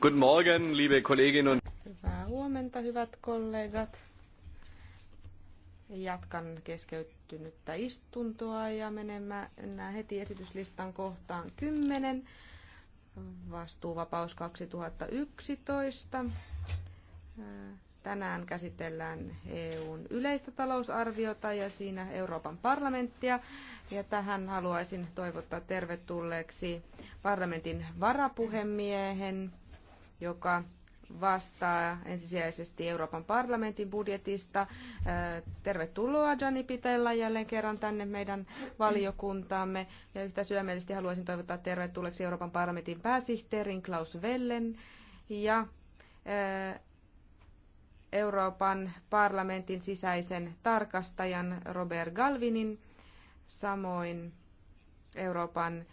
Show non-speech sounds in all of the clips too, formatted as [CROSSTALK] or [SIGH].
Good morgen, liebe Kolleginnen und Hyvää huomenta, hyvät kollegat. Jatkan keskeyttynyttä istuntoa ja menemme heti esityslistan kohtaan 10. Vastuuvapaus 2011. Tänään käsitellään EUn yleistä talousarviota ja siinä Euroopan parlamenttia. Ja tähän haluaisin toivottaa tervetulleeksi parlamentin varapuhemiehen joka vastaa ensisijaisesti Euroopan parlamentin budjetista. Tervetuloa Gianni Pitella jälleen kerran tänne meidän valiokuntaamme. Ja yhtä sydämellisesti haluaisin toivottaa tervetulleeksi Euroopan parlamentin pääsihteerin Klaus Vellen ja Euroopan parlamentin sisäisen tarkastajan Robert Galvinin, samoin Euroopan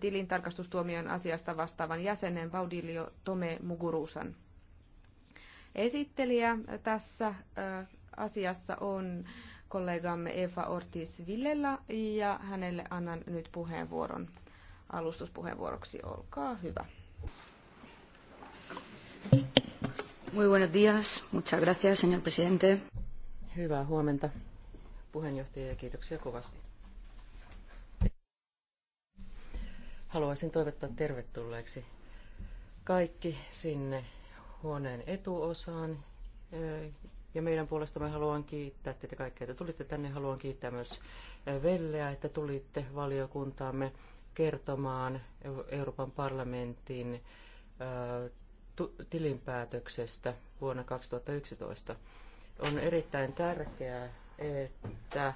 tilintarkastustuomion asiasta vastaavan jäsenen Vaudilio Tome Mugurusan. Esittelijä tässä äh, asiassa on kollegamme Eva Ortiz Villela ja hänelle annan nyt puheenvuoron alustuspuheenvuoroksi. Olkaa hyvä. Muy buenos días. Muchas gracias, señor presidente. Hyvää huomenta, puheenjohtaja, ja kiitoksia kovasti. Haluaisin toivottaa tervetulleeksi kaikki sinne huoneen etuosaan. Ja meidän puolestamme haluan kiittää teitä kaikkia, että tulitte tänne. Haluan kiittää myös Velleä, että tulitte valiokuntaamme kertomaan Euroopan parlamentin tilinpäätöksestä vuonna 2011. On erittäin tärkeää, että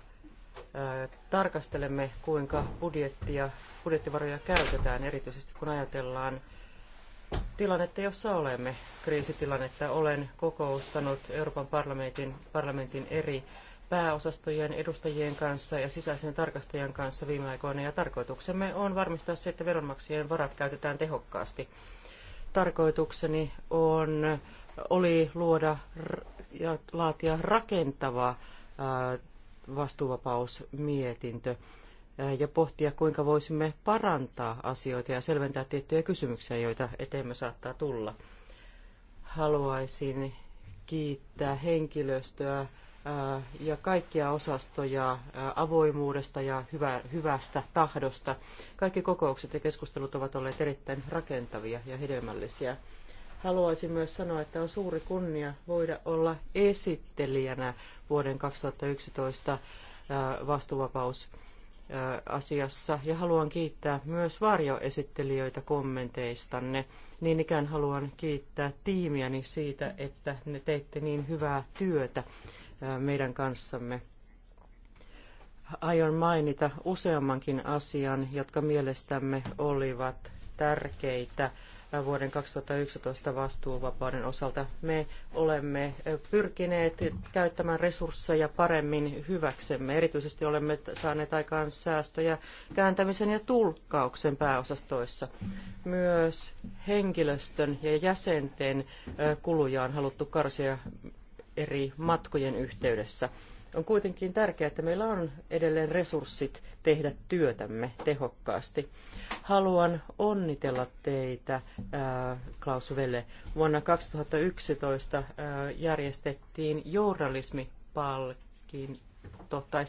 tarkastelemme, kuinka budjettia, budjettivaroja käytetään, erityisesti kun ajatellaan tilannetta, jossa olemme, kriisitilannetta. Olen kokoustanut Euroopan parlamentin, parlamentin eri pääosastojen edustajien kanssa ja sisäisen tarkastajan kanssa viime aikoina, ja tarkoituksemme on varmistaa se, että veronmaksajien varat käytetään tehokkaasti. Tarkoitukseni on, oli luoda ja laatia rakentava vastuuvapausmietintö ja pohtia, kuinka voisimme parantaa asioita ja selventää tiettyjä kysymyksiä, joita eteemme saattaa tulla. Haluaisin kiittää henkilöstöä ja kaikkia osastoja avoimuudesta ja hyvä, hyvästä tahdosta. Kaikki kokoukset ja keskustelut ovat olleet erittäin rakentavia ja hedelmällisiä. Haluaisin myös sanoa, että on suuri kunnia voida olla esittelijänä vuoden 2011 äh, vastuuvapaus ja haluan kiittää myös varjoesittelijöitä kommenteistanne. Niin ikään haluan kiittää tiimiäni siitä, että ne teitte niin hyvää työtä äh, meidän kanssamme. Aion mainita useammankin asian, jotka mielestämme olivat tärkeitä vuoden 2011 vastuuvapauden osalta. Me olemme pyrkineet käyttämään resursseja paremmin hyväksemme. Erityisesti olemme saaneet aikaan säästöjä kääntämisen ja tulkkauksen pääosastoissa. Myös henkilöstön ja jäsenten kuluja on haluttu karsia eri matkojen yhteydessä. On kuitenkin tärkeää, että meillä on edelleen resurssit tehdä työtämme tehokkaasti. Haluan onnitella teitä, äh, Klaus Velle. Vuonna 2011 äh, järjestettiin journalismipalkinto, tai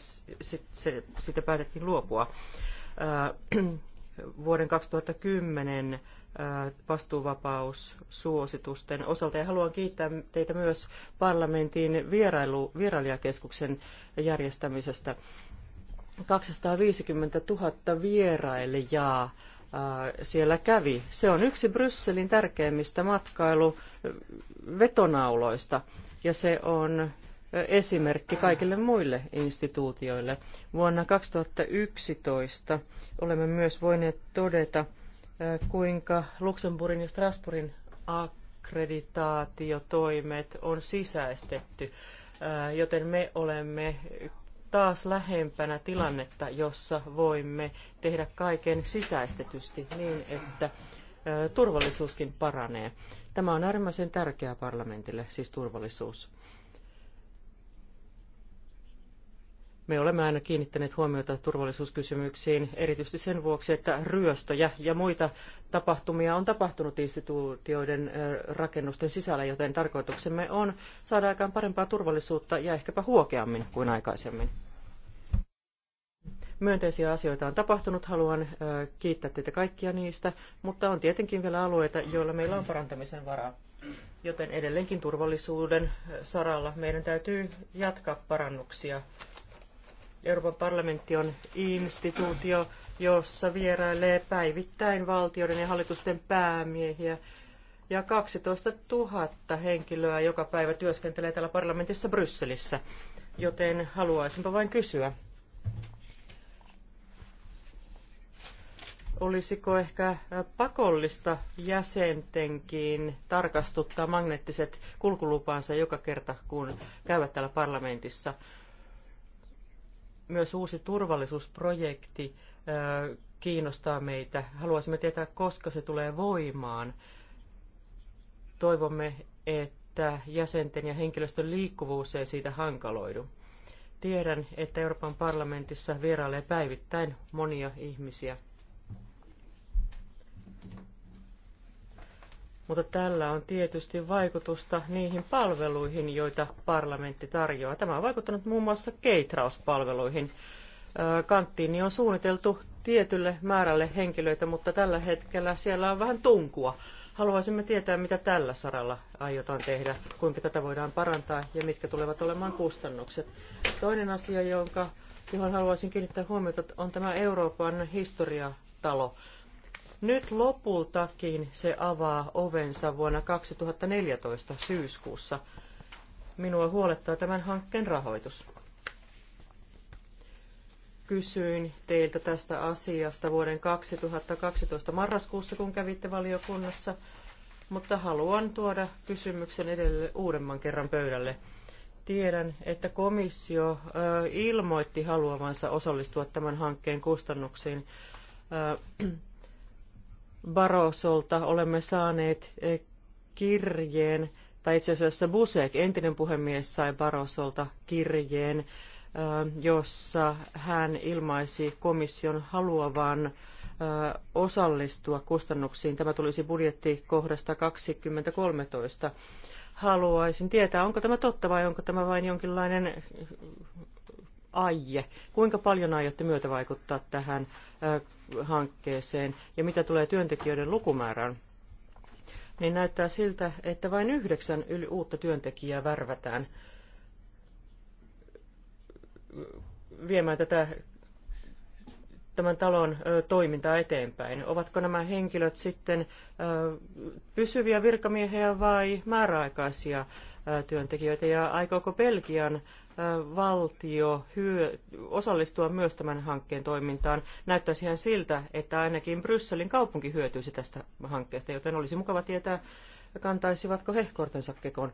siitä päätettiin luopua. Äh, [CLEARS THROAT] vuoden 2010 vastuuvapaussuositusten osalta. Ja haluan kiittää teitä myös parlamentin vierailu, vierailijakeskuksen järjestämisestä. 250 000 vierailijaa siellä kävi. Se on yksi Brysselin tärkeimmistä matkailuvetonauloista ja se on esimerkki kaikille muille instituutioille. Vuonna 2011 olemme myös voineet todeta, kuinka Luxemburgin ja Strasbourgin akkreditaatiotoimet on sisäistetty, joten me olemme taas lähempänä tilannetta, jossa voimme tehdä kaiken sisäistetysti niin, että turvallisuuskin paranee. Tämä on äärimmäisen tärkeää parlamentille, siis turvallisuus. Me olemme aina kiinnittäneet huomiota turvallisuuskysymyksiin, erityisesti sen vuoksi, että ryöstöjä ja muita tapahtumia on tapahtunut instituutioiden rakennusten sisällä, joten tarkoituksemme on saada aikaan parempaa turvallisuutta ja ehkäpä huokeammin kuin aikaisemmin. Myönteisiä asioita on tapahtunut, haluan kiittää teitä kaikkia niistä, mutta on tietenkin vielä alueita, joilla meillä on parantamisen varaa. Joten edelleenkin turvallisuuden saralla meidän täytyy jatkaa parannuksia Euroopan parlamentti on instituutio, jossa vierailee päivittäin valtioiden ja hallitusten päämiehiä. Ja 12 000 henkilöä joka päivä työskentelee täällä parlamentissa Brysselissä. Joten haluaisinpa vain kysyä, olisiko ehkä pakollista jäsentenkin tarkastuttaa magneettiset kulkulupansa joka kerta, kun käyvät täällä parlamentissa – myös uusi turvallisuusprojekti kiinnostaa meitä. Haluaisimme tietää, koska se tulee voimaan. Toivomme, että jäsenten ja henkilöstön liikkuvuus ei siitä hankaloidu. Tiedän, että Euroopan parlamentissa vierailee päivittäin monia ihmisiä mutta tällä on tietysti vaikutusta niihin palveluihin, joita parlamentti tarjoaa. Tämä on vaikuttanut muun muassa keitrauspalveluihin. Kanttiini on suunniteltu tietylle määrälle henkilöitä, mutta tällä hetkellä siellä on vähän tunkua. Haluaisimme tietää, mitä tällä saralla aiotaan tehdä, kuinka tätä voidaan parantaa ja mitkä tulevat olemaan kustannukset. Toinen asia, jonka, johon haluaisin kiinnittää huomiota, on tämä Euroopan historiatalo. Nyt lopultakin se avaa ovensa vuonna 2014 syyskuussa. Minua huolettaa tämän hankkeen rahoitus. Kysyin teiltä tästä asiasta vuoden 2012 marraskuussa, kun kävitte valiokunnassa, mutta haluan tuoda kysymyksen edelle uudemman kerran pöydälle tiedän, että komissio ilmoitti haluavansa osallistua tämän hankkeen kustannuksiin. Barosolta olemme saaneet eh, kirjeen, tai itse asiassa Busek, entinen puhemies, sai Barosolta kirjeen, eh, jossa hän ilmaisi komission haluavan eh, osallistua kustannuksiin. Tämä tulisi budjettikohdasta 2013. Haluaisin tietää, onko tämä totta vai onko tämä vain jonkinlainen aie. Kuinka paljon aiotte myötävaikuttaa tähän hankkeeseen ja mitä tulee työntekijöiden lukumäärään, niin näyttää siltä, että vain yhdeksän yli uutta työntekijää värvätään viemään tätä, tämän talon toimintaa eteenpäin. Ovatko nämä henkilöt sitten pysyviä virkamiehiä vai määräaikaisia työntekijöitä ja aikooko Belgian valtio hyö, osallistua myös tämän hankkeen toimintaan. Näyttäisi ihan siltä, että ainakin Brysselin kaupunki hyötyisi tästä hankkeesta, joten olisi mukava tietää, kantaisivatko he kortensa kekoon.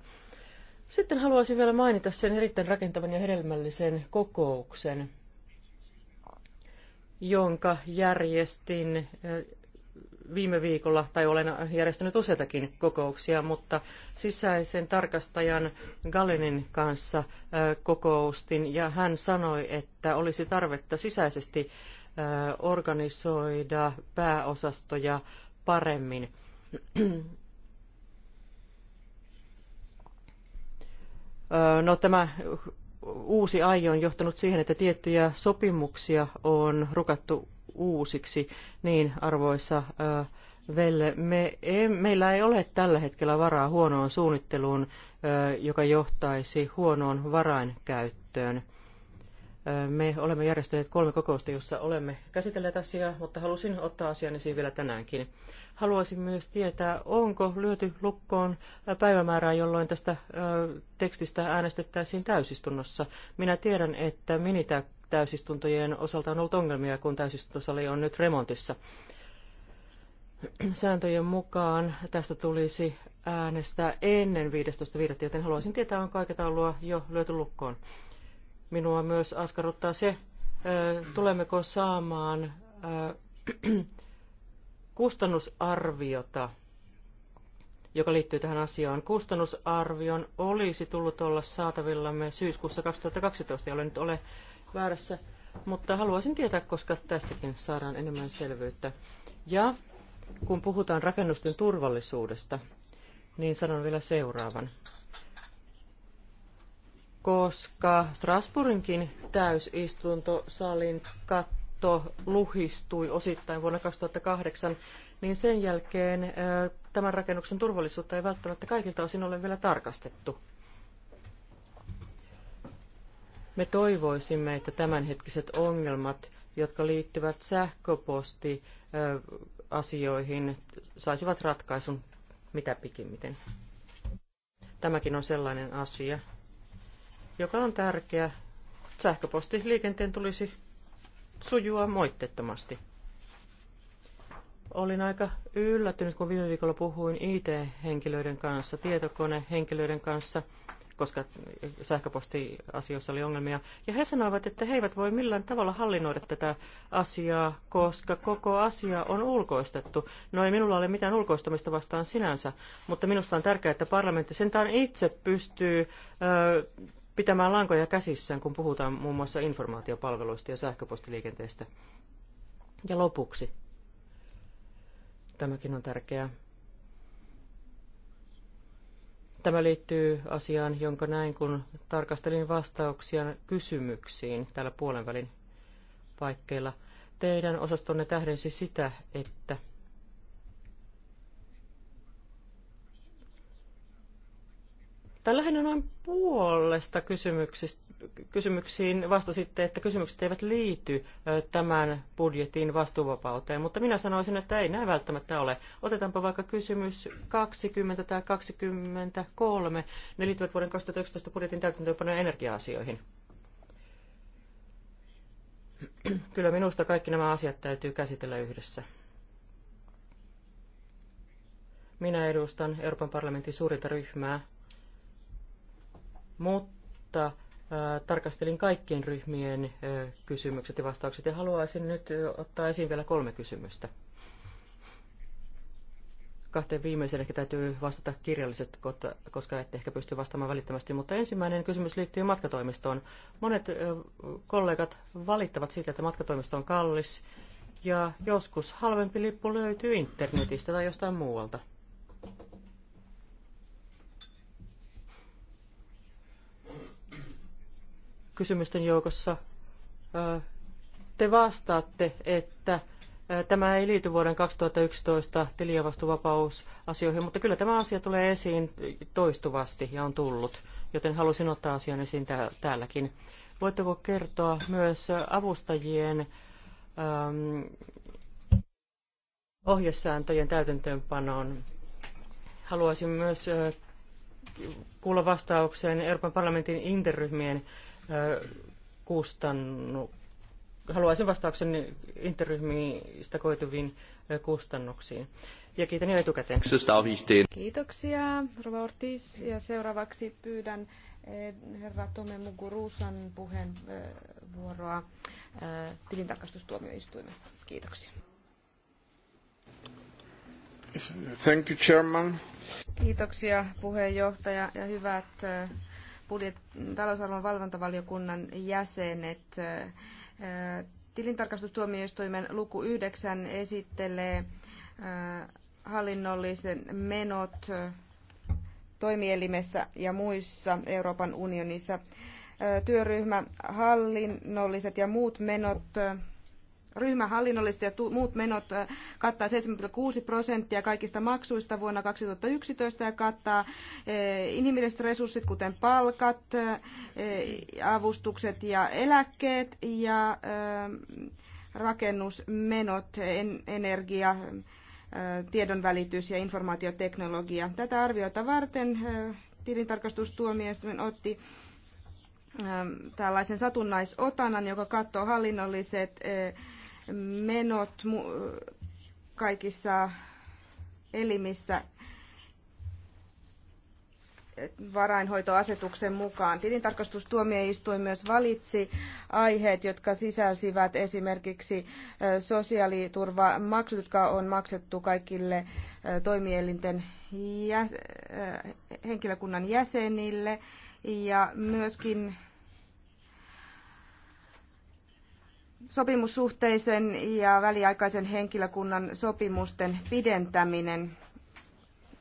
Sitten haluaisin vielä mainita sen erittäin rakentavan ja hedelmällisen kokouksen, jonka järjestin viime viikolla, tai olen järjestänyt useitakin kokouksia, mutta sisäisen tarkastajan Galenin kanssa kokoustin, ja hän sanoi, että olisi tarvetta sisäisesti organisoida pääosastoja paremmin. No tämä uusi aihe on johtanut siihen, että tiettyjä sopimuksia on rukattu uusiksi, niin arvoisa Velle, me ei, meillä ei ole tällä hetkellä varaa huonoon suunnitteluun, joka johtaisi huonoon varainkäyttöön. Me olemme järjestäneet kolme kokousta, jossa olemme käsitelleet asiaa, mutta halusin ottaa asian esiin vielä tänäänkin. Haluaisin myös tietää, onko lyöty lukkoon päivämäärää, jolloin tästä tekstistä äänestettäisiin täysistunnossa. Minä tiedän, että täysistuntojen osalta on ollut ongelmia, kun täysistuntosali on nyt remontissa. Sääntöjen mukaan tästä tulisi äänestää ennen 15.5., joten haluaisin tietää, onko aikataulua jo löyty lukkoon. Minua myös askarruttaa se, tulemmeko saamaan [CLEARS THROAT] kustannusarviota, joka liittyy tähän asiaan. Kustannusarvion olisi tullut olla saatavillamme syyskuussa 2012, jolle nyt ole väärässä, mutta haluaisin tietää, koska tästäkin saadaan enemmän selvyyttä. Ja kun puhutaan rakennusten turvallisuudesta, niin sanon vielä seuraavan. Koska Strasbourginkin täysistuntosalin katto luhistui osittain vuonna 2008, niin sen jälkeen tämän rakennuksen turvallisuutta ei välttämättä kaikilta osin ole vielä tarkastettu. Me toivoisimme, että tämänhetkiset ongelmat, jotka liittyvät sähköpostiasioihin, saisivat ratkaisun mitä pikimmiten. Tämäkin on sellainen asia, joka on tärkeä. Sähköpostiliikenteen tulisi sujua moitteettomasti. Olin aika yllättynyt, kun viime viikolla puhuin IT-henkilöiden kanssa, tietokonehenkilöiden kanssa – koska sähköpostiasioissa oli ongelmia. Ja he sanoivat, että he eivät voi millään tavalla hallinnoida tätä asiaa, koska koko asia on ulkoistettu. No ei minulla ole mitään ulkoistamista vastaan sinänsä, mutta minusta on tärkeää, että parlamentti sentään itse pystyy ö, pitämään lankoja käsissään, kun puhutaan muun muassa informaatiopalveluista ja sähköpostiliikenteestä. Ja lopuksi. Tämäkin on tärkeää. Tämä liittyy asiaan, jonka näin kun tarkastelin vastauksia kysymyksiin täällä puolenvälin paikkeilla. Teidän osastonne tähdensi sitä, että tai lähinnä noin puolesta kysymyksiin vastasitte, että kysymykset eivät liity tämän budjetin vastuuvapauteen, mutta minä sanoisin, että ei näin välttämättä ole. Otetaanpa vaikka kysymys 20 tai 23. Ne liittyvät vuoden 2011 budjetin täytäntöönpanojen energia-asioihin. Kyllä minusta kaikki nämä asiat täytyy käsitellä yhdessä. Minä edustan Euroopan parlamentin suurinta ryhmää, mutta tarkastelin kaikkien ryhmien kysymykset ja vastaukset ja haluaisin nyt ottaa esiin vielä kolme kysymystä. Kahteen viimeiseen ehkä täytyy vastata kirjallisesti, koska ette ehkä pysty vastaamaan välittömästi, mutta ensimmäinen kysymys liittyy matkatoimistoon. Monet kollegat valittavat siitä, että matkatoimisto on kallis ja joskus halvempi lippu löytyy internetistä tai jostain muualta. kysymysten joukossa te vastaatte, että tämä ei liity vuoden 2011 tilijavastuvapausasioihin, mutta kyllä tämä asia tulee esiin toistuvasti ja on tullut, joten halusin ottaa asian esiin täälläkin. Voitteko kertoa myös avustajien äm, ohjesääntöjen täytäntöönpanoon? Haluaisin myös äh, kuulla vastauksen Euroopan parlamentin interryhmien äh, kustannu, haluaisin vastauksen interryhmistä koituviin kustannuksiin. Ja kiitän jo etukäteen. Kiitoksia, Rova Ortiz. Ja seuraavaksi pyydän eh, herra Tome Mugurusan puheenvuoroa tilintarkastustuomioistuimesta. Kiitoksia. Thank you, Chairman. Kiitoksia puheenjohtaja ja hyvät budjet- talousarvon valvontavaliokunnan jäsenet. Tilintarkastustuomioistuimen luku 9 esittelee hallinnollisen menot toimielimessä ja muissa Euroopan unionissa. Työryhmä hallinnolliset ja muut menot Ryhmähallinnolliset ja muut menot äh, kattaa 7,6 prosenttia kaikista maksuista vuonna 2011 ja kattaa äh, inhimilliset resurssit, kuten palkat, äh, avustukset ja eläkkeet ja rakennusmenot, energia, tiedonvälitys ja informaatioteknologia. Tätä arviota varten tilintarkastustuomioistuin otti ähm, tällaisen satunnaisotanan, joka katsoo hallinnolliset menot kaikissa elimissä varainhoitoasetuksen mukaan. Tilintarkastustuomioistuin myös valitsi aiheet, jotka sisälsivät esimerkiksi sosiaaliturvamaksut, jotka on maksettu kaikille toimielinten jäs- henkilökunnan jäsenille ja myöskin sopimussuhteisen ja väliaikaisen henkilökunnan sopimusten pidentäminen.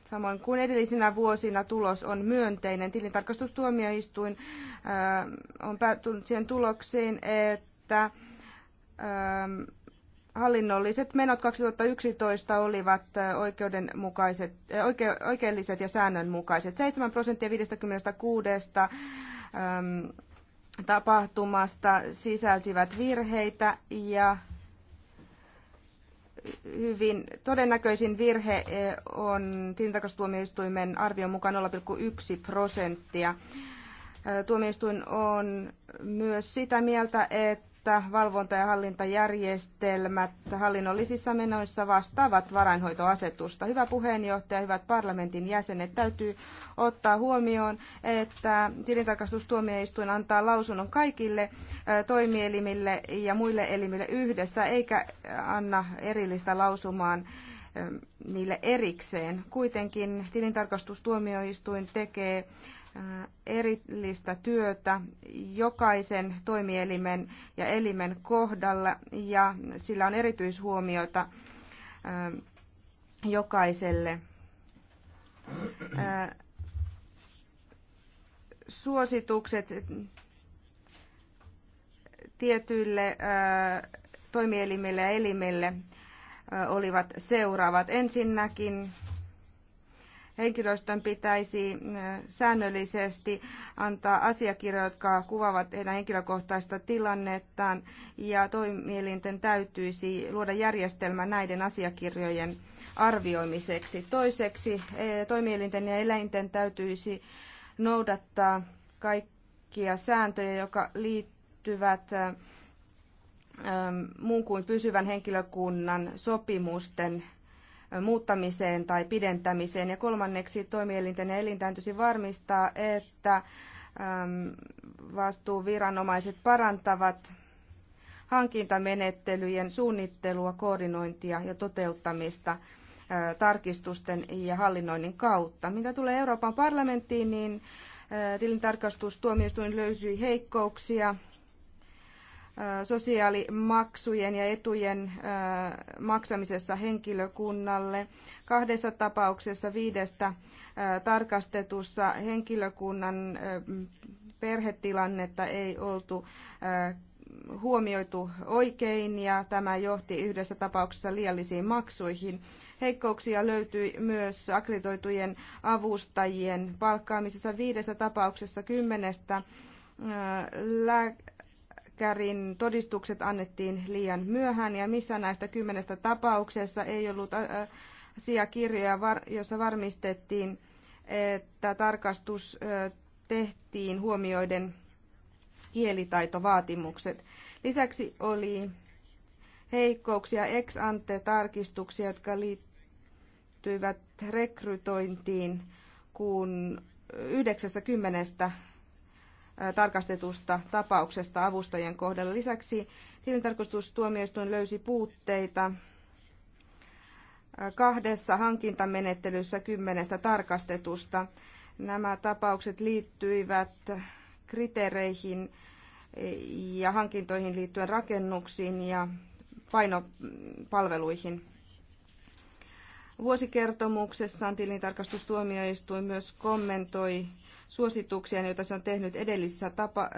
Samoin kuin edellisinä vuosina tulos on myönteinen. Tilintarkastustuomioistuin äh, on päätynyt siihen tulokseen, että ähm, hallinnolliset menot 2011 olivat äh, oikeudenmukaiset, äh, oike, oikeelliset ja säännönmukaiset. 7 prosenttia 56 tapahtumasta sisältivät virheitä ja hyvin todennäköisin virhe eh, on tilintarkastustuomioistuimen arvion mukaan 0,1 prosenttia. Eh, tuomioistuin on myös sitä mieltä, että että valvonta- ja hallintajärjestelmät hallinnollisissa menoissa vastaavat varainhoitoasetusta. Hyvä puheenjohtaja, hyvät parlamentin jäsenet, täytyy ottaa huomioon, että tilintarkastustuomioistuin antaa lausunnon kaikille toimielimille ja muille elimille yhdessä, eikä anna erillistä lausumaan niille erikseen. Kuitenkin tilintarkastustuomioistuin tekee Äh, erillistä työtä jokaisen toimielimen ja elimen kohdalla ja sillä on erityishuomioita äh, jokaiselle äh, suositukset tietyille toimielimille ja elimille olivat seuraavat. Ensinnäkin henkilöstön pitäisi äh, säännöllisesti antaa asiakirjoja, jotka kuvaavat heidän henkilökohtaista tilannettaan, ja toimielinten täytyisi luoda järjestelmä näiden asiakirjojen arvioimiseksi. Toiseksi eh, toimielinten ja eläinten täytyisi noudattaa kaikkia sääntöjä, jotka liittyvät eh, eh, muun kuin pysyvän henkilökunnan sopimusten muuttamiseen tai pidentämiseen. Ja kolmanneksi toimielinten ja elinten varmistaa, että vastuuviranomaiset parantavat hankintamenettelyjen suunnittelua, koordinointia ja toteuttamista tarkistusten ja hallinnoinnin kautta. Mitä tulee Euroopan parlamenttiin, niin tilintarkastustuomioistuin löysi heikkouksia sosiaalimaksujen ja etujen maksamisessa henkilökunnalle. Kahdessa tapauksessa viidestä tarkastetussa henkilökunnan perhetilannetta ei oltu huomioitu oikein ja tämä johti yhdessä tapauksessa liiallisiin maksuihin. Heikkouksia löytyi myös akkreditoitujen avustajien palkkaamisessa viidessä tapauksessa kymmenestä lääkärin todistukset annettiin liian myöhään ja missä näistä kymmenestä tapauksessa ei ollut äh, asiakirjoja, jossa varmistettiin, että tarkastus äh, tehtiin huomioiden kielitaitovaatimukset. Lisäksi oli heikkouksia ex ante tarkistuksia, jotka liittyivät rekrytointiin, kun 90 tarkastetusta tapauksesta avustajien kohdalla. Lisäksi tilintarkastustuomioistuin löysi puutteita kahdessa hankintamenettelyssä kymmenestä tarkastetusta. Nämä tapaukset liittyivät kriteereihin ja hankintoihin liittyen rakennuksiin ja painopalveluihin. Vuosikertomuksessaan tilintarkastustuomioistuin myös kommentoi suosituksia, joita se on tehnyt edellisissä tapa-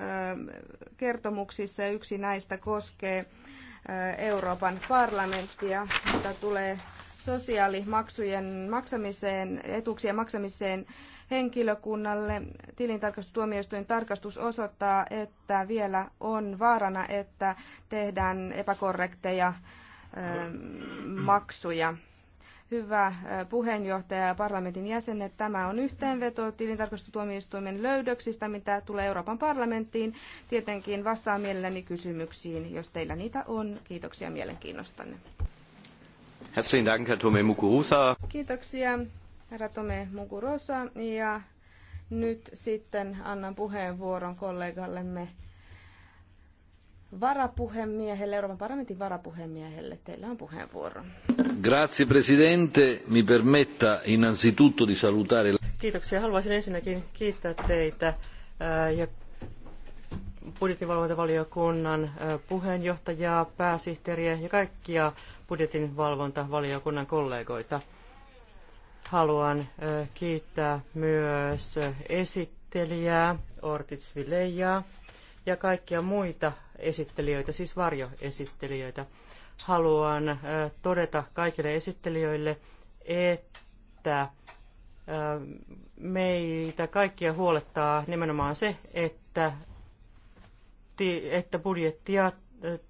kertomuksissa. Yksi näistä koskee Euroopan parlamenttia, mitä tulee sosiaalimaksujen maksamiseen, etuuksien maksamiseen henkilökunnalle. Tilintarkastustuomioistuin tarkastus osoittaa, että vielä on vaarana, että tehdään epäkorrekteja maksuja. Hyvä äh, puheenjohtaja ja parlamentin jäsenet, tämä on yhteenveto tilintarkastustuomioistuimen löydöksistä, mitä tulee Euroopan parlamenttiin. Tietenkin vastaan mielelläni kysymyksiin, jos teillä niitä on. Kiitoksia mielenkiinnostanne. Herzlichen Dank, Kiitoksia, herra Tome Mukurusa. Ja nyt sitten annan puheenvuoron kollegallemme varapuhemiehelle, Euroopan parlamentin varapuhemiehelle. Teillä on puheenvuoro. Grazie presidente, mi permetta innanzitutto di salutare. Kiitoksia. Haluaisin ensinnäkin kiittää teitä ja budjettivalvontavaliokunnan puheenjohtajaa, pääsihteeriä ja kaikkia budjetin valvontavaliokunnan kollegoita. Haluan kiittää myös esittelijää Ortiz Vilejaa ja kaikkia muita esittelijöitä, siis varjoesittelijöitä. Haluan äh, todeta kaikille esittelijöille, että äh, meitä kaikkia huolettaa nimenomaan se, että, että budjettia äh,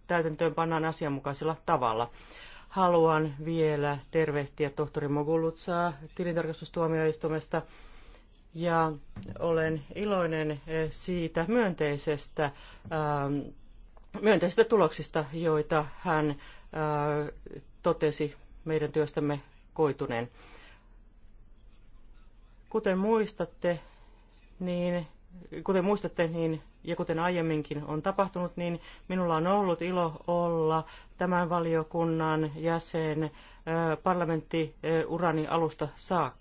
täytäntöön pannaan asianmukaisella tavalla. Haluan vielä tervehtiä tohtori Mogulutsaa tilintarkastustuomioistuimesta ja olen iloinen eh, siitä myönteisestä, ähm, myönteisistä tuloksista, joita hän äh, totesi meidän työstämme koituneen. Kuten muistatte, niin kuten muistatte, niin, ja kuten aiemminkin on tapahtunut, niin minulla on ollut ilo olla tämän valiokunnan jäsen äh, parlamenttiurani äh, alusta saakka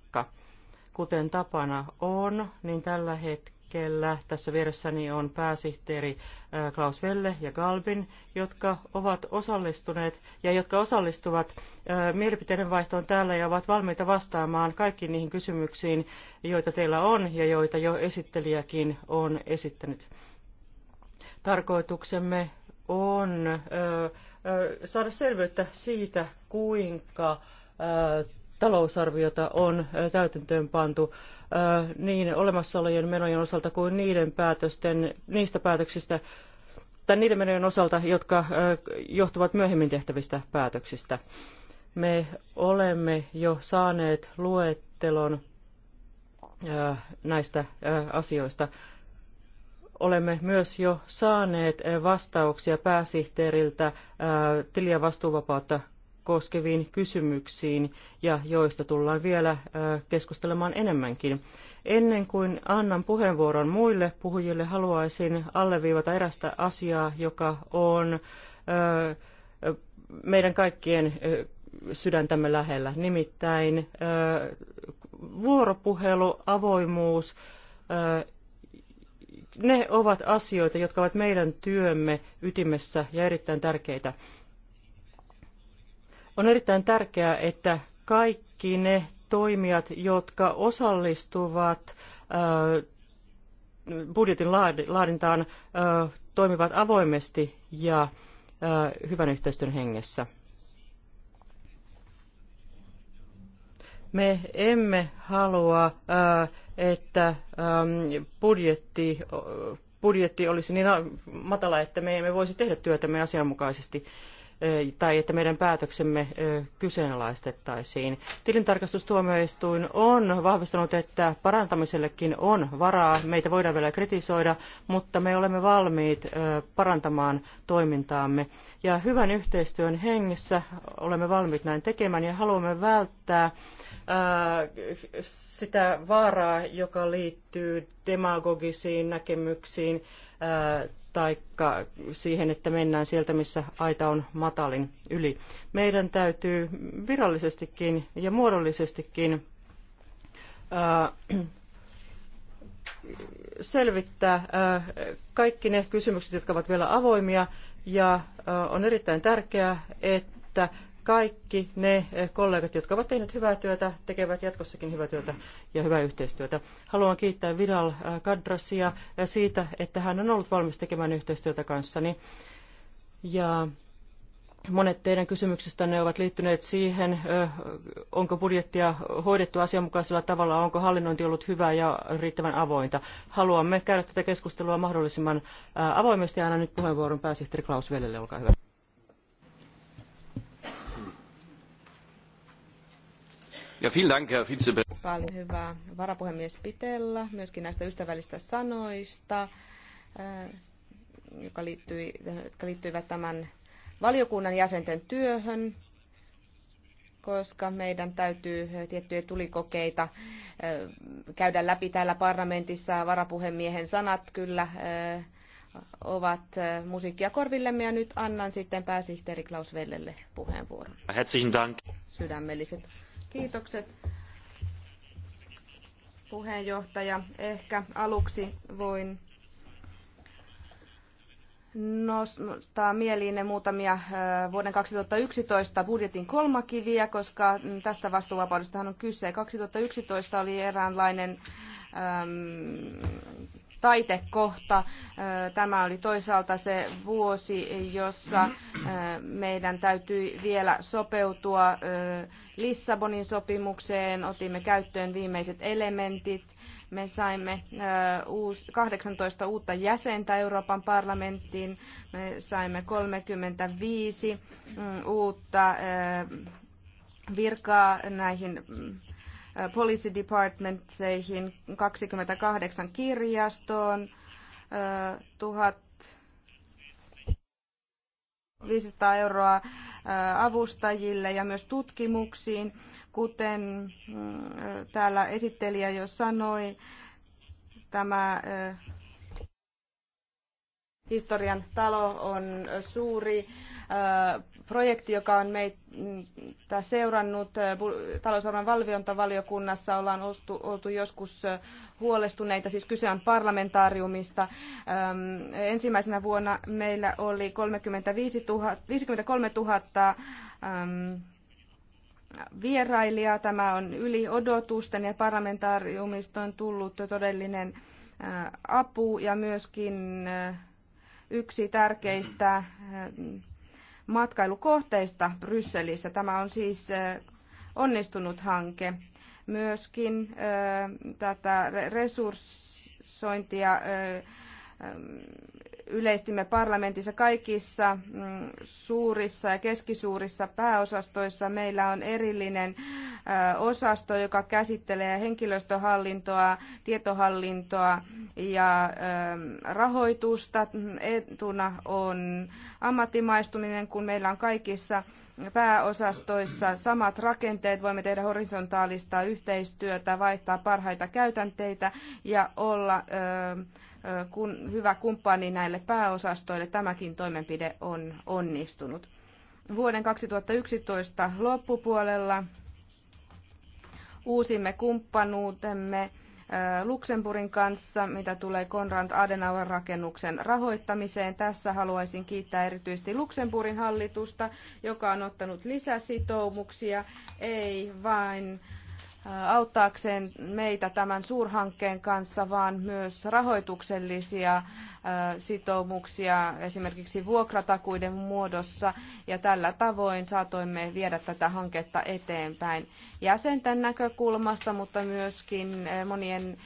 Kuten tapana on, niin tällä hetkellä tässä vieressäni on pääsihteeri äh, Klaus Velle ja Galbin, jotka ovat osallistuneet ja jotka osallistuvat äh, mielipiteiden vaihtoon täällä ja ovat valmiita vastaamaan kaikkiin niihin kysymyksiin, joita teillä on ja joita jo esittelijäkin on esittänyt. Tarkoituksemme on äh, saada selvyyttä siitä, kuinka talousarviota on täytäntöön pantu niin olemassa olevien menojen osalta kuin niiden päätösten, niistä päätöksistä tai niiden menojen osalta, jotka johtuvat myöhemmin tehtävistä päätöksistä. Me olemme jo saaneet luettelon näistä asioista. Olemme myös jo saaneet vastauksia pääsihteeriltä tilia vastuuvapautta koskeviin kysymyksiin ja joista tullaan vielä keskustelemaan enemmänkin. Ennen kuin annan puheenvuoron muille puhujille, haluaisin alleviivata erästä asiaa, joka on meidän kaikkien sydäntämme lähellä, nimittäin vuoropuhelu, avoimuus, ne ovat asioita, jotka ovat meidän työmme ytimessä ja erittäin tärkeitä. On erittäin tärkeää, että kaikki ne toimijat, jotka osallistuvat budjetin laadintaan, toimivat avoimesti ja hyvän yhteistyön hengessä. Me emme halua, että budjetti, budjetti olisi niin matala, että me emme voisi tehdä työtämme asianmukaisesti tai että meidän päätöksemme kyseenalaistettaisiin. Tilintarkastustuomioistuin on vahvistanut, että parantamisellekin on varaa. Meitä voidaan vielä kritisoida, mutta me olemme valmiit parantamaan toimintaamme. Ja hyvän yhteistyön hengessä olemme valmiit näin tekemään ja haluamme välttää sitä vaaraa, joka liittyy demagogisiin näkemyksiin tai siihen, että mennään sieltä, missä aita on matalin yli. Meidän täytyy virallisestikin ja muodollisestikin ää, äh, selvittää ää, äh, kaikki ne kysymykset, jotka ovat vielä avoimia, ja ää, äh, on erittäin tärkeää, että kaikki ne eh, kollegat, jotka ovat tehneet hyvää työtä, tekevät jatkossakin hyvää työtä ja hyvää yhteistyötä. Haluan kiittää Vidal eh, Kadrasia eh, siitä, että hän on ollut valmis tekemään yhteistyötä kanssani. Ja monet teidän kysymyksistänne ovat liittyneet siihen, onko budjettia hoidettu asianmukaisella tavalla, onko hallinnointi ollut hyvää ja riittävän avointa. Haluamme käydä tätä keskustelua mahdollisimman avoimesti. Annan nyt puheenvuoron pääsihteeri Klaus Velelle, olkaa hyvä. Ja Dank, Herr Paljon hyvää varapuhemies Pitellä, myöskin näistä ystävällistä sanoista, äh, joka liittyi, jotka liittyivät tämän valiokunnan jäsenten työhön koska meidän täytyy tiettyjä tulikokeita äh, käydä läpi täällä parlamentissa. Varapuhemiehen sanat kyllä äh, ovat musiikkia korvillemme ja nyt annan sitten pääsihteeri Klaus Vellelle puheenvuoron. Herzlichen Dank. Sydämelliset Kiitokset puheenjohtaja. Ehkä aluksi voin nostaa mieliin ne muutamia vuoden 2011 budjetin kolmakiviä, koska mm, tästä vastuuvapaudestahan on kyse. 2011 oli eräänlainen taitekohta. Tämä oli toisaalta se vuosi, jossa meidän täytyi vielä sopeutua Lissabonin sopimukseen. Otimme käyttöön viimeiset elementit. Me saimme 18 uutta jäsentä Euroopan parlamenttiin. Me saimme 35 mm, uutta virkaa näihin mm, policy departmentseihin, 28 kirjastoon, 1500 euroa avustajille ja myös tutkimuksiin, kuten mm, täällä esittelijä jo sanoi, tämä historian talo on suuri projekti, joka on meitä seurannut talousarvon valviontavaliokunnassa. Ollaan oltu, oltu joskus huolestuneita, siis kyse on parlamentaariumista. Ensimmäisenä vuonna meillä oli 35 000, 53 000 vierailijaa. Tämä on yli odotusten ja parlamentaariumista on tullut todellinen apu ja myöskin yksi tärkeistä matkailukohteista Brysselissä. Tämä on siis onnistunut hanke. Myöskin tätä resurssointia yleistimme parlamentissa kaikissa mm, suurissa ja keskisuurissa pääosastoissa. Meillä on erillinen osasto, joka käsittelee henkilöstöhallintoa, tietohallintoa ja rahoitusta. Etuna on ammattimaistuminen, kun meillä on kaikissa pääosastoissa samat rakenteet, voimme tehdä horisontaalista yhteistyötä, vaihtaa parhaita käytänteitä ja olla ö, kun, hyvä kumppani näille pääosastoille. Tämäkin toimenpide on onnistunut. Vuoden 2011 loppupuolella uusimme kumppanuutemme Luxemburgin kanssa, mitä tulee Konrad Adenauer-rakennuksen rahoittamiseen. Tässä haluaisin kiittää erityisesti Luxemburgin hallitusta, joka on ottanut lisäsitoumuksia, ei vain auttaakseen meitä tämän suurhankkeen kanssa, vaan myös rahoituksellisia sitoumuksia esimerkiksi vuokratakuiden muodossa. Ja tällä tavoin saatoimme viedä tätä hanketta eteenpäin jäsenten näkökulmasta, mutta myöskin monien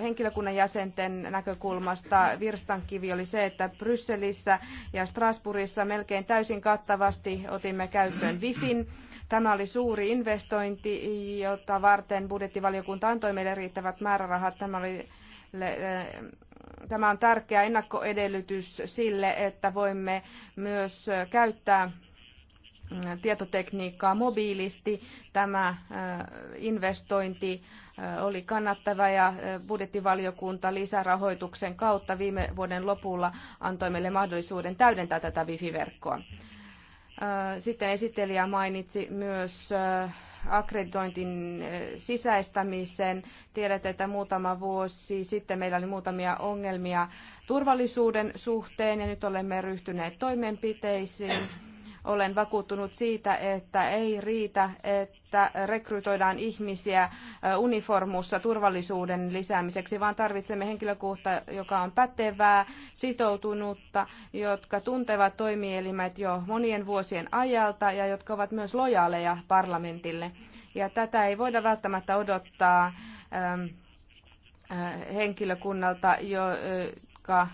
henkilökunnan jäsenten näkökulmasta. Virstankivi oli se, että Brysselissä ja Strasbourgissa melkein täysin kattavasti otimme käyttöön Wifin Tämä oli suuri investointi, jota varten budjettivaliokunta antoi meille riittävät määrärahat. Tämä oli eh, Tämä on tärkeä ennakkoedellytys sille, että voimme myös käyttää tietotekniikkaa mobiilisti. Tämä eh, investointi eh, oli kannattava ja budjettivaliokunta lisärahoituksen kautta viime vuoden lopulla antoi meille mahdollisuuden täydentää tätä wifi-verkkoa. Äh, sitten esittelijä mainitsi myös äh, akkreditointin äh, sisäistämisen. Tiedätte, että muutama vuosi sitten meillä oli muutamia ongelmia turvallisuuden suhteen ja nyt olemme ryhtyneet toimenpiteisiin olen vakuuttunut siitä, että ei riitä, että rekrytoidaan ihmisiä uniformussa turvallisuuden lisäämiseksi, vaan tarvitsemme henkilökuntaa, joka on pätevää, sitoutunutta, jotka tuntevat toimielimet jo monien vuosien ajalta ja jotka ovat myös lojaaleja parlamentille. Ja tätä ei voida välttämättä odottaa henkilökunnalta, joka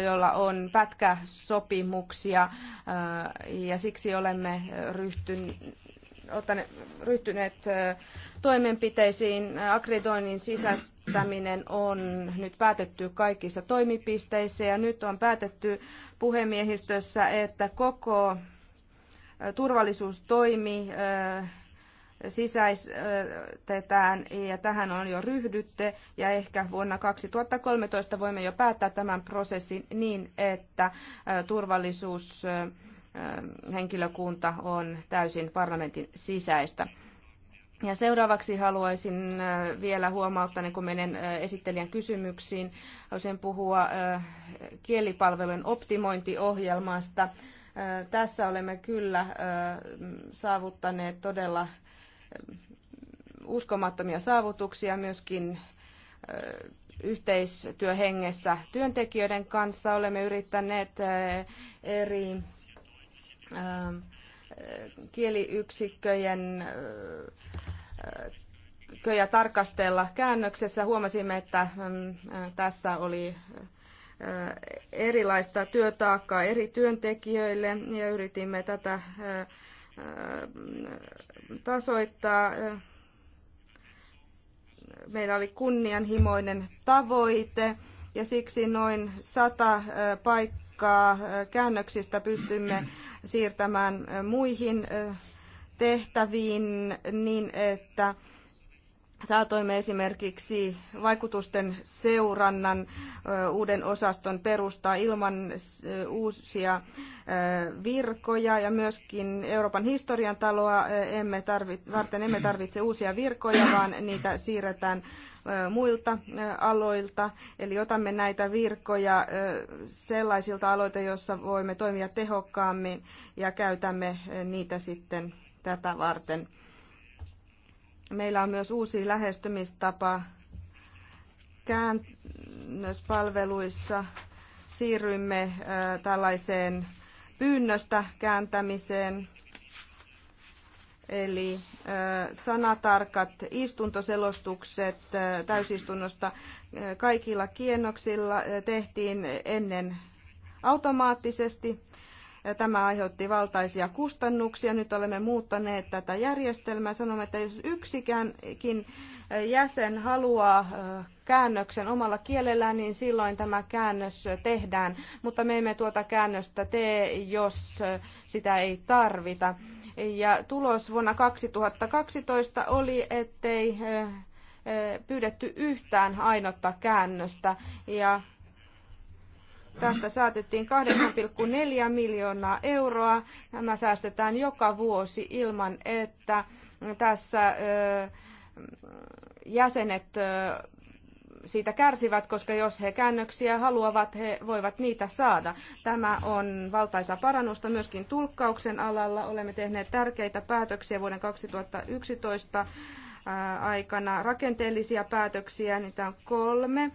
joilla on pätkäsopimuksia äh, ja siksi olemme ryhtyneet äh, toimenpiteisiin. Akreditoinnin sisäistäminen on nyt päätetty kaikissa toimipisteissä ja nyt on päätetty puhemiehistössä, että koko äh, turvallisuustoimi sisäistetään ja tähän on jo ryhdytte ja ehkä vuonna 2013 voimme jo päättää tämän prosessin niin, että turvallisuushenkilökunta on täysin parlamentin sisäistä. Ja seuraavaksi haluaisin vielä huomauttaa, niin kun menen esittelijän kysymyksiin, haluaisin puhua kielipalvelujen optimointiohjelmasta. Tässä olemme kyllä saavuttaneet todella uskomattomia saavutuksia myöskin yhteistyöhengessä työntekijöiden kanssa. Olemme yrittäneet eri kieliyksikköjen köjä tarkastella käännöksessä. Huomasimme, että tässä oli erilaista työtaakkaa eri työntekijöille ja yritimme tätä tasoittaa. Meillä oli kunnianhimoinen tavoite ja siksi noin sata paikkaa käännöksistä pystymme siirtämään muihin tehtäviin niin, että saatoimme esimerkiksi vaikutusten seurannan uuden osaston perustaa ilman uusia virkoja ja myöskin Euroopan historian taloa emme varten emme tarvitse uusia virkoja, vaan niitä siirretään muilta aloilta. Eli otamme näitä virkoja sellaisilta aloilta, joissa voimme toimia tehokkaammin ja käytämme niitä sitten tätä varten. Meillä on myös uusi lähestymistapa käännöspalveluissa. Siirrymme tällaiseen pyynnöstä kääntämiseen. Eli sanatarkat istuntoselostukset täysistunnosta kaikilla kiennoksilla tehtiin ennen automaattisesti Tämä aiheutti valtaisia kustannuksia. Nyt olemme muuttaneet tätä järjestelmää. Sanomme, että jos yksikäänkin jäsen haluaa käännöksen omalla kielellään, niin silloin tämä käännös tehdään. Mutta me emme tuota käännöstä tee, jos sitä ei tarvita. Ja tulos vuonna 2012 oli, ettei pyydetty yhtään ainotta käännöstä ja Tästä säätettiin 8,4 miljoonaa euroa. Nämä säästetään joka vuosi ilman, että tässä jäsenet siitä kärsivät, koska jos he käännöksiä haluavat, he voivat niitä saada. Tämä on valtaisa parannusta myöskin tulkkauksen alalla. Olemme tehneet tärkeitä päätöksiä vuoden 2011 aikana rakenteellisia päätöksiä, niitä on kolme.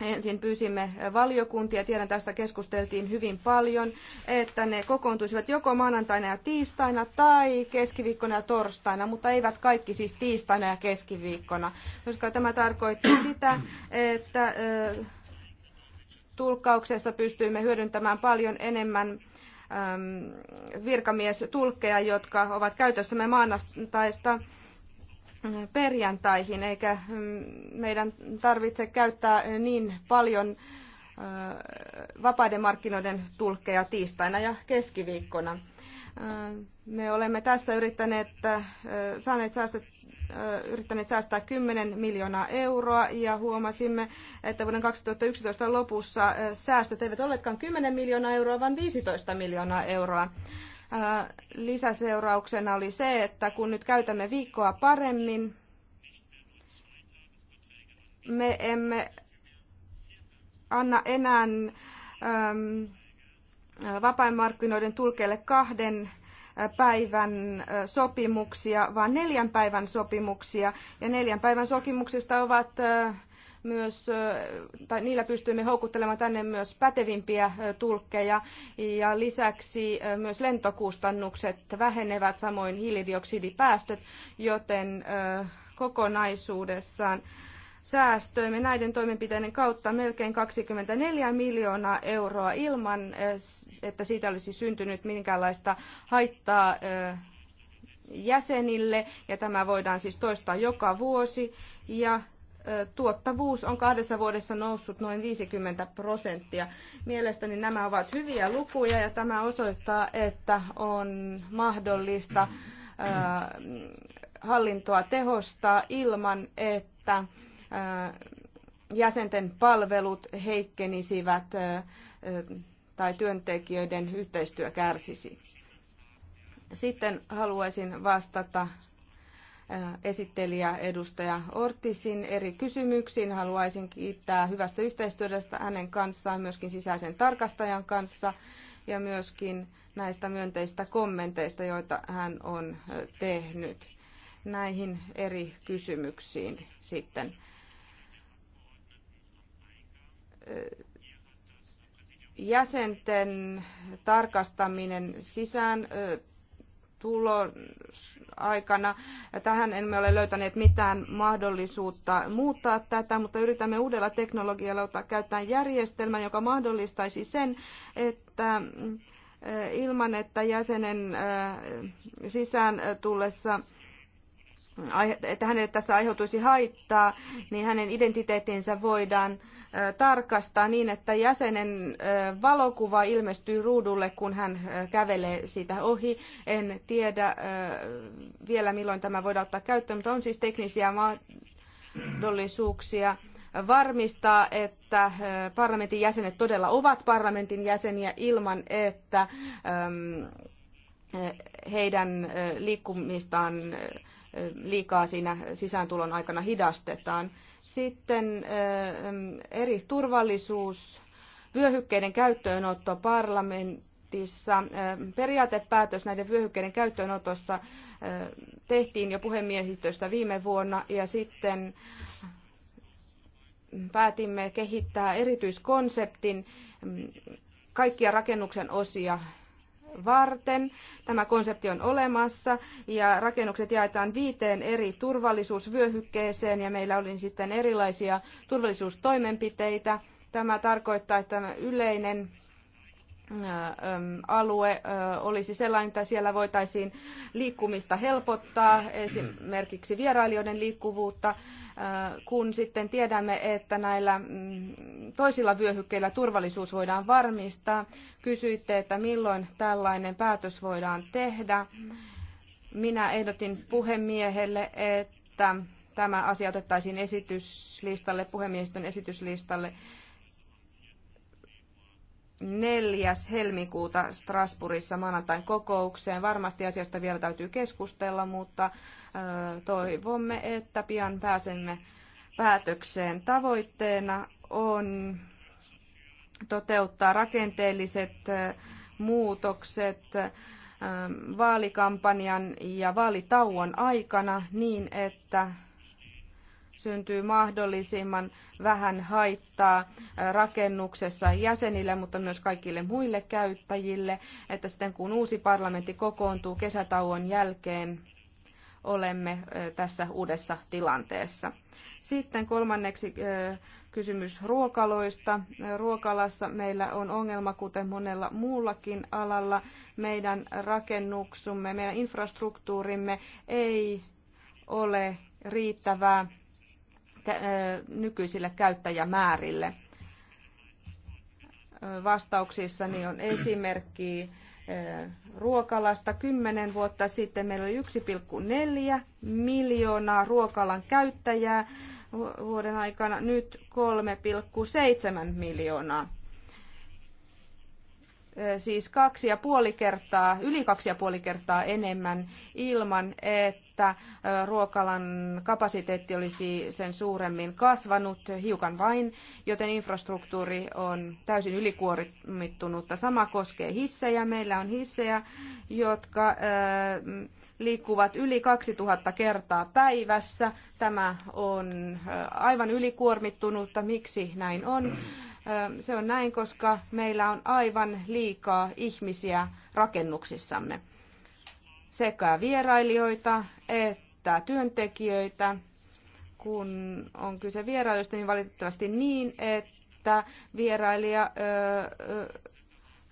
Ensin pyysimme valiokuntia, tiedän tästä keskusteltiin hyvin paljon, että ne kokoontuisivat joko maanantaina ja tiistaina tai keskiviikkona ja torstaina, mutta eivät kaikki siis tiistaina ja keskiviikkona, koska tämä tarkoitti sitä, että tulkkauksessa pystyimme hyödyntämään paljon enemmän virkamiestulkkeja, jotka ovat käytössämme maanantaista perjantaihin, eikä mm, meidän tarvitse käyttää niin paljon vapaiden markkinoiden tulkkeja tiistaina ja keskiviikkona. Me olemme tässä yrittäneet, saaneet säästet, yrittäneet säästää 10 miljoonaa euroa ja huomasimme, että vuoden 2011 lopussa säästöt eivät olleetkaan 10 miljoonaa euroa, vaan 15 miljoonaa euroa lisäseurauksena oli se, että kun nyt käytämme viikkoa paremmin, me emme anna enää vapaimarkkinoiden vapaamarkkinoiden tulkeille kahden päivän sopimuksia, vaan neljän päivän sopimuksia. Ja neljän päivän sopimuksista ovat myös, tai niillä pystyimme houkuttelemaan tänne myös pätevimpiä tulkkeja ja lisäksi myös lentokustannukset vähenevät, samoin hiilidioksidipäästöt, joten kokonaisuudessaan säästöimme näiden toimenpiteiden kautta melkein 24 miljoonaa euroa ilman, että siitä olisi syntynyt minkäänlaista haittaa jäsenille, ja tämä voidaan siis toistaa joka vuosi. Ja tuottavuus on kahdessa vuodessa noussut noin 50 prosenttia. Mielestäni nämä ovat hyviä lukuja ja tämä osoittaa, että on mahdollista hallintoa tehostaa ilman, että jäsenten palvelut heikkenisivät tai työntekijöiden yhteistyö kärsisi. Sitten haluaisin vastata Äh, esittelijä edustaja Ortisin eri kysymyksiin. Haluaisin kiittää hyvästä yhteistyöstä hänen kanssaan, myöskin sisäisen tarkastajan kanssa ja myöskin näistä myönteistä kommenteista, joita hän on äh, tehnyt näihin eri kysymyksiin sitten. Äh, jäsenten tarkastaminen sisään tulon aikana. Tähän emme ole löytäneet mitään mahdollisuutta muuttaa tätä, mutta yritämme uudella teknologialla ottaa käyttää järjestelmän, joka mahdollistaisi sen, että eh, ilman, että jäsenen eh, sisään tullessa eh, että hänelle tässä aiheutuisi haittaa, niin hänen identiteettinsä voidaan tarkastaa niin, että jäsenen valokuva ilmestyy ruudulle, kun hän kävelee siitä ohi. En tiedä vielä milloin tämä voidaan ottaa käyttöön, mutta on siis teknisiä mahdollisuuksia varmistaa, että parlamentin jäsenet todella ovat parlamentin jäseniä ilman, että heidän liikkumistaan liikaa siinä sisääntulon aikana hidastetaan. Sitten eri turvallisuus, vyöhykkeiden käyttöönotto parlamentissa. Periaatepäätös näiden vyöhykkeiden käyttöönotosta tehtiin jo puhemiehistöstä viime vuonna ja sitten päätimme kehittää erityiskonseptin kaikkia rakennuksen osia varten. Tämä konsepti on olemassa ja rakennukset jaetaan viiteen eri turvallisuusvyöhykkeeseen ja meillä oli sitten erilaisia turvallisuustoimenpiteitä. Tämä tarkoittaa, että tämä yleinen äh, alue äh, olisi sellainen, että siellä voitaisiin liikkumista helpottaa, esimerkiksi vierailijoiden liikkuvuutta, Äh, kun sitten tiedämme, että näillä mm, toisilla vyöhykkeillä turvallisuus voidaan varmistaa. Kysyitte, että milloin tällainen päätös voidaan tehdä. Minä ehdotin puhemiehelle, että tämä asia otettaisiin esityslistalle, puhemiehistön esityslistalle 4. helmikuuta Strasbourgissa maanantain kokoukseen. Varmasti asiasta vielä täytyy keskustella, mutta Toivomme, että pian pääsemme päätökseen. Tavoitteena on toteuttaa rakenteelliset muutokset vaalikampanjan ja vaalitauon aikana niin, että syntyy mahdollisimman vähän haittaa rakennuksessa jäsenille, mutta myös kaikille muille käyttäjille, että sitten kun uusi parlamentti kokoontuu kesätauon jälkeen, olemme tässä uudessa tilanteessa. Sitten kolmanneksi kysymys ruokaloista. Ruokalassa meillä on ongelma, kuten monella muullakin alalla. Meidän rakennuksumme, meidän infrastruktuurimme ei ole riittävää nykyisille käyttäjämäärille. Vastauksissani on esimerkki ruokalasta. Kymmenen vuotta sitten meillä oli 1,4 miljoonaa ruokalan käyttäjää vuoden aikana, nyt 3,7 miljoonaa. Siis kaksi ja puoli kertaa, yli kaksi ja puoli kertaa enemmän ilman, että että ruokalan kapasiteetti olisi sen suuremmin kasvanut, hiukan vain, joten infrastruktuuri on täysin ylikuormittunutta. Sama koskee hissejä. Meillä on hissejä, jotka liikkuvat yli 2000 kertaa päivässä. Tämä on aivan ylikuormittunutta. Miksi näin on? Se on näin, koska meillä on aivan liikaa ihmisiä rakennuksissamme sekä vierailijoita että työntekijöitä. Kun on kyse vierailijoista, niin valitettavasti niin, että vierailija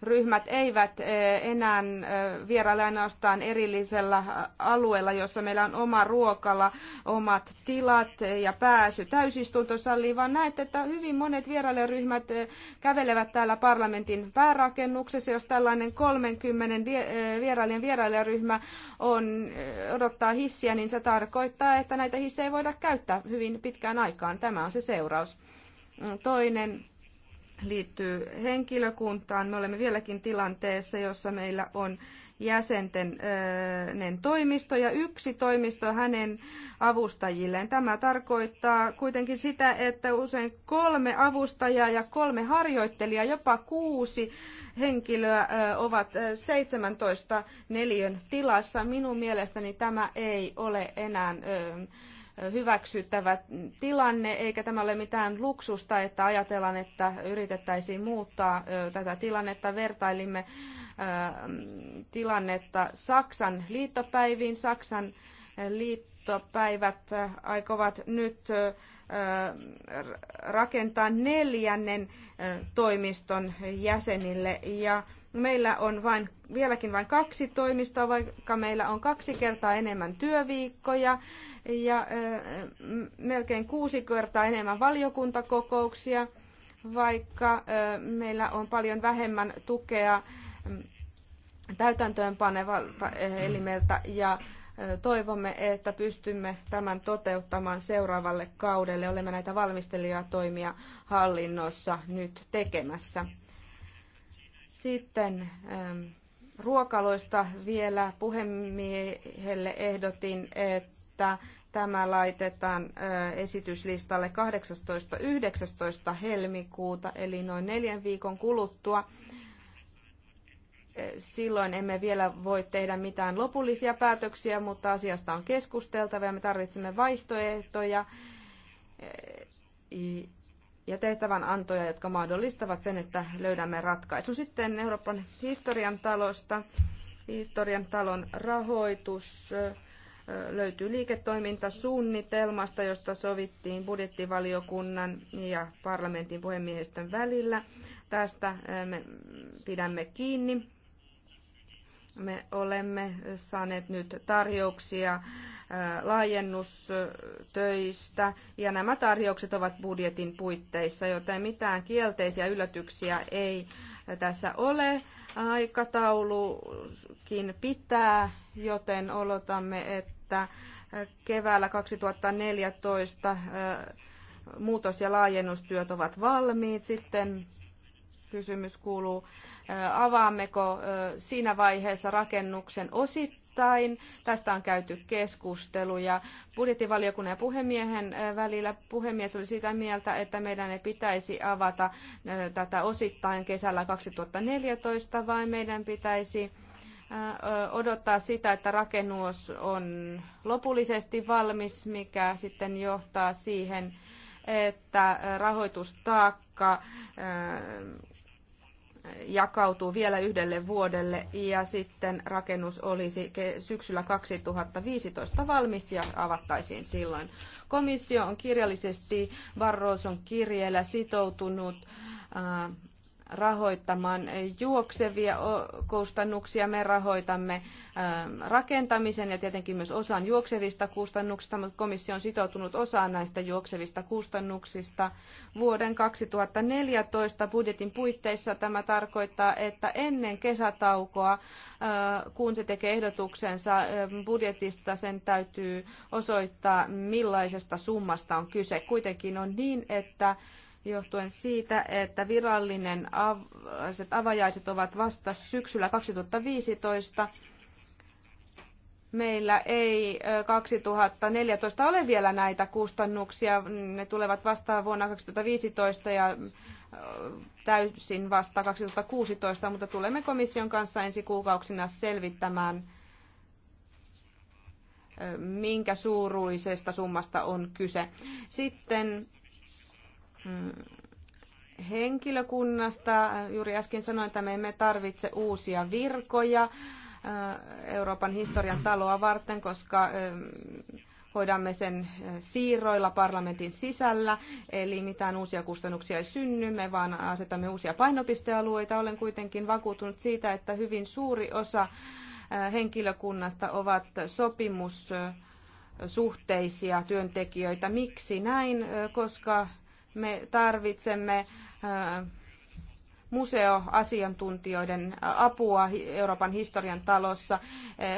ryhmät eivät eh, enää eh, vieraile ainoastaan erillisellä eh, alueella, jossa meillä on oma ruokala, omat tilat ja pääsy täysistuntosalliin, vaan näette, että hyvin monet vierailijaryhmät kävelevät täällä parlamentin päärakennuksessa. Jos tällainen 30 vierailijan vierailijaryhmä on, odottaa hissiä, niin se tarkoittaa, että näitä hissejä ei voida käyttää hyvin pitkään aikaan. Tämä on se seuraus. Mm, toinen liittyy henkilökuntaan. Me olemme vieläkin tilanteessa, jossa meillä on jäsenten toimisto ja yksi toimisto hänen avustajilleen. Tämä tarkoittaa kuitenkin sitä, että usein kolme avustajaa ja kolme harjoittelijaa, jopa kuusi henkilöä ovat 17 neliön tilassa. Minun mielestäni tämä ei ole enää hyväksyttävä tilanne, eikä tämä ole mitään luksusta, että ajatellaan, että yritettäisiin muuttaa tätä tilannetta. Vertailimme tilannetta Saksan liittopäiviin. Saksan liittopäivät aikovat nyt rakentaa neljännen toimiston jäsenille ja meillä on vain, vieläkin vain kaksi toimistoa, vaikka meillä on kaksi kertaa enemmän työviikkoja ja melkein kuusi kertaa enemmän valiokuntakokouksia, vaikka meillä on paljon vähemmän tukea mm, täytäntöönpanevalta elimeltä ja toivomme, että pystymme tämän toteuttamaan seuraavalle kaudelle. Olemme näitä valmistelijatoimia hallinnossa nyt tekemässä. Sitten ähm, ruokaloista vielä puhemiehelle ehdotin, että tämä laitetaan äh, esityslistalle 18.19. helmikuuta, eli noin neljän viikon kuluttua. Äh, silloin emme vielä voi tehdä mitään lopullisia päätöksiä, mutta asiasta on keskusteltava ja me tarvitsemme vaihtoehtoja äh, ja tehtävän antoja, jotka mahdollistavat sen, että löydämme ratkaisu. Sitten Euroopan historian talosta. Historian talon rahoitus löytyy liiketoimintasuunnitelmasta, josta sovittiin budjettivaliokunnan ja parlamentin puhemiehistön välillä. Tästä me pidämme kiinni. Me olemme saaneet nyt tarjouksia laajennustöistä ja nämä tarjoukset ovat budjetin puitteissa, joten mitään kielteisiä yllätyksiä ei tässä ole. Aikataulukin pitää, joten odotamme, että keväällä 2014 muutos- ja laajennustyöt ovat valmiit. Sitten kysymys kuuluu, avaammeko siinä vaiheessa rakennuksen osittain? vuosittain. Tästä on käyty keskusteluja budjettivaliokunnan ja puhemiehen välillä. Puhemies oli sitä mieltä, että meidän ei pitäisi avata tätä osittain kesällä 2014, vaan meidän pitäisi odottaa sitä, että rakennus on lopullisesti valmis, mikä sitten johtaa siihen, että rahoitustaakka jakautuu vielä yhdelle vuodelle ja sitten rakennus olisi syksyllä 2015 valmis ja avattaisiin silloin. Komissio on kirjallisesti Barroson kirjeellä sitoutunut äh, rahoittamaan juoksevia kustannuksia. Me rahoitamme ähm, rakentamisen ja tietenkin myös osan juoksevista kustannuksista, mutta komissio on sitoutunut osaan näistä juoksevista kustannuksista. Vuoden 2014 budjetin puitteissa tämä tarkoittaa, että ennen kesätaukoa, äh, kun se tekee ehdotuksensa äh, budjetista, sen täytyy osoittaa, millaisesta summasta on kyse. Kuitenkin on niin, että johtuen siitä, että virallinen avajaiset ovat vasta syksyllä 2015. Meillä ei 2014 ole vielä näitä kustannuksia. Ne tulevat vasta vuonna 2015 ja täysin vasta 2016, mutta tulemme komission kanssa ensi kuukausina selvittämään, minkä suuruisesta summasta on kyse. Sitten Mm. henkilökunnasta. Juuri äsken sanoin, että me emme tarvitse uusia virkoja äh, Euroopan historian taloa varten, koska ähm, hoidamme sen äh, siirroilla parlamentin sisällä, eli mitään uusia kustannuksia ei synny, me vaan asetamme uusia painopistealueita. Olen kuitenkin vakuutunut siitä, että hyvin suuri osa äh, henkilökunnasta ovat sopimussuhteisia työntekijöitä. Miksi näin? Koska me tarvitsemme museoasiantuntijoiden apua Euroopan historian talossa.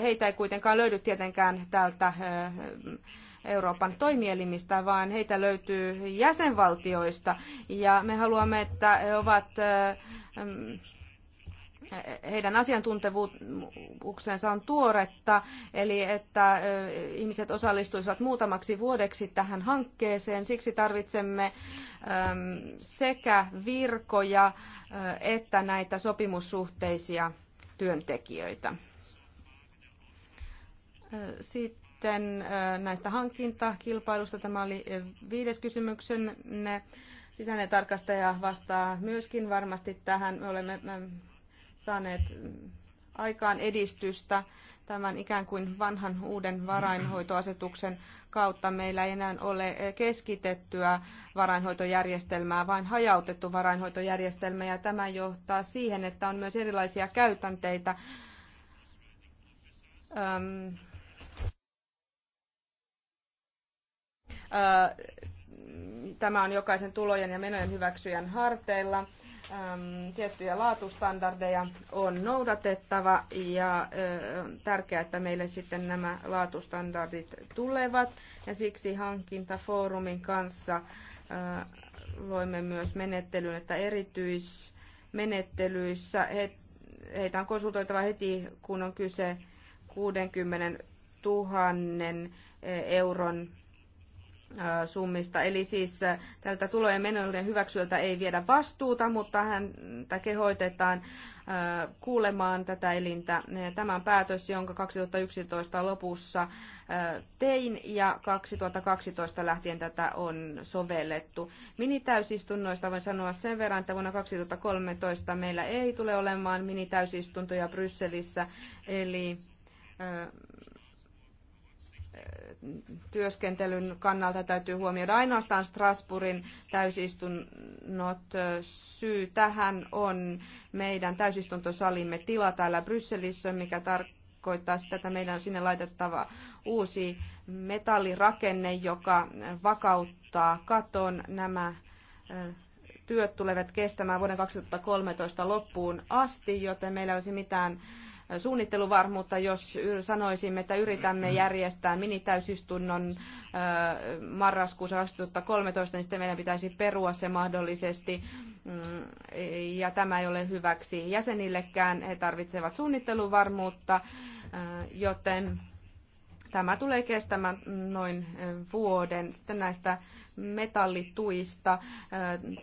Heitä ei kuitenkaan löydy tietenkään täältä Euroopan toimielimistä, vaan heitä löytyy jäsenvaltioista. Ja me haluamme, että he ovat heidän asiantuntevuuksensa on tuoretta, eli että ihmiset osallistuisivat muutamaksi vuodeksi tähän hankkeeseen. Siksi tarvitsemme sekä virkoja että näitä sopimussuhteisia työntekijöitä. Sitten näistä hankintakilpailusta. Tämä oli viides kysymyksenne. Sisäinen tarkastaja vastaa myöskin varmasti tähän. Me olemme saaneet mm, aikaan edistystä tämän ikään kuin vanhan uuden varainhoitoasetuksen kautta meillä ei enää ole keskitettyä varainhoitojärjestelmää, vaan hajautettu varainhoitojärjestelmä ja tämä johtaa siihen, että on myös erilaisia käytänteitä. Öm, tämä on jokaisen tulojen ja menojen hyväksyjän harteilla äm, tiettyjä laatustandardeja on noudatettava ja ä, tärkeää, että meille sitten nämä laatustandardit tulevat ja siksi hankintafoorumin kanssa ä, loimme myös menettelyn, että erityismenettelyissä he, heitä on konsultoitava heti, kun on kyse 60 000 euron Äh, summista. Eli siis äh, tältä tulojen menojen hyväksyöltä ei viedä vastuuta, mutta häntä kehoitetaan äh, kuulemaan tätä elintä. Tämä on päätös, jonka 2011 lopussa tein ja 2012 lähtien tätä on sovellettu. Minitäysistunnoista voin sanoa sen verran, että vuonna 2013 meillä ei tule olemaan minitäysistuntoja Brysselissä, eli työskentelyn kannalta täytyy huomioida ainoastaan Strasbourgin täysistunnot. Syy tähän on meidän täysistuntosalimme tila täällä Brysselissä, mikä tarkoittaa sitä, että meidän on sinne laitettava uusi metallirakenne, joka vakauttaa katon. Nämä työt tulevat kestämään vuoden 2013 loppuun asti, joten meillä ei olisi mitään suunnitteluvarmuutta, jos sanoisimme, että yritämme järjestää minitäysistunnon marraskuussa 2013, niin sitten meidän pitäisi perua se mahdollisesti. Mm, ja tämä ei ole hyväksi jäsenillekään. He tarvitsevat suunnitteluvarmuutta, joten Tämä tulee kestämään noin vuoden. Sitten näistä metallituista.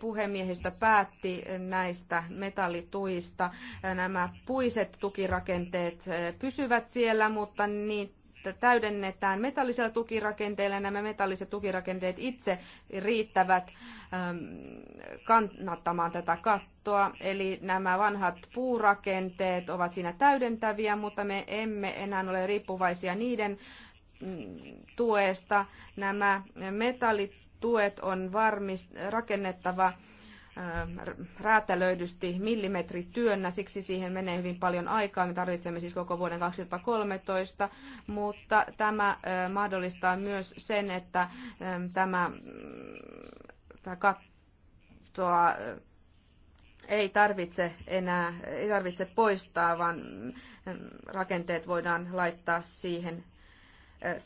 puhemiehistä päätti näistä metallituista. Nämä puiset tukirakenteet pysyvät siellä, mutta niitä täydennetään metallisella tukirakenteella. Nämä metalliset tukirakenteet itse riittävät ähm, kannattamaan tätä kattoa. Eli nämä vanhat puurakenteet ovat siinä täydentäviä, mutta me emme enää ole riippuvaisia niiden mm, tuesta. Nämä metallituet on varmist, rakennettava Ähm, räätälöidysti millimetrityönnä, siksi siihen menee hyvin paljon aikaa. Me tarvitsemme siis koko vuoden 2013, mutta tämä mahdollistaa myös sen, että ähm, tämä, mm, tämä kattoa ei tarvitse enää, ei tarvitse poistaa, vaan mm, rakenteet voidaan laittaa siihen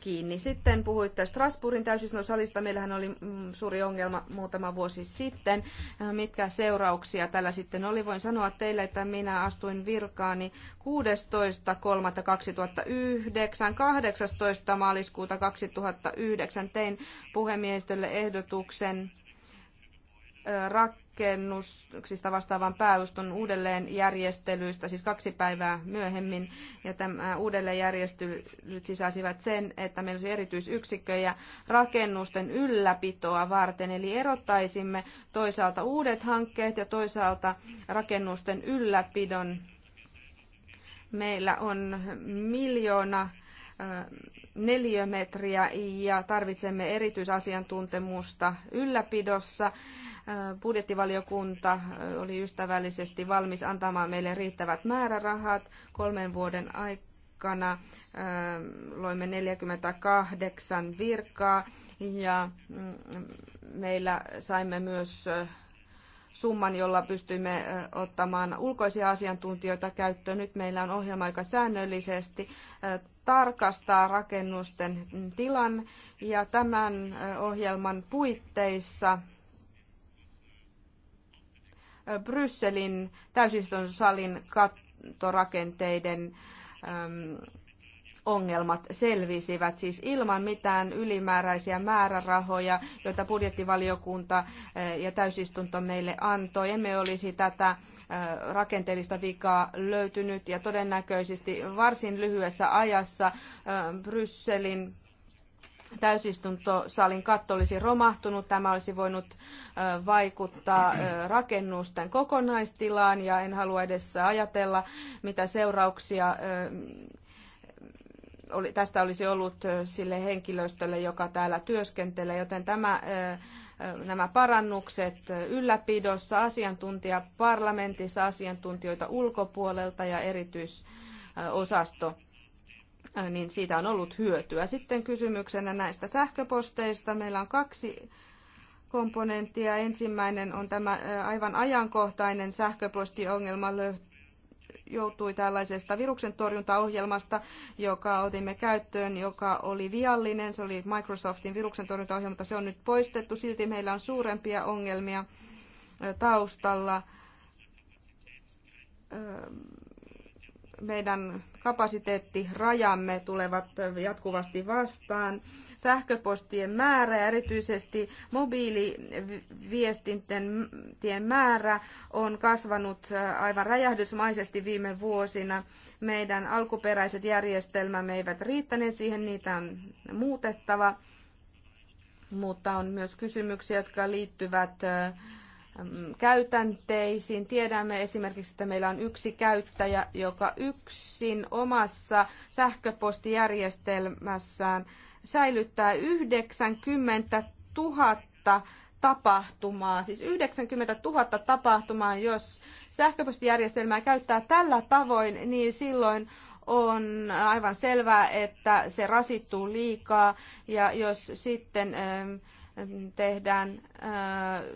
kiinni. Sitten puhuitte Strasbourgin täysistuntosalista. Meillähän oli mm, suuri ongelma muutama vuosi sitten. Mitkä seurauksia tällä sitten oli? Voin sanoa teille, että minä astuin virkaani 16.3.2009, 18. maaliskuuta 2009 tein puhemiehistölle ehdotuksen rak- rakennuksista vastaavan pääuston uudelleenjärjestelyistä, siis kaksi päivää myöhemmin. Ja tämä uudelleenjärjestelyt sisäsivät sen, että meillä olisi erityisyksikköjä rakennusten ylläpitoa varten. Eli erottaisimme toisaalta uudet hankkeet ja toisaalta rakennusten ylläpidon. Meillä on miljoona neliömetriä ja tarvitsemme erityisasiantuntemusta ylläpidossa Budjettivaliokunta oli ystävällisesti valmis antamaan meille riittävät määrärahat kolmen vuoden aikana. Loimme 48 virkaa ja mm, meillä saimme myös summan, jolla pystymme ottamaan ulkoisia asiantuntijoita käyttöön. Nyt meillä on ohjelma, joka säännöllisesti tarkastaa rakennusten mm, tilan ja tämän ohjelman puitteissa Brysselin täysistuntosalin kattorakenteiden ongelmat selvisivät, siis ilman mitään ylimääräisiä määrärahoja, joita budjettivaliokunta ja täysistunto meille antoi. Emme olisi tätä rakenteellista vikaa löytynyt ja todennäköisesti varsin lyhyessä ajassa Brysselin täysistuntosalin katto olisi romahtunut. Tämä olisi voinut vaikuttaa rakennusten kokonaistilaan ja en halua edes ajatella, mitä seurauksia tästä olisi ollut sille henkilöstölle, joka täällä työskentelee, joten tämä nämä parannukset ylläpidossa, asiantuntija parlamentissa, asiantuntijoita ulkopuolelta ja erityisosasto Äh, niin siitä on ollut hyötyä. Sitten kysymyksenä näistä sähköposteista. Meillä on kaksi komponenttia. Ensimmäinen on tämä äh, aivan ajankohtainen sähköpostiongelma joutui tällaisesta viruksen torjuntaohjelmasta, joka otimme käyttöön, joka oli viallinen. Se oli Microsoftin viruksen torjuntaohjelma, mutta se on nyt poistettu. Silti meillä on suurempia ongelmia äh, taustalla meidän kapasiteettirajamme tulevat jatkuvasti vastaan. Sähköpostien määrä ja erityisesti mobiiliviestintien määrä on kasvanut aivan räjähdysmaisesti viime vuosina. Meidän alkuperäiset järjestelmämme eivät riittäneet siihen, niitä on muutettava. Mutta on myös kysymyksiä, jotka liittyvät käytänteisiin. Tiedämme esimerkiksi, että meillä on yksi käyttäjä, joka yksin omassa sähköpostijärjestelmässään säilyttää 90 000 tapahtumaa, siis 90 000 tapahtumaa, jos sähköpostijärjestelmää käyttää tällä tavoin, niin silloin on aivan selvää, että se rasittuu liikaa ja jos sitten ähm, tehdään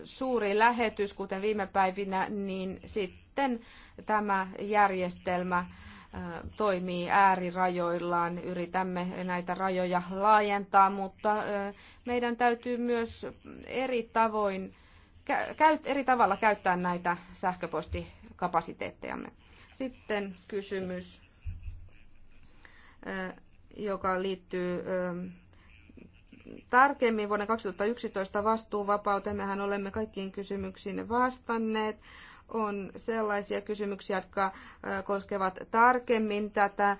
suuri lähetys, kuten viime päivinä, niin sitten tämä järjestelmä toimii äärirajoillaan. Yritämme näitä rajoja laajentaa, mutta meidän täytyy myös eri, tavoin, eri tavalla käyttää näitä sähköpostikapasiteettejamme. Sitten kysymys, joka liittyy tarkemmin vuonna 2011 Mehän olemme kaikkiin kysymyksiin vastanneet. On sellaisia kysymyksiä, jotka koskevat tarkemmin tätä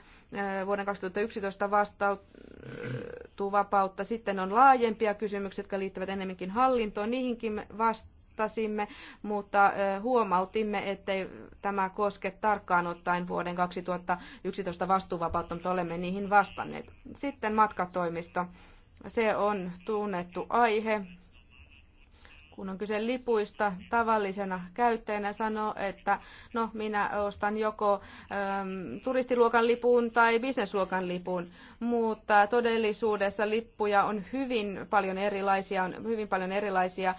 vuoden 2011 vastautuvapautta. Sitten on laajempia kysymyksiä, jotka liittyvät enemmänkin hallintoon. Niihinkin vastasimme, mutta huomautimme, ettei tämä koske tarkkaan ottaen vuoden 2011 vastuuvapautta, mutta olemme niihin vastanneet. Sitten matkatoimisto. Se on tunnettu aihe. Kun on kyse lipuista, tavallisena käyttäjänä sanoo, että no minä ostan joko äm, turistiluokan lipun tai bisnesluokan lipun, mutta todellisuudessa lippuja on hyvin paljon erilaisia, on hyvin paljon erilaisia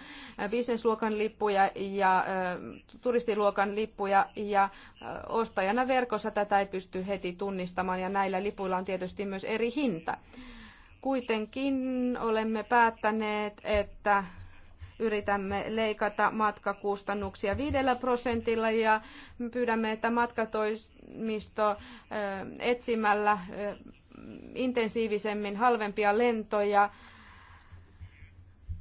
äh, bisnesluokan lippuja ja äm, äh, turistiluokan lippuja ja ä, äh, ostajana verkossa tätä ei pysty heti tunnistamaan ja näillä lipuilla on tietysti myös eri hinta. Kuitenkin olemme päättäneet, että yritämme leikata matkakustannuksia viidellä prosentilla ja pyydämme, että matkatoimisto etsimällä intensiivisemmin halvempia lentoja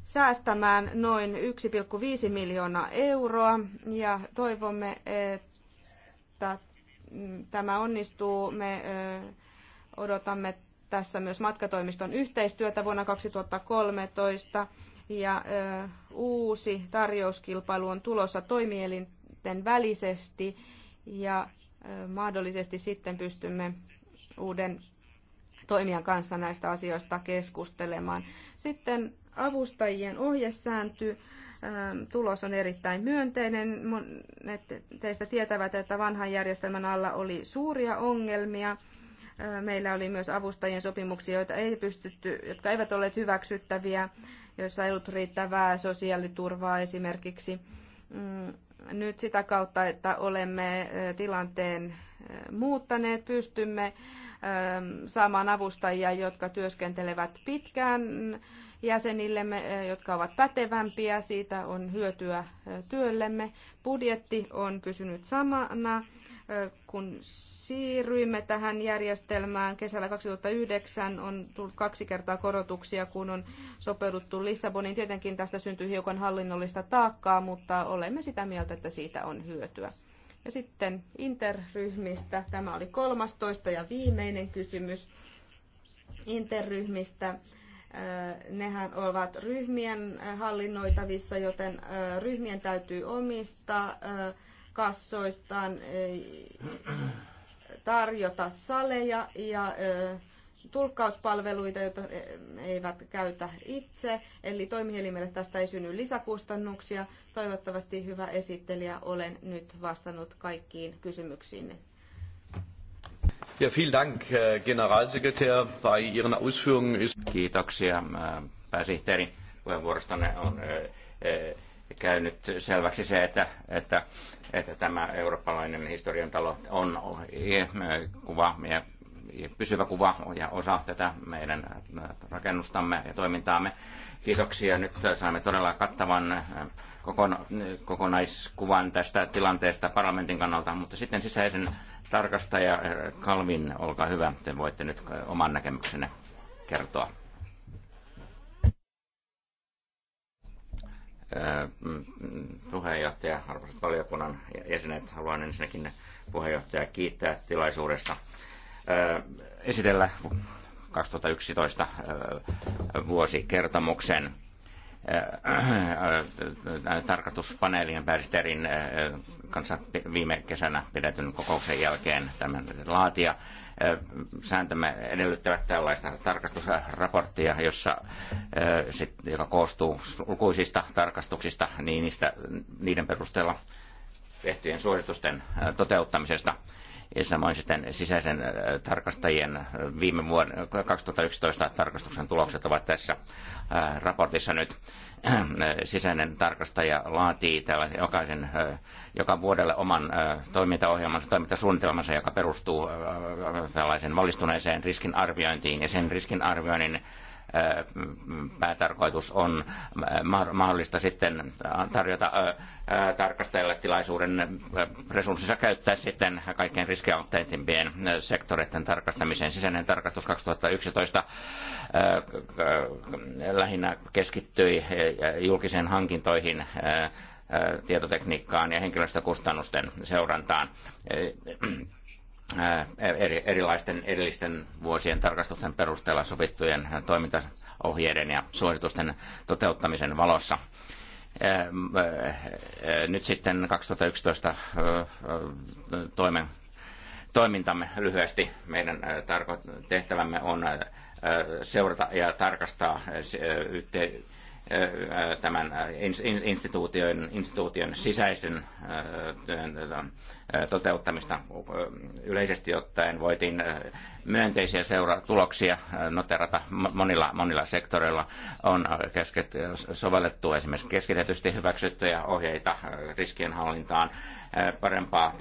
säästämään noin 1,5 miljoonaa euroa ja toivomme, että mm, tämä onnistuu. Me odotamme tässä myös matkatoimiston yhteistyötä vuonna 2013 ja ö, uusi tarjouskilpailu on tulossa toimielinten välisesti ja ö, mahdollisesti sitten pystymme uuden toimijan kanssa näistä asioista keskustelemaan. Sitten avustajien ohjesääntö. Tulos on erittäin myönteinen. Monet teistä tietävät, että vanhan järjestelmän alla oli suuria ongelmia Meillä oli myös avustajien sopimuksia, joita ei pystytty, jotka eivät olleet hyväksyttäviä, joissa ei ollut riittävää sosiaaliturvaa esimerkiksi. Mm, nyt sitä kautta, että olemme tilanteen muuttaneet, pystymme saamaan avustajia, jotka työskentelevät pitkään jäsenillemme, jotka ovat pätevämpiä. Siitä on hyötyä työllemme. Budjetti on pysynyt samana kun siirryimme tähän järjestelmään kesällä 2009, on tullut kaksi kertaa korotuksia, kun on sopeuduttu Lissabonin. Tietenkin tästä syntyy hiukan hallinnollista taakkaa, mutta olemme sitä mieltä, että siitä on hyötyä. Ja sitten interryhmistä. Tämä oli 13 ja viimeinen kysymys interryhmistä. Nehän ovat ryhmien hallinnoitavissa, joten ryhmien täytyy omistaa kassoistaan eh, tarjota saleja ja eh, tulkkauspalveluita, joita eivät käytä itse. Eli toimielimelle tästä ei synny lisäkustannuksia. Toivottavasti hyvä esittelijä, olen nyt vastannut kaikkiin kysymyksiin. Ja, vielen Dank, Generalsekretär. Bei Ihren Ausführungen ist... Kiitoksia, äh, pääsihteeri. Puheenvuorostanne on äh, äh, käynyt selväksi se, että, että, että tämä eurooppalainen historian talo on kuva ja pysyvä kuva ja osa tätä meidän rakennustamme ja toimintaamme. Kiitoksia. Nyt saamme todella kattavan äh, kokonaiskuvan tästä tilanteesta parlamentin kannalta, mutta sitten sisäisen tarkastaja äh, Kalvin, olkaa hyvä, te voitte nyt oman näkemyksenne kertoa. Mm, mm, puheenjohtaja, arvoisat valiokunnan jäsenet, haluan ensinnäkin puheenjohtaja kiittää tilaisuudesta esitellä 2011 vuosikertomuksen Äh, äh, äh, tarkastuspaneelien pääsihteerin kanssa viime kesänä pidetyn kokouksen jälkeen tämän laatia. Sääntömme edellyttävät tällaista tarkastusraporttia, jossa, joka koostuu lukuisista tarkastuksista, niin niistä, niiden perusteella tehtyjen suoritusten toteuttamisesta samoin sitten sisäisen äh, tarkastajien äh, viime vuoden 2011 tarkastuksen tulokset ovat tässä äh, raportissa nyt. Sisäinen tarkastaja laatii jokaisen, joka vuodelle oman toimintaohjelmansa, toimintasuunnitelmansa, joka perustuu tällaisen valistuneeseen riskinarviointiin ja sen riskinarvioinnin päätarkoitus on mahdollista sitten tarjota tarkastajalle tilaisuuden resurssissa käyttää sitten kaikkein riskialtteimpien sektoreiden tarkastamiseen. Sisäinen tarkastus 2011 lähinnä keskittyi julkisen hankintoihin tietotekniikkaan ja henkilöstökustannusten seurantaan eri, erilaisten edellisten vuosien tarkastusten perusteella sovittujen toimintaohjeiden ja suositusten toteuttamisen valossa. Nyt sitten 2011 toimen, toimintamme lyhyesti. Meidän tehtävämme on seurata ja tarkastaa yhteyttä tämän instituution, instituution sisäisen toteuttamista yleisesti ottaen voitiin myönteisiä seura- tuloksia noterata monilla, monilla sektoreilla. On kesket, sovellettu esimerkiksi keskitetysti hyväksyttyjä ohjeita riskienhallintaan, parempaa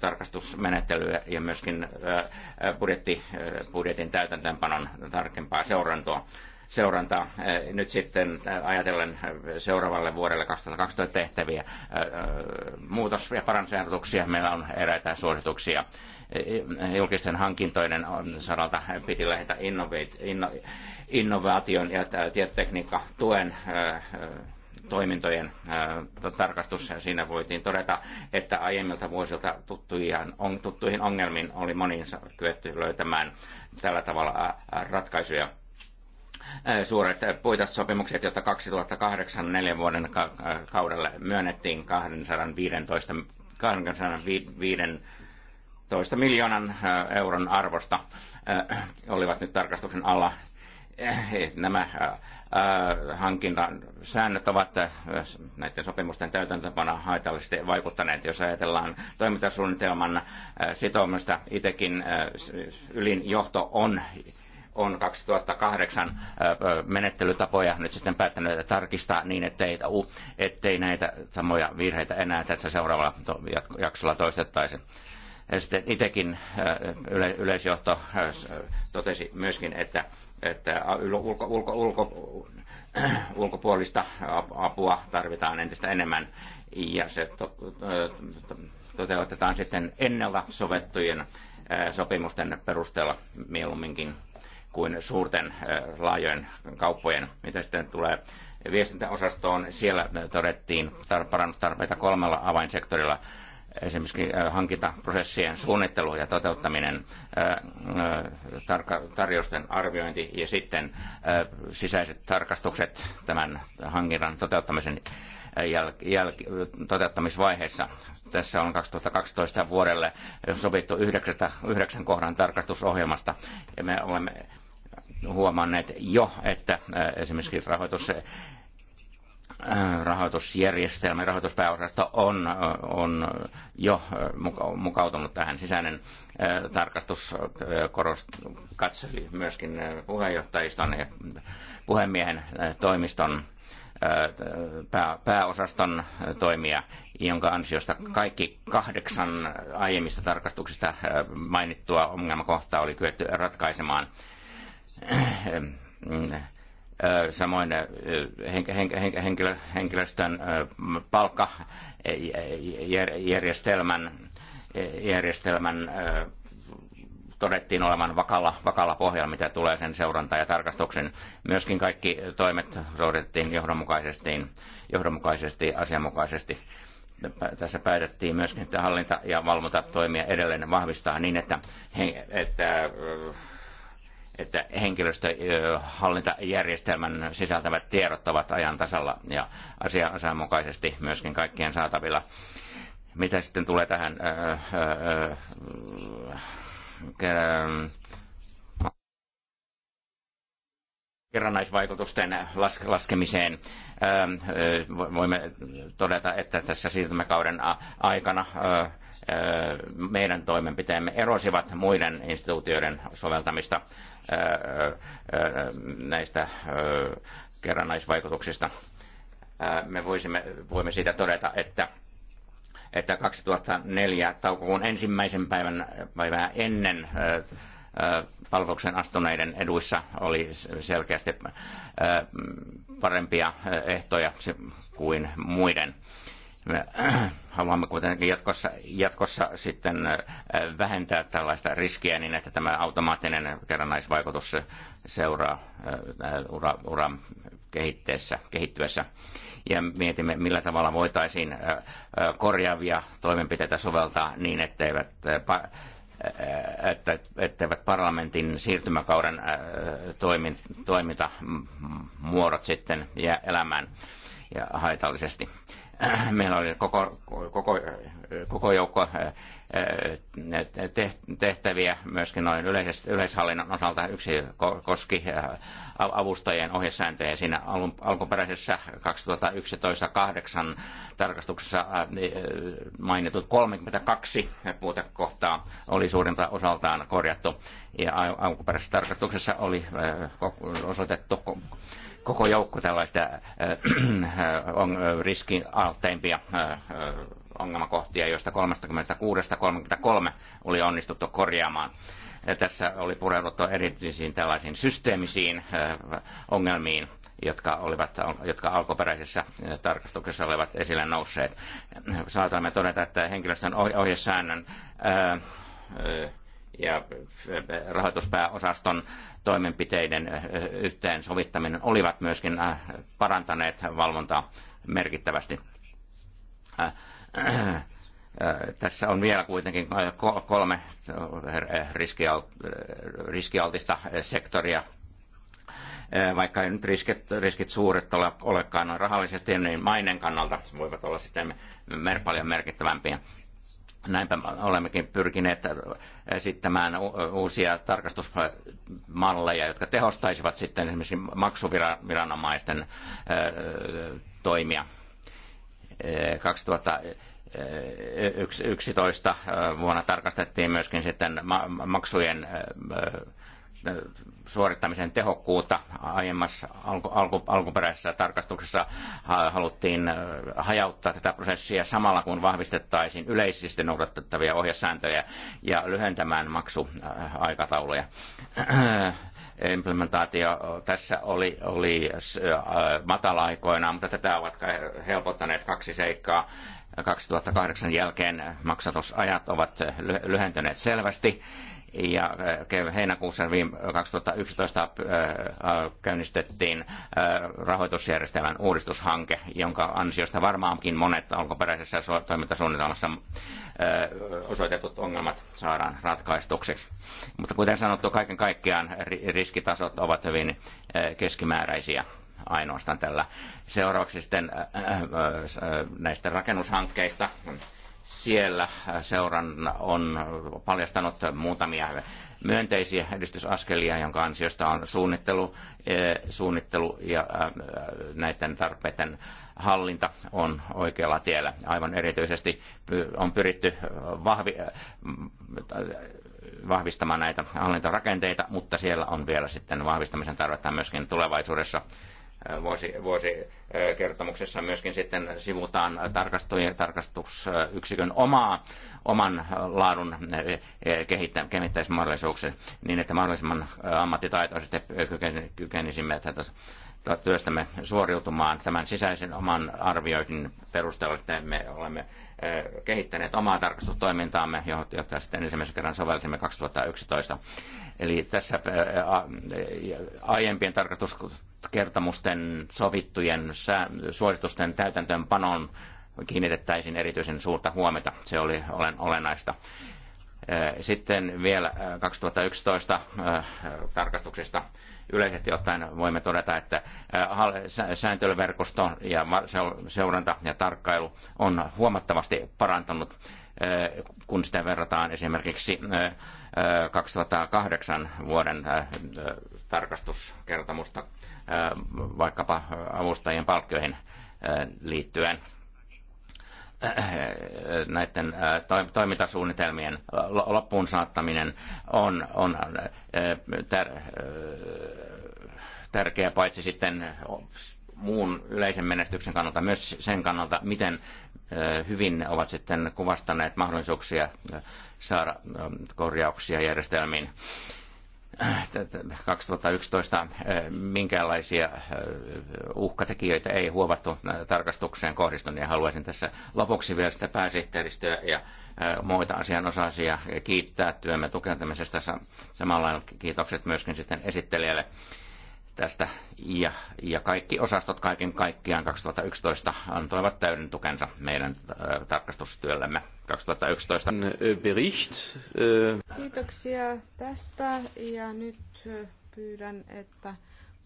tarkastusmenettelyä ja myöskin budjetti, budjetin täytäntöönpanon tarkempaa seurantoa seurantaa. Eh, nyt sitten eh, ajatellen eh, seuraavalle vuodelle 2012 tehtäviä muutos- ja parannusehdotuksia. Meillä on eräitä suosituksia julkisten hankintoiden saralta piti lähetä innovaation ja tietotekniikka-tuen toimintojen tarkastus. Siinä voitiin todeta, että aiemmilta vuosilta tuttuihin ongelmiin oli moniin kyetty löytämään tällä tavalla ratkaisuja Äh, suuret puitesopimukset, joita 2008 neljän vuoden kaudella myönnettiin 215, 215 miljoonan äh, euron arvosta, äh, olivat nyt tarkastuksen alla. Eh, nämä hankintasäännöt ovat näiden sopimusten täytäntöpana haitallisesti vaikuttaneet. Jos ajatellaan toimintasuunnitelman sitoumusta, Itekin ylin johto on on 2008 menettelytapoja nyt sitten päättänyt tarkistaa niin, ettei, ettei näitä samoja virheitä enää tässä seuraavalla jaksolla toistettaisi. Sitten itsekin yle, yleisjohto totesi myöskin, että, että ulko, ulko, ulko, [CLEARS THROAT] ulkopuolista apua tarvitaan entistä enemmän ja se to, to, toteutetaan sitten ennalta sovittujen sopimusten perusteella mieluumminkin kuin suurten laajojen kauppojen. Mitä sitten tulee viestintäosastoon, siellä todettiin parannustarpeita kolmella avainsektorilla esimerkiksi hankintaprosessien suunnittelu ja toteuttaminen, tarjousten arviointi ja sitten sisäiset tarkastukset tämän hankinnan toteuttamisen jäl- jäl- toteuttamisvaiheessa. Tässä on 2012 vuodelle sovittu yhdeksän kohdan tarkastusohjelmasta. Ja me olemme huomanneet jo, että esimerkiksi rahoitus rahoitusjärjestelmä, rahoituspääosasto on, on jo mukautunut tähän sisäinen tarkastus katseli myöskin puheenjohtajiston ja puhemiehen toimiston pää, pääosaston toimia, jonka ansiosta kaikki kahdeksan aiemmista tarkastuksista mainittua ongelmakohtaa oli kyetty ratkaisemaan – samoin henkilöstön palkkajärjestelmän järjestelmän todettiin olevan vakalla, vakalla pohjalla, mitä tulee sen seurantaan ja tarkastuksen. Myöskin kaikki toimet suoritettiin johdonmukaisesti, johdonmukaisesti asianmukaisesti. Tässä päätettiin myöskin, että hallinta- ja valvontatoimia edelleen vahvistaa niin, että, että että henkilöstöhallintajärjestelmän sisältävät tiedot ovat ajan tasalla ja asianmukaisesti myöskin kaikkien saatavilla. Mitä sitten tulee tähän kerrannaisvaikutusten laskemiseen. Voimme todeta, että tässä siirtymäkauden aikana meidän toimenpiteemme erosivat muiden instituutioiden soveltamista näistä kerrannaisvaikutuksista. Me voisimme, voimme siitä todeta, että että 2004 taukokuun ensimmäisen päivän päivää ennen palveluksen astuneiden eduissa oli selkeästi parempia ehtoja kuin muiden me [CLEARS THROAT] haluamme kuitenkin jatkossa, jatkossa sitten äh, vähentää tällaista riskiä niin, että tämä automaattinen kerrannaisvaikutus seuraa äh, ura, ura kehitteessä, kehittyessä. Ja mietimme, millä tavalla voitaisiin äh, korjaavia toimenpiteitä soveltaa niin, etteivät että, etteivät parlamentin siirtymäkauden toimin, toimintamuodot sitten jää elämään ja haitallisesti meillä oli koko, koko, koko joukko eh, eh, tehtäviä myöskin noin yleishallinnon osalta. Yksi koski eh, avustajien ohjesääntöjä siinä alkuperäisessä 2011 2008 tarkastuksessa mainitut 32 puutekohtaa oli suurinta osaltaan korjattu. Ja alkuperäisessä tarkastuksessa oli osoitettu koko joukko tällaista äh, äh, on äh, riskialtteimpia ongelmakohtia, joista 36-33 oli onnistuttu korjaamaan. Tässä oli pureuduttu erityisiin tällaisiin systeemisiin ongelmiin, jotka, olivat, jotka alkuperäisessä tarkastuksessa olivat esille nousseet. Saatamme todeta, että henkilöstön ohjesäännön ja äh, rahoituspääosaston toimenpiteiden äh, yhteensovittaminen olivat myöskin äh, parantaneet valvontaa merkittävästi. Tässä on vielä kuitenkin kolme riskialtista sektoria vaikka ei nyt riskit, riskit suuret ole, olekaan noin rahallisesti, niin mainen kannalta voivat olla sitten paljon merkittävämpiä. Näinpä olemmekin pyrkineet äh, esittämään uusia tarkastusmalleja, jotka tehostaisivat sitten esimerkiksi maksuviranomaisten äh, toimia. 2011 äh, vuonna tarkastettiin myöskin sitten maksujen suorittamisen tehokkuutta. Aiemmassa alku, alku, alkuperäisessä tarkastuksessa haluttiin hajauttaa tätä prosessia samalla kun vahvistettaisiin yleisesti noudatettavia ohjesääntöjä ja lyhentämään maksuaikatauluja. [CLEARS THROAT] Implementaatio tässä oli, oli matala aikoina, mutta tätä ovat helpottaneet kaksi seikkaa. 2008 jälkeen maksatusajat ovat lyhentyneet selvästi ja äh, heinäkuussa 2011 äh, käynnistettiin äh, rahoitusjärjestelmän uudistushanke, jonka ansiosta varmaankin monet alkuperäisessä toimintasuunnitelmassa osoitetut ongelmat saadaan ratkaistuksi. Mutta kuten sanottu, kaiken kaikkiaan riskitasot ovat hyvin keskimääräisiä ainoastaan tällä. Seuraavaksi sitten näistä rakennushankkeista siellä äh, seuran on paljastanut muutamia myönteisiä edistysaskelia, jonka ansiosta on suunnittelu, eh, suunnittelu ja äh, näiden tarpeiden hallinta on oikealla tiellä. Aivan erityisesti on pyritty vahvi, äh, vahvistamaan näitä hallintorakenteita, mutta siellä on vielä sitten vahvistamisen tarvetta myöskin tulevaisuudessa vuosi, vuosikertomuksessa myöskin sitten sivutaan tarkastusyksikön omaa, oman laadun kehittämismahdollisuuksia niin, että mahdollisimman ammattitaitoisesti kykenisimme tätä työstämme suoriutumaan tämän sisäisen oman arvioinnin perusteella. että me olemme kehittäneet omaa tarkastustoimintaamme, jota sitten ensimmäisen kerran sovelsimme 2011. Eli tässä aiempien tarkastuskertomusten sovittujen suositusten täytäntöönpanoon kiinnitettäisiin erityisen suurta huomiota. Se oli olennaista. Sitten vielä 2011 tarkastuksista yleisesti ottaen voimme todeta, että sääntelyverkosto ja seuranta ja tarkkailu on huomattavasti parantanut, kun sitä verrataan esimerkiksi 2008 vuoden tarkastuskertomusta vaikkapa avustajien palkkioihin liittyen. Äh, näiden äh, toimintasuunnitelmien loppuun saattaminen on, on äh, tär, tärkeä paitsi sitten muun yleisen menestyksen kannalta, myös sen kannalta, miten hyvin ne ovat sitten kuvastaneet mahdollisuuksia saada ähm, korjauksia järjestelmiin. 2011 eh, minkäänlaisia eh, uhkatekijöitä ei huovattu eh, tarkastukseen kohdistun ja haluaisin tässä lopuksi vielä sitä pääsihteeristöä ja muita asianosaisia kiittää työmme tukentamisesta. Samalla kiitokset myöskin sitten esittelijälle tästä ja, ja kaikki osastot kaiken kaikkiaan 2011 antoivat täyden tukensa meidän äh, tarkastustyöllemme 2011. Äh, bericht. Äh. Kiitoksia tästä ja nyt äh, pyydän, että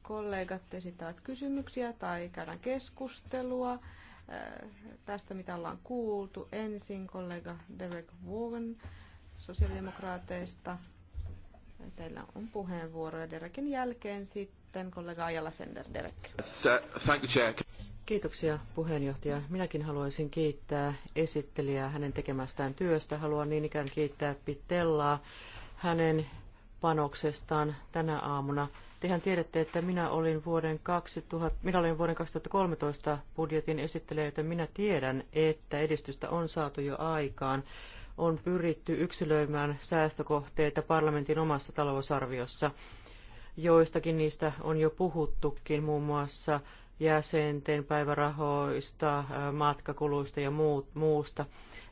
kollegat esittävät kysymyksiä tai käydään keskustelua äh, tästä, mitä ollaan kuultu. Ensin kollega Derek Vaughan sosiaalidemokraateista Teillä on puheenvuoro ja Derekin jälkeen sitten kollega Ajala Sender Derek. Thank you, Chair. Kiitoksia puheenjohtaja. Minäkin haluaisin kiittää esittelijää hänen tekemästään työstä. Haluan niin ikään kiittää Pitellaa hänen panoksestaan tänä aamuna. Tehän tiedätte, että minä olin vuoden, 2000, minä olin vuoden 2013 budjetin esittelijä, joten minä tiedän, että edistystä on saatu jo aikaan on pyritty yksilöimään säästökohteita parlamentin omassa talousarviossa. Joistakin niistä on jo puhuttukin, muun muassa jäsenten päivärahoista, matkakuluista ja muusta.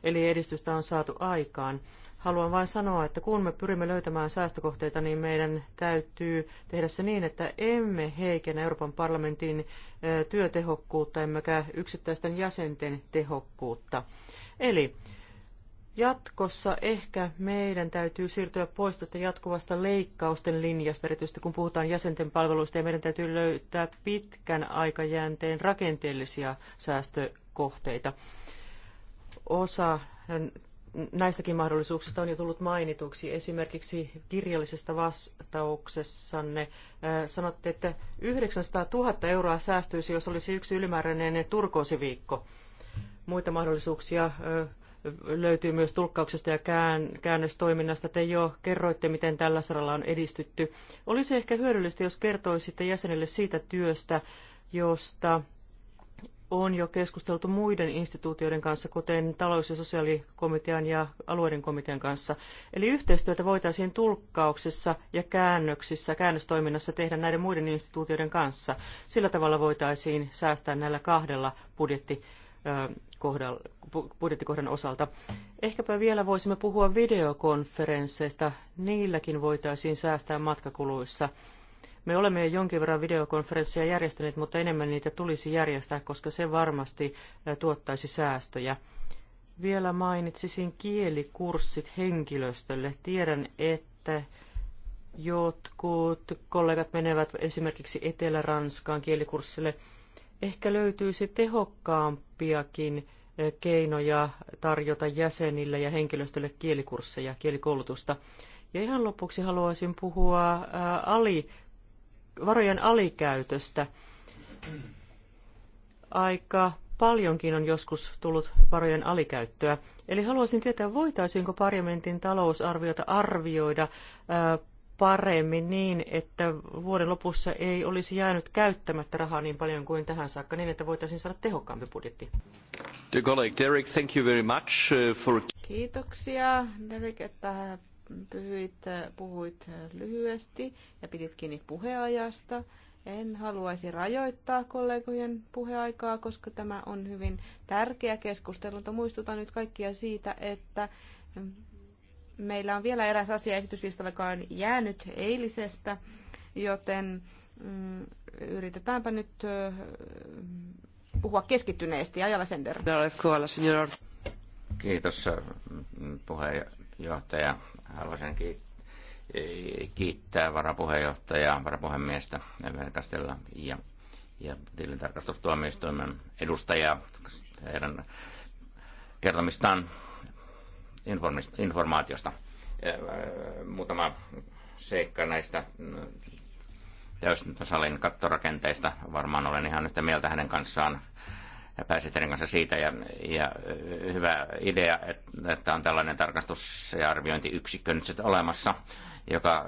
Eli edistystä on saatu aikaan. Haluan vain sanoa, että kun me pyrimme löytämään säästökohteita, niin meidän täytyy tehdä se niin, että emme heikennä Euroopan parlamentin työtehokkuutta, emmekä yksittäisten jäsenten tehokkuutta. Eli Jatkossa ehkä meidän täytyy siirtyä pois tästä jatkuvasta leikkausten linjasta, erityisesti kun puhutaan jäsenten palveluista, ja meidän täytyy löytää pitkän aikajänteen rakenteellisia säästökohteita. Osa näistäkin mahdollisuuksista on jo tullut mainituksi. Esimerkiksi kirjallisessa vastauksessanne sanotte, että 900 000 euroa säästyisi, jos olisi yksi ylimääräinen turkoosiviikko. Muita mahdollisuuksia löytyy myös tulkkauksesta ja kään, käännöstoiminnasta. Te jo kerroitte, miten tällä saralla on edistytty. Olisi ehkä hyödyllistä, jos kertoisitte jäsenille siitä työstä, josta on jo keskusteltu muiden instituutioiden kanssa, kuten talous- ja sosiaalikomitean ja alueiden komitean kanssa. Eli yhteistyötä voitaisiin tulkkauksessa ja käännöksissä, käännöstoiminnassa tehdä näiden muiden instituutioiden kanssa. Sillä tavalla voitaisiin säästää näillä kahdella budjetti kohdalla, budjettikohdan osalta. Ehkäpä vielä voisimme puhua videokonferensseista. Niilläkin voitaisiin säästää matkakuluissa. Me olemme jo jonkin verran videokonferensseja järjestäneet, mutta enemmän niitä tulisi järjestää, koska se varmasti tuottaisi säästöjä. Vielä mainitsisin kielikurssit henkilöstölle. Tiedän, että jotkut kollegat menevät esimerkiksi Etelä-Ranskaan kielikurssille – Ehkä löytyisi tehokkaampiakin eh, keinoja tarjota jäsenille ja henkilöstölle kielikursseja, kielikoulutusta. Ja ihan lopuksi haluaisin puhua eh, ali, varojen alikäytöstä. Aika paljonkin on joskus tullut varojen alikäyttöä. Eli haluaisin tietää, voitaisiinko parlamentin talousarviota arvioida eh, paremmin niin, että vuoden lopussa ei olisi jäänyt käyttämättä rahaa niin paljon kuin tähän saakka, niin että voitaisiin saada tehokkaampi budjetti. Derek, thank you very much uh, for... Kiitoksia, Derek, että pyhyit, puhuit lyhyesti ja pidit kiinni puheajasta. En haluaisi rajoittaa kollegojen puheaikaa, koska tämä on hyvin tärkeä keskustelu, mutta muistutan nyt kaikkia siitä, että meillä on vielä eräs asia esityslistalla, joka on jäänyt eilisestä, joten mm, yritetäänpä nyt ö, puhua keskittyneesti. Ajala Sender. Kiitos puheenjohtaja. Haluaisin e, kiittää varapuheenjohtajaa, varapuhemiestä Verkastella ja, ja tilintarkastustuomioistuimen edustajaa heidän kertomistaan informaatiosta. Muutama seikka näistä mm, täyssalin kattorakenteista. Varmaan olen ihan yhtä mieltä hänen kanssaan pääsihteerin kanssa siitä. Ja, ja hyvä idea, että on tällainen tarkastus- ja arviointiyksikkö nyt sitten olemassa, joka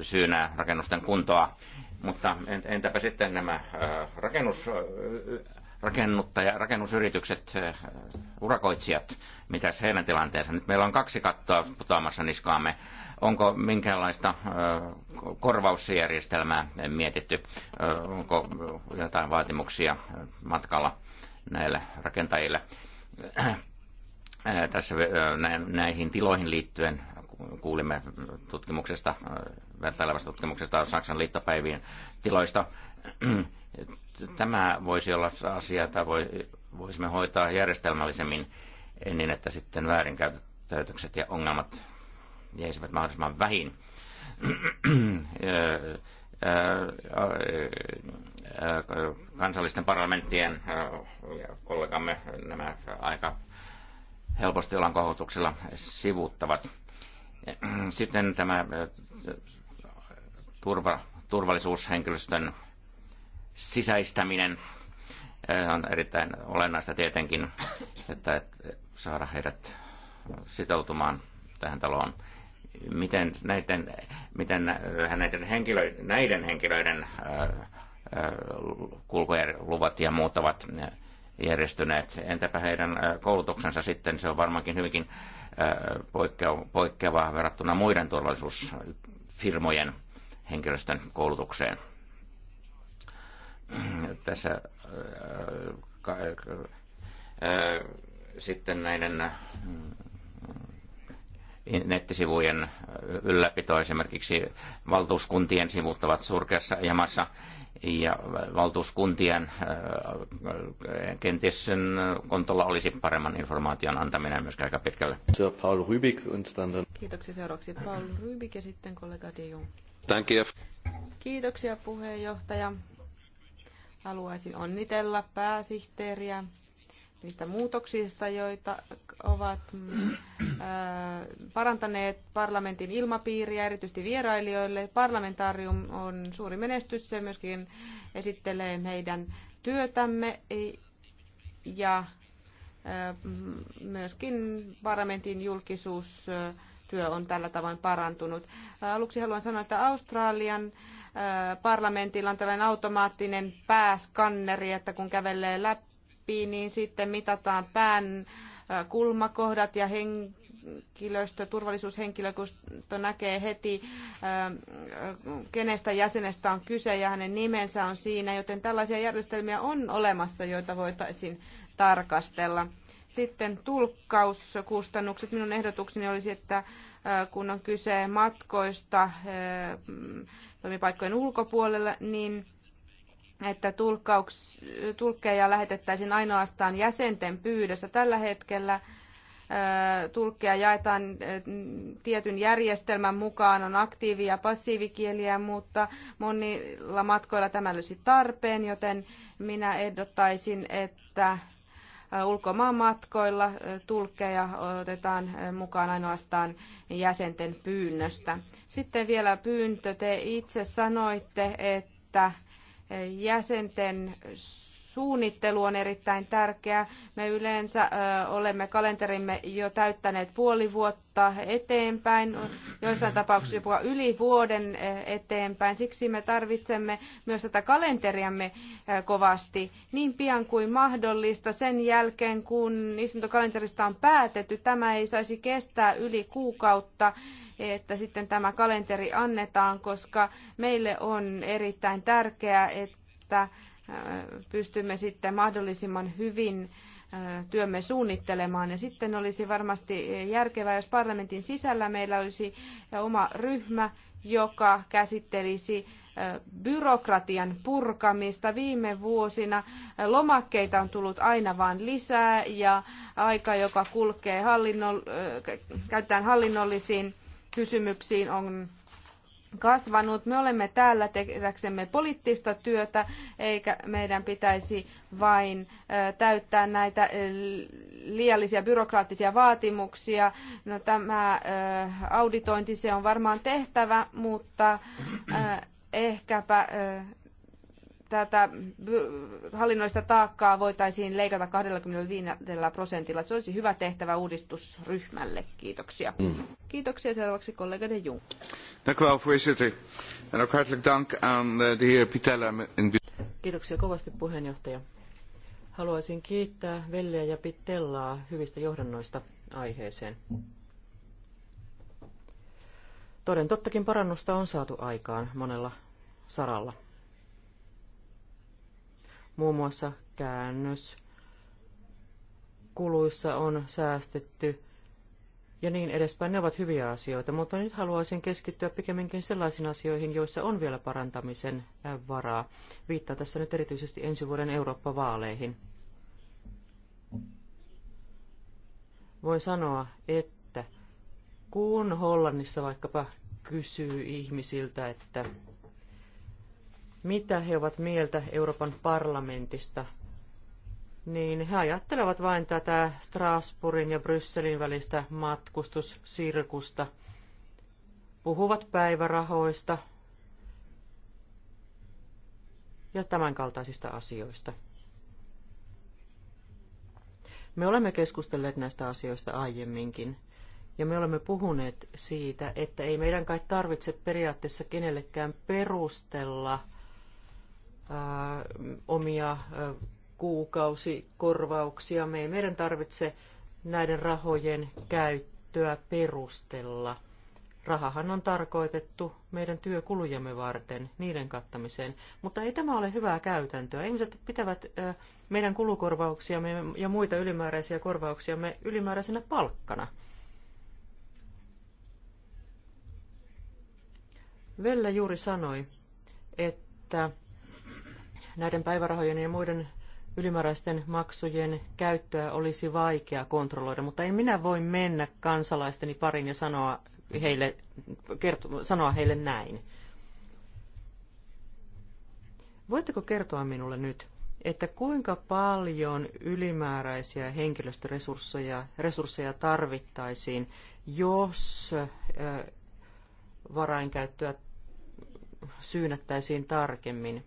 syynää rakennusten kuntoa. Mutta entäpä sitten nämä rakennus, rakennuttaja, rakennusyritykset, eh, urakoitsijat, mitä heidän tilanteensa. Nyt meillä on kaksi kattoa putoamassa niskaamme. Onko minkäänlaista eh, korvausjärjestelmää mietitty? Eh, onko jotain vaatimuksia matkalla näille rakentajille? Tässä näihin tiloihin liittyen kuulimme tutkimuksesta, vertailevasta tutkimuksesta Saksan liittopäivien tiloista Tämä voisi olla asia, jota voisimme hoitaa järjestelmällisemmin niin, että sitten väärinkäytökset ja ongelmat jäisivät mahdollisimman vähin. kansallisten parlamenttien ja kollegamme nämä aika helposti ollaan kohotuksella sivuuttavat. Sitten tämä turva, turvallisuushenkilöstön sisäistäminen äh, on erittäin olennaista tietenkin, että saada heidät sitoutumaan tähän taloon. Miten näiden, miten näiden, henkilö, näiden henkilöiden äh, äh, kulkuluvat ja muut ovat järjestyneet. Entäpä heidän koulutuksensa sitten, se on varmaankin hyvinkin poikkeavaa verrattuna muiden turvallisuusfirmojen henkilöstön koulutukseen tässä äh, ka, ää, äh, sitten näiden äh, nettisivujen ylläpito esimerkiksi valtuuskuntien sivut ovat surkeassa jamassa ja valtuuskuntien kenties sen kontolla olisi paremman informaation antaminen myös aika pitkälle. Paul Rybik und dann... Kiitoksia seuraavaksi Paul Rybik ja sitten kollega Dijon. Kiitoksia puheenjohtaja. Haluaisin onnitella pääsihteeriä niistä muutoksista, joita ovat mm, äh, parantaneet parlamentin ilmapiiriä, erityisesti vierailijoille. Parlamentaarium on suuri menestys, se myöskin esittelee meidän työtämme ja äh, myöskin parlamentin julkisuustyö on tällä tavoin parantunut. Äh, aluksi haluan sanoa, että Australian parlamentilla on tällainen automaattinen pääskanneri, että kun kävelee läpi, niin sitten mitataan pään kulmakohdat ja henkilöstö, turvallisuushenkilökunta näkee heti, kenestä jäsenestä on kyse ja hänen nimensä on siinä, joten tällaisia järjestelmiä on olemassa, joita voitaisiin tarkastella. Sitten tulkkauskustannukset. Minun ehdotukseni olisi, että Äh, kun on kyse matkoista äh, toimipaikkojen ulkopuolella, niin että tulkkauks, tulkkeja lähetettäisiin ainoastaan jäsenten pyydössä. Tällä hetkellä äh, tulkkeja jaetaan tietyn järjestelmän mukaan, on aktiivi- ja passiivikieliä, mutta monilla matkoilla tämä olisi tarpeen, joten minä ehdottaisin, että ulkomaan matkoilla tulkkeja otetaan mukaan ainoastaan jäsenten pyynnöstä. Sitten vielä pyyntö. Te itse sanoitte, että jäsenten suunnittelu on erittäin tärkeää. Me yleensä olemme kalenterimme jo täyttäneet puoli vuotta eteenpäin, joissain tapauksissa jopa yli vuoden eteenpäin. Siksi me tarvitsemme myös tätä kalenteriamme kovasti niin pian kuin mahdollista sen jälkeen, kun istuntokalenterista on päätetty. Tämä ei saisi kestää yli kuukautta että sitten tämä kalenteri annetaan, koska meille on erittäin tärkeää, että pystymme sitten mahdollisimman hyvin työmme suunnittelemaan. Ja sitten olisi varmasti järkevää, jos parlamentin sisällä meillä olisi oma ryhmä, joka käsittelisi byrokratian purkamista. Viime vuosina lomakkeita on tullut aina vain lisää ja aika, joka kulkee hallinnon, käyttäen hallinnollisiin kysymyksiin, on kasvanut. Me olemme täällä tehdäksemme poliittista työtä, eikä meidän pitäisi vain täyttää näitä liiallisia byrokraattisia vaatimuksia. No, tämä auditointi, se on varmaan tehtävä, mutta ehkäpä tätä hallinnollista taakkaa voitaisiin leikata 25 prosentilla. Se olisi hyvä tehtävä uudistusryhmälle. Kiitoksia. Mm. Kiitoksia seuraavaksi kollega De Jong. En eh, Kiitoksia kovasti puheenjohtaja. Haluaisin kiittää Velleä ja Pitellaa hyvistä johdannoista aiheeseen. Toden tottakin parannusta on saatu aikaan monella saralla. Muun muassa käännös kuluissa on säästetty ja niin edespäin. Ne ovat hyviä asioita, mutta nyt haluaisin keskittyä pikemminkin sellaisiin asioihin, joissa on vielä parantamisen äh, varaa. Viittaa tässä nyt erityisesti ensi vuoden Eurooppa-vaaleihin. Voin sanoa, että kun Hollannissa vaikkapa kysyy ihmisiltä, että mitä he ovat mieltä Euroopan parlamentista, niin he ajattelevat vain tätä Strasbourgin ja Brysselin välistä matkustussirkusta. Puhuvat päivärahoista ja tämänkaltaisista asioista. Me olemme keskustelleet näistä asioista aiemminkin, ja me olemme puhuneet siitä, että ei meidän kai tarvitse periaatteessa kenellekään perustella – Äh, omia äh, kuukausikorvauksia. Me ei meidän tarvitse näiden rahojen käyttöä perustella. Rahahan on tarkoitettu meidän työkulujemme varten, niiden kattamiseen. Mutta ei tämä ole hyvää käytäntöä. Ihmiset pitävät äh, meidän kulukorvauksiamme ja muita ylimääräisiä korvauksiamme ylimääräisenä palkkana. Velle juuri sanoi, että näiden päivärahojen ja muiden ylimääräisten maksujen käyttöä olisi vaikea kontrolloida, mutta en minä voi mennä kansalaisteni pariin ja sanoa heille, kerto, sanoa heille näin. Voitteko kertoa minulle nyt, että kuinka paljon ylimääräisiä henkilöstöresursseja resursseja tarvittaisiin, jos äh, varainkäyttöä syynättäisiin tarkemmin?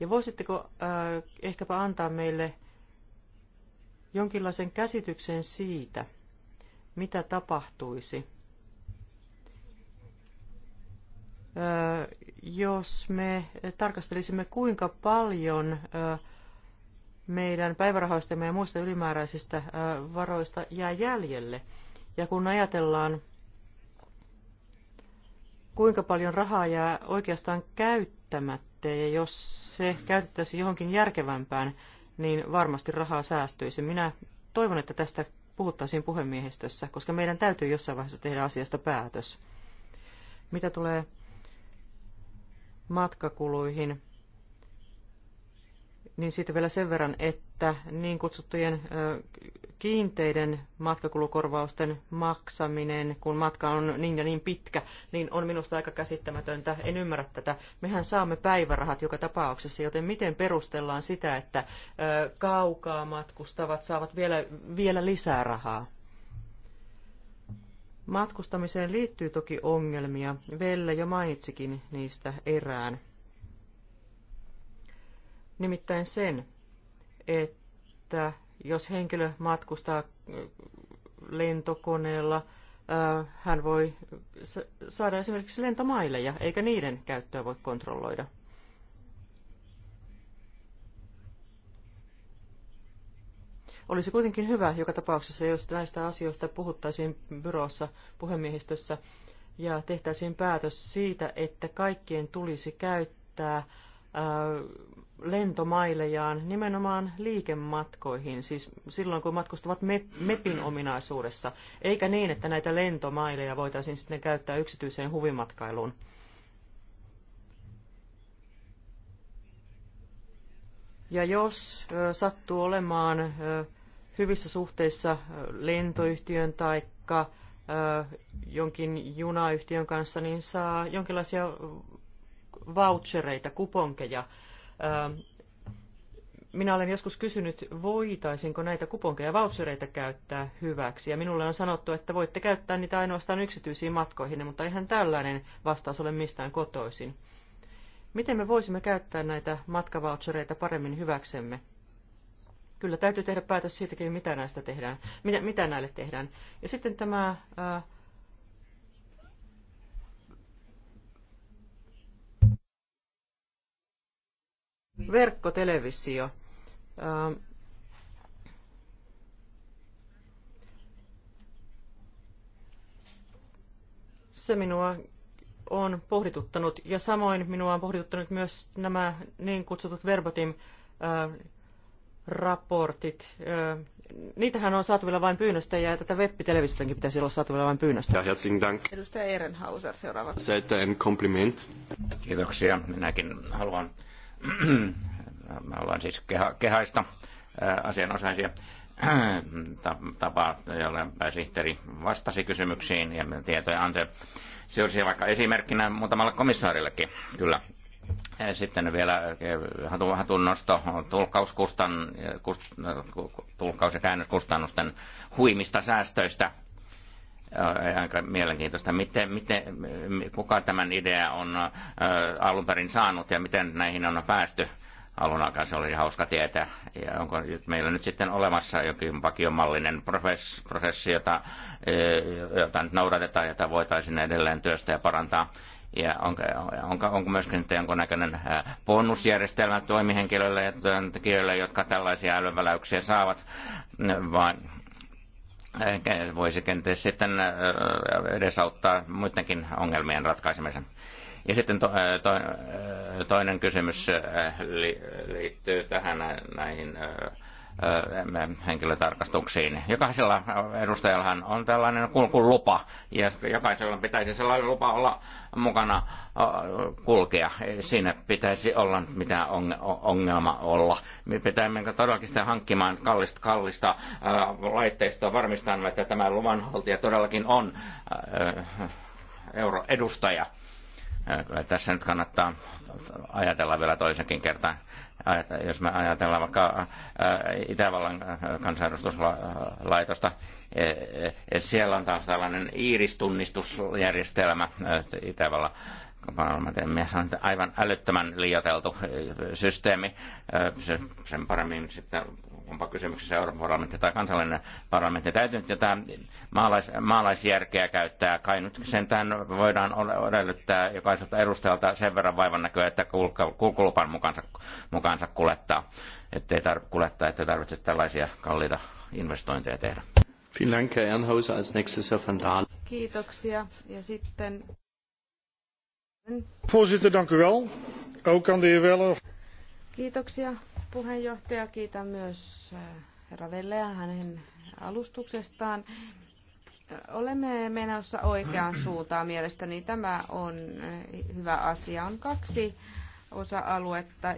Ja voisitteko äh, ehkäpä antaa meille jonkinlaisen käsityksen siitä, mitä tapahtuisi, äh, jos me tarkastelisimme, kuinka paljon äh, meidän päivärahoistamme ja muista ylimääräisistä äh, varoista jää jäljelle. Ja kun ajatellaan, kuinka paljon rahaa jää oikeastaan käyttämättä, budjettia, ja jos se käytettäisiin johonkin järkevämpään, niin varmasti rahaa säästyisi. Minä toivon, että tästä puhuttaisiin puhemiehistössä, koska meidän täytyy jossain vaiheessa tehdä asiasta päätös. Mitä tulee matkakuluihin, niin siitä vielä sen verran, että niin kutsuttujen kiinteiden matkakulukorvausten maksaminen, kun matka on niin ja niin pitkä, niin on minusta aika käsittämätöntä. En ymmärrä tätä. Mehän saamme päivärahat joka tapauksessa, joten miten perustellaan sitä, että kaukaa matkustavat saavat vielä, vielä lisää rahaa? Matkustamiseen liittyy toki ongelmia. Velle jo mainitsikin niistä erään nimittäin sen, että jos henkilö matkustaa äh, lentokoneella, äh, hän voi saada esimerkiksi lentomaileja, eikä niiden käyttöä voi kontrolloida. Olisi kuitenkin hyvä joka tapauksessa, jos näistä asioista puhuttaisiin byrossa, puhemiehistössä, ja tehtäisiin päätös siitä, että kaikkien tulisi käyttää äh, lentomailejaan nimenomaan liikematkoihin, siis silloin kun matkustavat MEPin ominaisuudessa, eikä niin, että näitä lentomaileja voitaisiin sitten käyttää yksityiseen huvimatkailuun. Ja jos sattuu olemaan hyvissä suhteissa lentoyhtiön tai jonkin junayhtiön kanssa, niin saa jonkinlaisia vouchereita, kuponkeja – minä olen joskus kysynyt, voitaisinko näitä kuponkeja ja vouchereita käyttää hyväksi. Ja minulle on sanottu, että voitte käyttää niitä ainoastaan yksityisiin matkoihin, mutta eihän tällainen vastaus ole mistään kotoisin. Miten me voisimme käyttää näitä matkavouchereita paremmin hyväksemme? Kyllä täytyy tehdä päätös siitäkin, mitä näistä tehdään, mitä, mitä näille tehdään. Ja sitten tämä Verkkotelevisio. Se minua on pohdituttanut ja samoin minua on pohdituttanut myös nämä niin kutsutut verbotim raportit. Niitähän on saatavilla vain pyynnöstä ja tätä web pitäisi olla saatavilla vain pyynnöstä. Ja, herzlichen Dank. Edustaja Ehrenhauser seuraava. Se, että en kompliment. Kiitoksia. Minäkin haluan me ollaan siis keha, kehaista asianosaisia tapaa, jolle pääsihteeri vastasi kysymyksiin ja tietoja antoi. Se olisi vaikka esimerkkinä muutamalle komissaarillekin, kyllä. Sitten vielä hatun nosto tulkkauskustan, kust, tulkkaus- ja käännöskustannusten huimista säästöistä – aika mielenkiintoista. Miten, miten, kuka tämän idea on alun perin saanut ja miten näihin on päästy? Alun alkaen se oli hauska tietää. Ja onko meillä nyt sitten olemassa jokin vakiomallinen prosessi, jota, jota nyt noudatetaan, jota voitaisiin edelleen työstä ja parantaa? ja onko, onko, onko myöskin jonkunnäköinen bonusjärjestelmä toimihenkilöille ja työntekijöille, jotka tällaisia älyväläyksiä saavat, vai voisi kenties sitten äh, edesauttaa muidenkin ongelmien ratkaisemisen. Ja sitten to, äh, to, äh, toinen kysymys liittyy tähän näihin henkilötarkastuksiin. Jokaisella edustajallahan on tällainen kulkulupa, ja jokaisella pitäisi sellainen lupa olla mukana kulkea. Siinä pitäisi olla mitä ongelma olla. Me pitää mennä todellakin sitä hankkimaan kallista, kallista laitteistoa varmistaa, että tämä luvanhaltija todellakin on euroedustaja. Tässä nyt kannattaa ajatella vielä toisenkin kertaan jos me ajatellaan vaikka Itävallan kansanedustuslaitosta, e, e, siellä on taas tällainen iiristunnistusjärjestelmä Itävallan parlamentin on aivan älyttömän liioteltu systeemi. Se, sen paremmin sitten onpa kysymyksessä Euroopan parlamentti tai kansallinen parlamentti. Täytyy nyt jotain maalais, maalaisjärkeä käyttää. Kai nyt sentään voidaan edellyttää jokaiselta edustajalta sen verran näköä, että kulkulupan mukaansa, mukaansa kulettaa. ei tar- kulettaa, että tarvitse tällaisia kalliita investointeja tehdä. Kiitoksia. Ja sitten... Voorzitter, dank u wel. Ook aan de heer Weller. Kiitoksia puheenjohtaja. Kiitän myös äh, herra Velleä hänen alustuksestaan. Olemme menossa oikeaan [CLEARS THROAT] suuntaan mielestäni. Tämä on äh, hyvä asia. On kaksi osa-aluetta,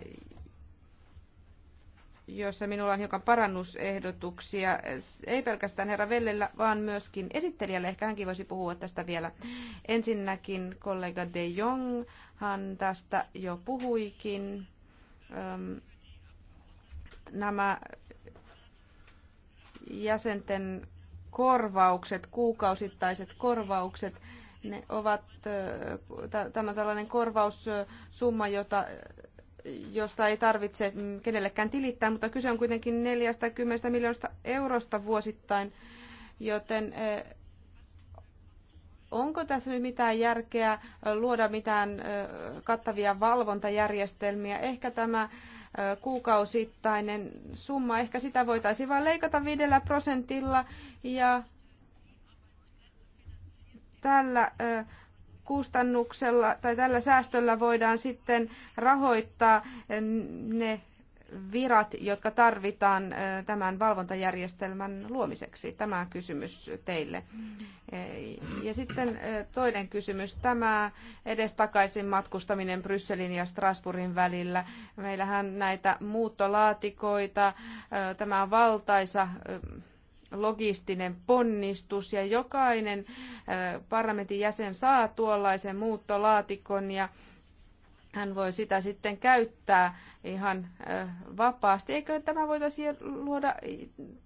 jossa minulla on hiukan parannusehdotuksia, ei pelkästään herra Vellellä, vaan myöskin esittelijälle. Ehkä hänkin voisi puhua tästä vielä. Ensinnäkin kollega De Jong, hän tästä jo puhuikin. Öm, nämä jäsenten korvaukset, kuukausittaiset korvaukset, ne ovat tämä tällainen korvaussumma, jota, josta ei tarvitse kenellekään tilittää, mutta kyse on kuitenkin 40 miljoonasta eurosta vuosittain, joten onko tässä nyt mitään järkeä luoda mitään kattavia valvontajärjestelmiä? Ehkä tämä kuukausittainen summa. Ehkä sitä voitaisiin vain leikata viidellä prosentilla ja tällä kustannuksella tai tällä säästöllä voidaan sitten rahoittaa ne virat, jotka tarvitaan tämän valvontajärjestelmän luomiseksi? Tämä kysymys teille. E, ja sitten toinen kysymys, tämä edestakaisin matkustaminen Brysselin ja Strasbourgin välillä. Meillähän näitä muuttolaatikoita, tämä on valtaisa logistinen ponnistus ja jokainen parlamentin jäsen saa tuollaisen muuttolaatikon ja hän voi sitä sitten käyttää ihan vapaasti. Eikö tämä voitaisiin luoda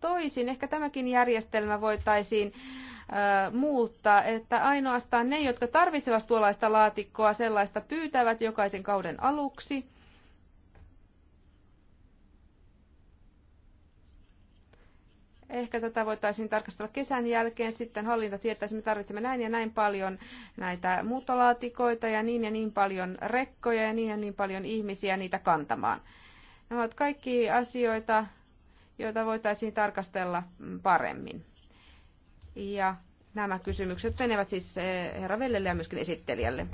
toisin? Ehkä tämäkin järjestelmä voitaisiin muuttaa, että ainoastaan ne, jotka tarvitsevat tuollaista laatikkoa, sellaista pyytävät jokaisen kauden aluksi – Ehkä tätä voitaisiin tarkastella kesän jälkeen. Sitten hallinta tietää, että me tarvitsemme näin ja näin paljon näitä muuttolaatikoita ja niin ja niin paljon rekkoja ja niin ja niin paljon ihmisiä niitä kantamaan. Nämä ovat kaikki asioita, joita voitaisiin tarkastella paremmin. Ja nämä kysymykset menevät siis eh, herra Vellelle ja myöskin esittelijälle.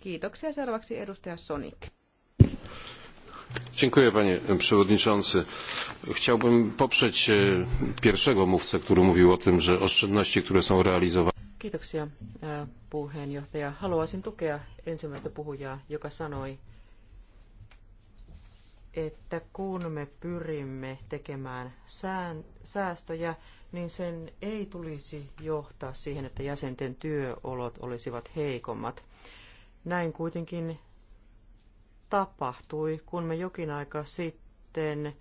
Kiitoksia. Seuraavaksi edustaja Sonik. Dziękuję panie przewodniczący. Chciałbym poprzeć e, pierwszego mówcę, który mówił o tym, że oszczędności, które są realizowane. Kiitoksia e, puheenjohtaja. Haluaisin tukea ensimmäistä puhujaa, joka sanoi, että kun me pyrimme tekemään sään, säästöjä, niin sen ei tulisi johtaa siihen, että jäsenten työolot olisivat heikommat. Näin kuitenkin tapahtui, kun me jokin aika sitten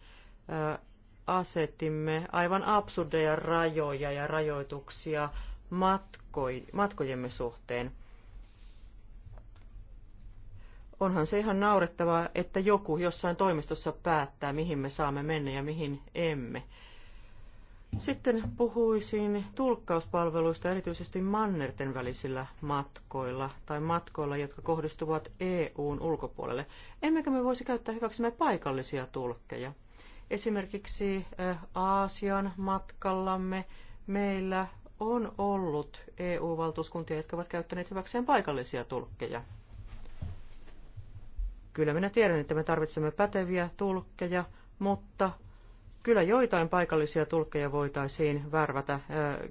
asetimme aivan absurdeja rajoja ja rajoituksia matkoi, matkojemme suhteen. Onhan se ihan naurettavaa, että joku jossain toimistossa päättää, mihin me saamme mennä ja mihin emme. Sitten puhuisin tulkkauspalveluista erityisesti mannerten välisillä matkoilla tai matkoilla, jotka kohdistuvat EUn ulkopuolelle. Emmekö me voisi käyttää hyväksemme paikallisia tulkkeja? Esimerkiksi eh, Aasian matkallamme meillä on ollut EU-valtuuskuntia, jotka ovat käyttäneet hyväkseen paikallisia tulkkeja. Kyllä minä tiedän, että me tarvitsemme päteviä tulkkeja, mutta Kyllä joitain paikallisia tulkkeja voitaisiin värvätä,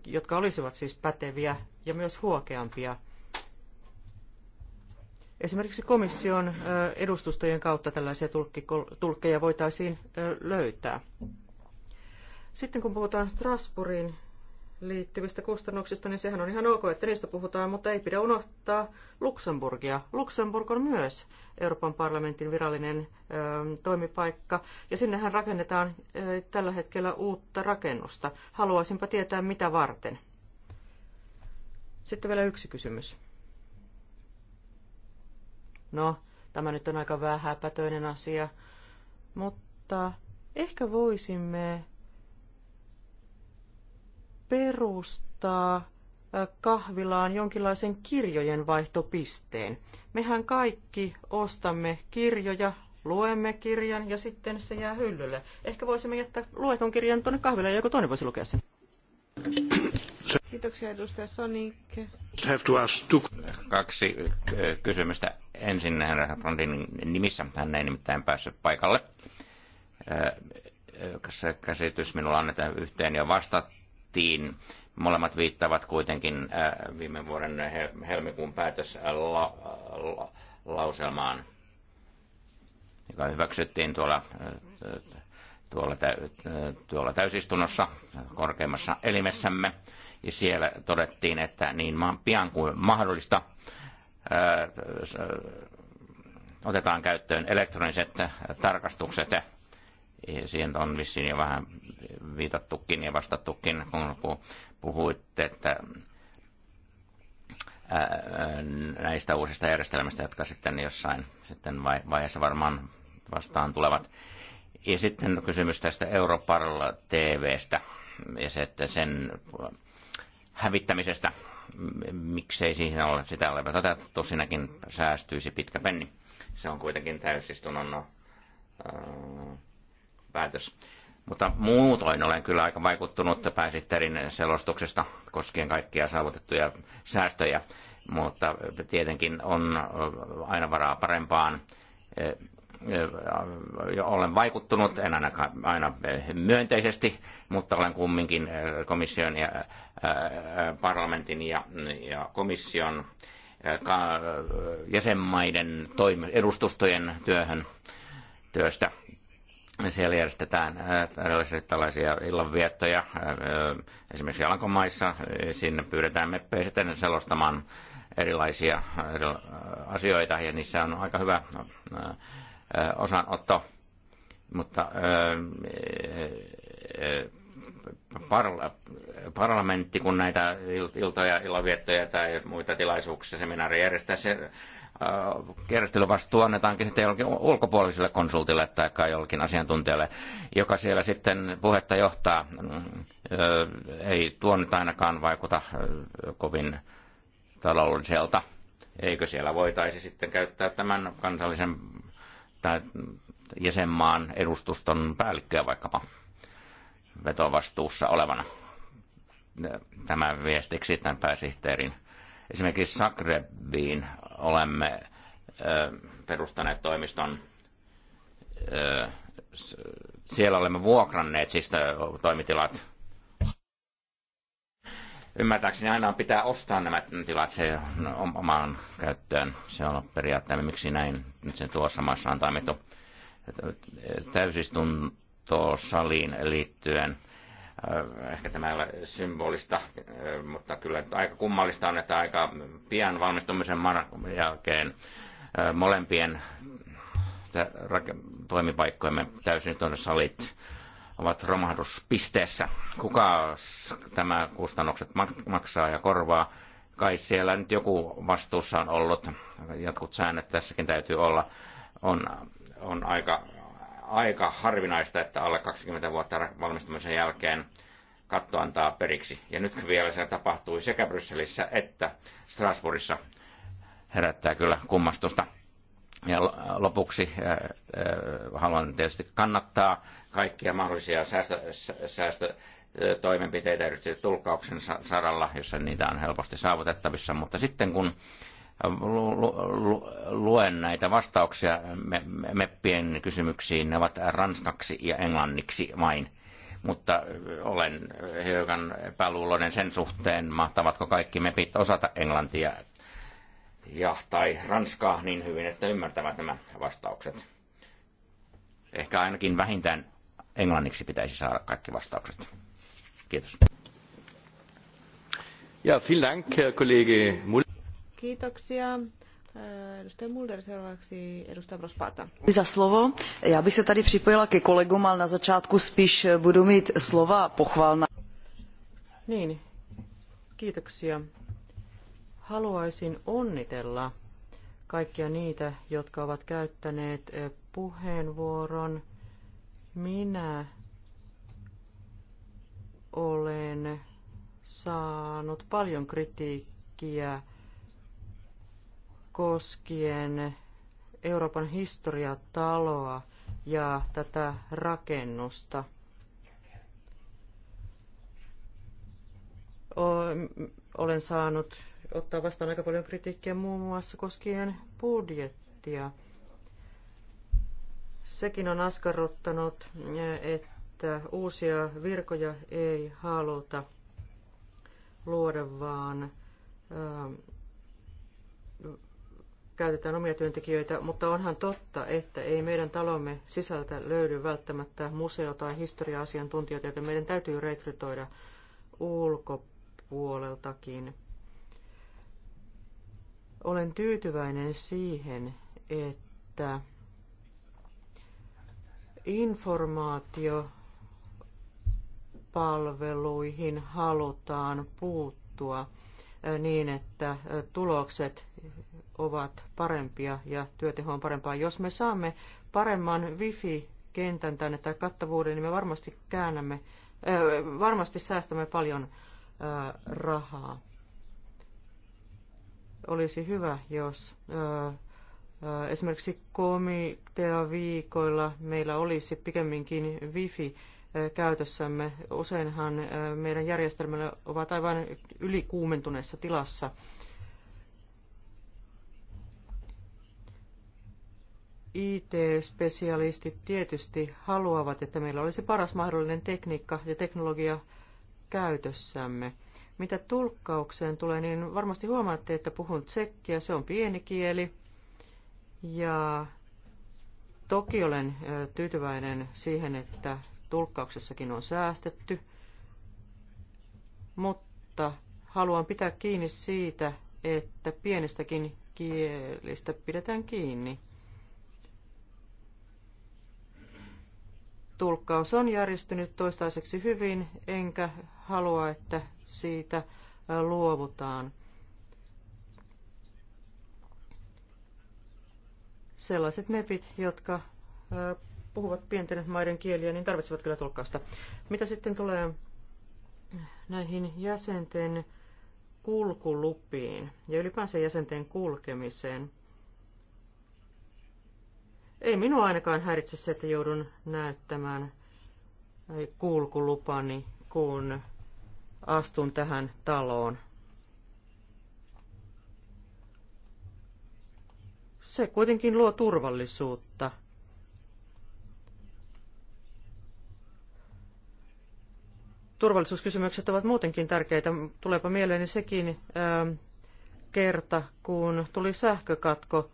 jotka olisivat siis päteviä ja myös huokeampia. Esimerkiksi komission edustustojen kautta tällaisia tulkkeja voitaisiin löytää. Sitten kun puhutaan Strasbourgin liittyvistä kustannuksista, niin sehän on ihan ok, että niistä puhutaan, mutta ei pidä unohtaa Luxemburgia. Luxemburg on myös Euroopan parlamentin virallinen ö, toimipaikka, ja sinnehän rakennetaan ö, tällä hetkellä uutta rakennusta. Haluaisinpa tietää, mitä varten. Sitten vielä yksi kysymys. No, tämä nyt on aika vähäpätöinen asia, mutta ehkä voisimme perustaa kahvilaan jonkinlaisen kirjojen vaihtopisteen. Mehän kaikki ostamme kirjoja, luemme kirjan ja sitten se jää hyllylle. Ehkä voisimme jättää luetun kirjan tuonne kahvilaan ja joku toinen voisi lukea sen. Kiitoksia edustaja Sonic. Kaksi kysymystä. Ensin herra Brondin nimissä. Hän ei nimittäin päässyt paikalle. Käsitys minulla annetaan yhteen ja vastattu tehtiin. Molemmat viittaavat kuitenkin äh, viime vuoden helmikuun päätöslauselmaan, äh, joka hyväksyttiin tuolla, äh, tuolla, tuolla täysistunnossa korkeimmassa elimessämme. Ja siellä todettiin, että niin pian kuin mahdollista otetaan käyttöön elektroniset tarkastukset siihen on vissiin jo vähän viitattukin ja vastattukin, kun puhuitte, että näistä uusista järjestelmistä, jotka sitten jossain sitten vaiheessa varmaan vastaan tulevat. Ja sitten kysymys tästä Europarla TVstä ja se, että sen hävittämisestä, miksei siihen ole sitä ole toteutettu, sinäkin säästyisi pitkä penni. Se on kuitenkin täysistunnon no, päätös. Mutta muutoin olen kyllä aika vaikuttunut pääsihteerin selostuksesta koskien kaikkia saavutettuja säästöjä, mutta tietenkin on aina varaa parempaan. Olen vaikuttunut, en ainakaan aina myönteisesti, mutta olen kumminkin komission ja parlamentin ja, ja komission jäsenmaiden toim- edustustojen työhön työstä siellä järjestetään äh, tällaisia illanviettoja. Äh, äh, esimerkiksi Alankomaissa sinne pyydetään meppejä sitten selostamaan erilaisia asioita ja niissä on aika hyvä osanotto. Mutta parlamentti, kun näitä iltoja, illanviettoja tai muita tilaisuuksia, seminaareja järjestää, se Äh, järjestelyvastuu annetaankin sitten jollekin ulkopuoliselle konsultille tai jollekin asiantuntijalle, joka siellä sitten puhetta johtaa. Mm, äh, ei tuo nyt ainakaan vaikuta äh, kovin taloudelliselta. Eikö siellä voitaisi sitten käyttää tämän kansallisen tai jäsenmaan edustuston päällikköä vaikkapa vetovastuussa olevana? Tämän viestiksi tämän pääsihteerin Esimerkiksi Sakrebiin olemme perustaneet toimiston. Siellä olemme vuokranneet siis toimitilat. Ymmärtääkseni aina pitää ostaa nämä tilat se omaan käyttöön. Se on periaatteessa, miksi näin nyt sen tuossa maassa on toimittu täysistuntosaliin liittyen – Äh, ehkä tämä ei ole symbolista, äh, mutta kyllä aika kummallista on, että aika pian valmistumisen jälkeen äh, molempien toimipaikkojemme täysin salit ovat romahduspisteessä. Kuka tämä kustannukset maksaa ja korvaa? Kai siellä nyt joku vastuussa on ollut. Jotkut säännöt tässäkin täytyy olla. On, on aika aika harvinaista, että alle 20 vuotta valmistumisen jälkeen katto antaa periksi. Ja nyt vielä se tapahtui sekä Brysselissä että Strasbourgissa. Herättää kyllä kummastusta. Ja lopuksi äh, äh, haluan tietysti kannattaa kaikkia mahdollisia säästö, säästö toimenpiteitä erityisesti tulkauksen saralla, jossa niitä on helposti saavutettavissa, mutta sitten kun luen näitä vastauksia meppien kysymyksiin. Ne ovat ranskaksi ja englanniksi vain. Mutta olen hiukan epäluuloinen sen suhteen, mahtavatko kaikki mepit osata englantia ja tai ranskaa niin hyvin, että ymmärtävät nämä vastaukset. Ehkä ainakin vähintään englanniksi pitäisi saada kaikki vastaukset. Kiitos. Ja, vielen Dank, Herr Kollege Muller. Kiitoksia. Edustaja Mulder, seuraavaksi edustaja Prospata. Za slovo. Já bych se tady připojila ke kolegům, ale na začátku spíš eh, budu mít slova pochvalna. Niin, kiitoksia. Haluaisin onnitella kaikkia niitä, jotka ovat käyttäneet eh, puheenvuoron. Minä olen saanut paljon kritiikkiä koskien Euroopan historiataloa ja tätä rakennusta. Olen saanut ottaa vastaan aika paljon kritiikkiä muun muassa koskien budjettia. Sekin on askarruttanut, että uusia virkoja ei haluta luoda, vaan käytetään omia työntekijöitä, mutta onhan totta, että ei meidän talomme sisältä löydy välttämättä museo- tai historia-asiantuntijoita, joten meidän täytyy rekrytoida ulkopuoleltakin. Olen tyytyväinen siihen, että informaatiopalveluihin halutaan puuttua – niin, että tulokset ovat parempia ja työteho on parempaa. Jos me saamme paremman wifi-kentän tänne tai kattavuuden, niin me varmasti käännämme, äh, varmasti säästämme paljon äh, rahaa. Olisi hyvä, jos äh, äh, esimerkiksi komiteaviikoilla meillä olisi pikemminkin wifi käytössämme. Useinhan meidän järjestelmämme ovat aivan ylikuumentuneessa tilassa. IT-spesialistit tietysti haluavat, että meillä olisi paras mahdollinen tekniikka ja teknologia käytössämme. Mitä tulkkaukseen tulee, niin varmasti huomaatte, että puhun tsekkiä, se on pieni kieli. Ja toki olen tyytyväinen siihen, että tulkkauksessakin on säästetty, mutta haluan pitää kiinni siitä, että pienestäkin kielistä pidetään kiinni. Tulkkaus on järjestynyt toistaiseksi hyvin, enkä halua, että siitä luovutaan. Sellaiset mepit, jotka puhuvat pienten maiden kieliä, niin tarvitsevat kyllä tulkkausta. Mitä sitten tulee näihin jäsenten kulkulupiin ja ylipäänsä jäsenten kulkemiseen, ei minua ainakaan häiritse se, että joudun näyttämään kulkulupani, kun astun tähän taloon. Se kuitenkin luo turvallisuutta – turvallisuuskysymykset ovat muutenkin tärkeitä. Tuleepa mieleeni sekin ähm, kerta, kun tuli sähkökatko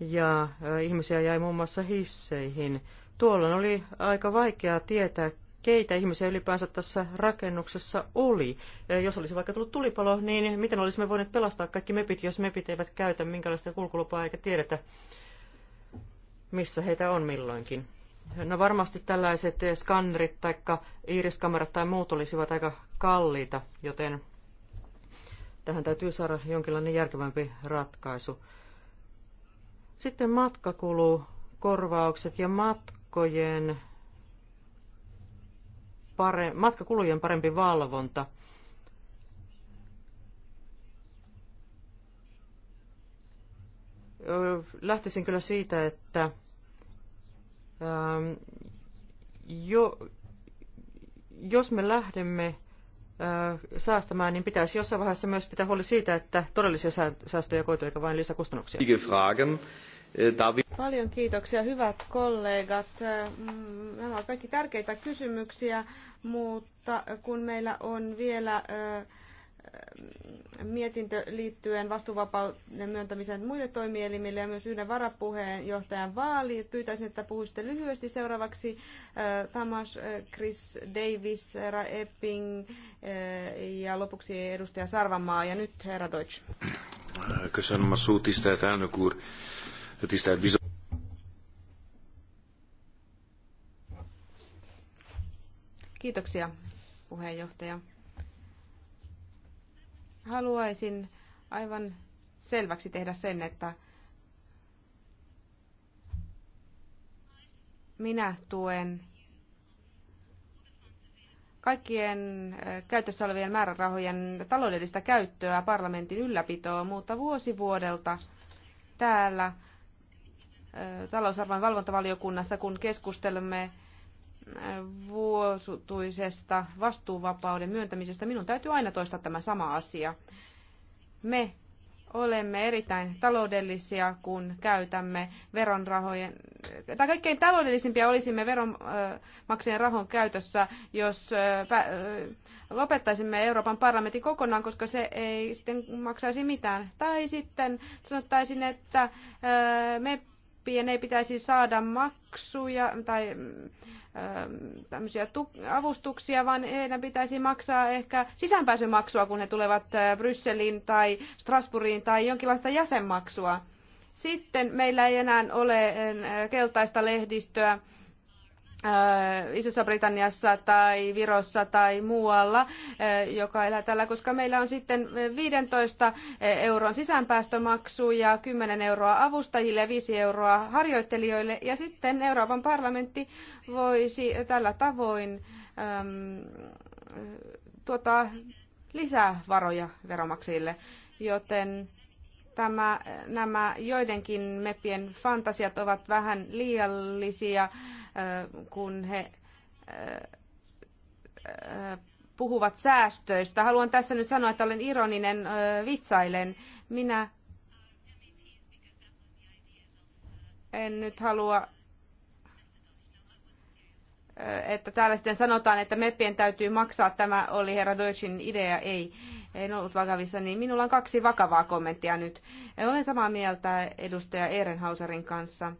ja äh, ihmisiä jäi muun muassa hisseihin. Tuolloin oli aika vaikeaa tietää, keitä ihmisiä ylipäänsä tässä rakennuksessa oli. Äh, jos olisi vaikka tullut tulipalo, niin miten olisimme voineet pelastaa kaikki mepit, jos mepit eivät käytä minkälaista kulkulupaa eikä tiedetä, missä heitä on milloinkin. No varmasti tällaiset skannerit tai iiriskamerat tai muut olisivat aika kalliita, joten tähän täytyy saada jonkinlainen järkevämpi ratkaisu. Sitten matkakulu, korvaukset ja matkojen pare, matkakulujen parempi valvonta. Lähtisin kyllä siitä, että Ähm, jo, jos me lähdemme äh, säästämään, niin pitäisi jossain vaiheessa myös pitää huoli siitä, että todellisia säästöjä koituu eikä vain lisäkustannuksia. Äh, Paljon kiitoksia, hyvät kollegat. Äh, mm, nämä ovat kaikki tärkeitä kysymyksiä, mutta kun meillä on vielä äh, mietintö liittyen vastuuvapauden myöntämiseen muille toimielimille ja myös yhden varapuheenjohtajan vaali. Pyytäisin, että puhuisitte lyhyesti seuraavaksi. Äh, Tamas, äh, Chris Davis, herra Epping äh, ja lopuksi edustaja Sarvamaa ja nyt herra Deutsch. Köszönöm a szót, tisztelt elnök úr, tisztelt Kiitoksia, puheenjohtaja. Haluaisin aivan selväksi tehdä sen, että minä tuen kaikkien käytössä olevien määrärahojen taloudellista käyttöä parlamentin ylläpitoa, mutta vuosi vuodelta täällä talousarvojen valvontavaliokunnassa, kun keskustelemme vuosituisesta vastuuvapauden myöntämisestä, minun täytyy aina toistaa tämä sama asia. Me olemme erittäin taloudellisia, kun käytämme veronrahojen, tai kaikkein taloudellisimpia olisimme veronmaksajien rahon käytössä, jos lopettaisimme Euroopan parlamentin kokonaan, koska se ei sitten maksaisi mitään. Tai sitten sanottaisin, että me Kauppiin ei pitäisi saada maksuja tai ähm, tämmöisiä avustuksia, vaan heidän pitäisi maksaa ehkä sisäänpääsymaksua, kun he tulevat äh, Brysseliin tai Strasbourgiin tai jonkinlaista jäsenmaksua. Sitten meillä ei enää ole äh, keltaista lehdistöä Äh, Isossa Britanniassa tai Virossa tai muualla, äh, joka elää tällä, koska meillä on sitten 15 äh, euron sisäänpäästömaksu ja 10 euroa avustajille ja 5 euroa harjoittelijoille. Ja sitten Euroopan parlamentti voisi tällä tavoin ähm, tuota, lisää varoja veromaksille, joten tämä, nämä joidenkin mepien fantasiat ovat vähän liiallisia kun he puhuvat säästöistä. Haluan tässä nyt sanoa, että olen ironinen, vitsailen. Minä en nyt halua, että täällä sitten sanotaan, että meppien täytyy maksaa. Tämä oli herra Deutschin idea, ei. En ollut vakavissa, niin minulla on kaksi vakavaa kommenttia nyt. Olen samaa mieltä edustaja Ehrenhauserin kanssa –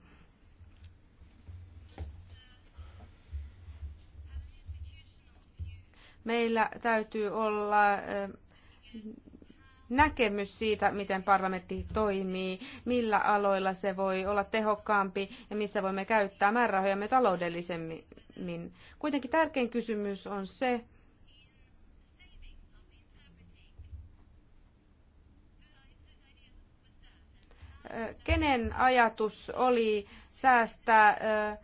Meillä täytyy olla eh, näkemys siitä, miten parlamentti toimii, millä aloilla se voi olla tehokkaampi ja missä voimme käyttää määrärahojamme taloudellisemmin. Kuitenkin tärkein kysymys on se, eh, kenen ajatus oli säästää, eh,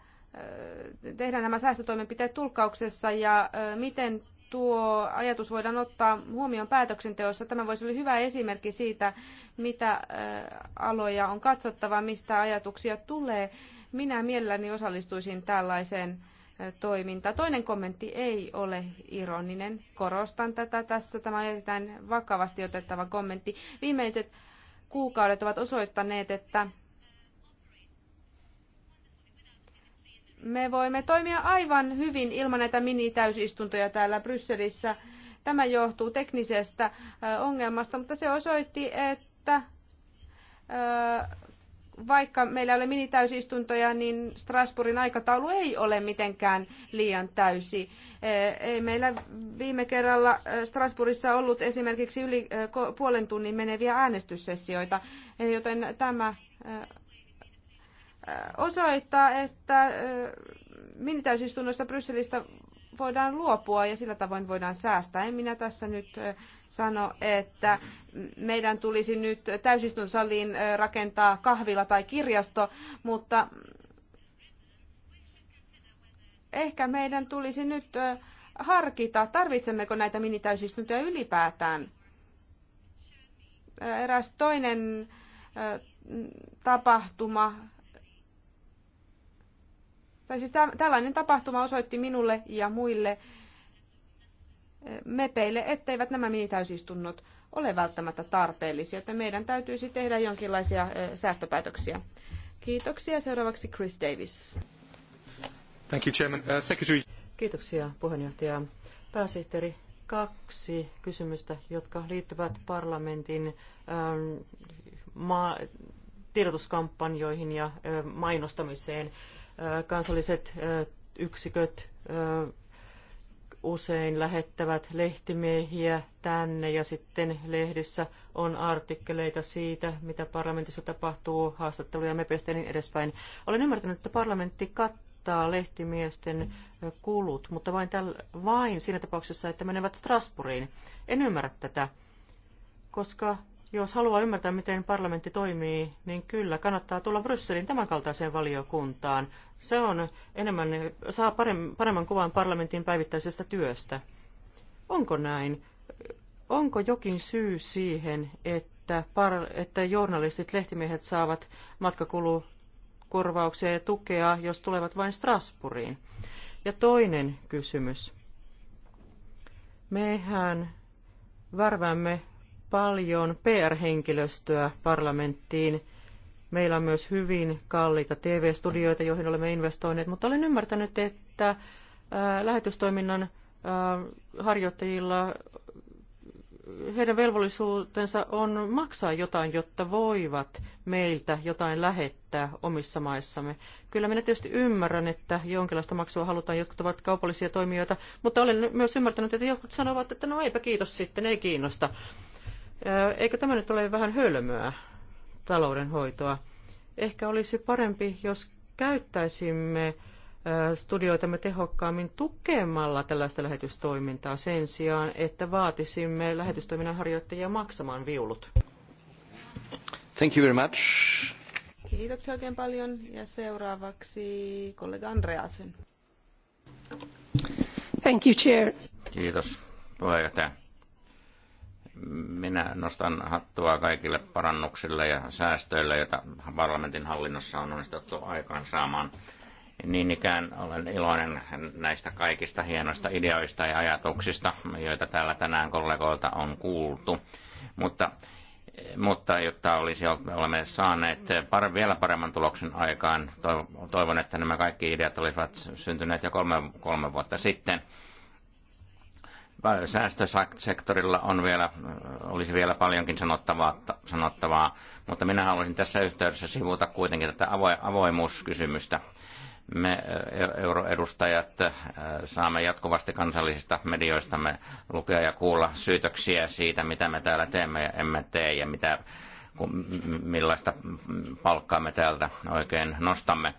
tehdä nämä säästötoimenpiteet tulkauksessa ja miten tuo ajatus voidaan ottaa huomioon päätöksenteossa. Tämä voisi olla hyvä esimerkki siitä, mitä äh, aloja on katsottava, mistä ajatuksia tulee. Minä mielelläni osallistuisin tällaiseen äh, toimintaan. Toinen kommentti ei ole ironinen. Korostan tätä tässä. Tämä on erittäin vakavasti otettava kommentti. Viimeiset kuukaudet ovat osoittaneet, että me voimme toimia aivan hyvin ilman näitä mini-täysistuntoja täällä Brysselissä. Tämä johtuu teknisestä ongelmasta, mutta se osoitti, että vaikka meillä ei ole minitäysistuntoja, niin Strasbourgin aikataulu ei ole mitenkään liian täysi. Ei meillä viime kerralla Strasbourgissa ollut esimerkiksi yli puolen tunnin meneviä äänestyssessioita, joten tämä osoittaa, että minitäysistunnoista Brysselistä voidaan luopua ja sillä tavoin voidaan säästää. En minä tässä nyt sano, että meidän tulisi nyt täysistuntosaliin rakentaa kahvila tai kirjasto, mutta ehkä meidän tulisi nyt harkita, tarvitsemmeko näitä minitäysistuntoja ylipäätään. Eräs toinen tapahtuma tai siis tällainen tapahtuma osoitti minulle ja muille eh, mepeille, etteivät nämä minitäysistunnot ole välttämättä tarpeellisia, että meidän täytyisi tehdä jonkinlaisia eh, säästöpäätöksiä. Kiitoksia. Seuraavaksi Chris Davis. Thank you, Chairman. Uh, Secretary. Kiitoksia puheenjohtaja. Pääsihteeri, kaksi kysymystä, jotka liittyvät parlamentin ähm, tiedotuskampanjoihin ja äh, mainostamiseen. Äh, kansalliset yksiköt usein lähettävät lehtimiehiä tänne ja sitten lehdissä on artikkeleita siitä, mitä parlamentissa tapahtuu, haastatteluja mepestä ja niin edespäin. Olen ymmärtänyt, että parlamentti kattaa lehtimiesten kulut, mutta vain, täl- vain siinä tapauksessa, että menevät Strasbourgiin. En ymmärrä tätä, koska jos haluaa ymmärtää, miten parlamentti toimii, niin kyllä kannattaa tulla Brysselin tämänkaltaiseen valiokuntaan. Se on enemmän, saa paremman kuvan parlamentin päivittäisestä työstä. Onko näin? Onko jokin syy siihen, että, par- että journalistit, lehtimiehet saavat matkakulukorvauksia ja tukea, jos tulevat vain Strasburiin? Ja toinen kysymys. Mehän värväämme paljon PR-henkilöstöä parlamenttiin. Meillä on myös hyvin kalliita TV-studioita, joihin olemme investoineet, mutta olen ymmärtänyt, että lähetystoiminnan harjoittajilla heidän velvollisuutensa on maksaa jotain, jotta voivat meiltä jotain lähettää omissa maissamme. Kyllä minä tietysti ymmärrän, että jonkinlaista maksua halutaan, jotkut ovat kaupallisia toimijoita, mutta olen myös ymmärtänyt, että jotkut sanovat, että no eipä kiitos sitten, ei kiinnosta. Eikö tämä nyt ole vähän hölmöä taloudenhoitoa? Ehkä olisi parempi, jos käyttäisimme studioitamme tehokkaammin tukemalla tällaista lähetystoimintaa sen sijaan, että vaatisimme lähetystoiminnan harjoittajia maksamaan viulut. Thank you very much. Kiitoksia oikein paljon. Ja seuraavaksi kollega Andreasen. Thank you, Chair. Kiitos puheenjohtaja minä nostan hattua kaikille parannuksille ja säästöille, joita parlamentin hallinnossa on onnistuttu aikaan saamaan. Niin ikään olen iloinen näistä kaikista hienoista ideoista ja ajatuksista, joita täällä tänään kollegoilta on kuultu. Mutta, mutta jotta olisi, olemme saaneet par, vielä paremman tuloksen aikaan, toivon, että nämä kaikki ideat olisivat syntyneet jo kolme, kolme vuotta sitten säästösektorilla on vielä, olisi vielä paljonkin sanottavaa, sanottavaa, mutta minä haluaisin tässä yhteydessä sivuta kuitenkin tätä avoimuuskysymystä. Me e, euroedustajat e, saamme jatkuvasti kansallisista medioistamme lukea ja kuulla syytöksiä siitä, mitä me täällä teemme ja emme tee ja mitä, millaista palkkaa me täältä oikein nostamme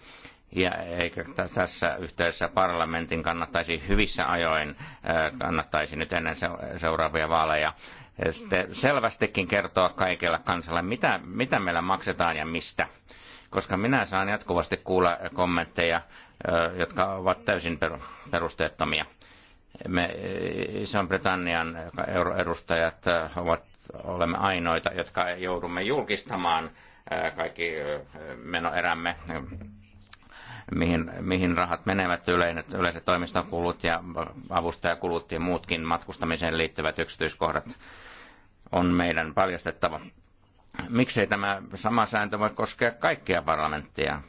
ja eikä tässä yhteydessä parlamentin kannattaisi hyvissä ajoin, äh, kannattaisi nyt ennen seuraavia vaaleja, äh, selvästikin kertoa kaikille kansalle, mitä, mitä meillä maksetaan ja mistä. Koska minä saan jatkuvasti kuulla kommentteja, äh, jotka ovat täysin perusteettomia. Me iso britannian edustajat ovat, olemme ainoita, jotka joudumme julkistamaan kaikki menoerämme mihin, mihin rahat menevät, yleiset, yleiset toimistokulut ja avustajakulut ja muutkin matkustamiseen liittyvät yksityiskohdat on meidän paljastettava. Miksei tämä sama sääntö voi koskea kaikkia parlamenttia,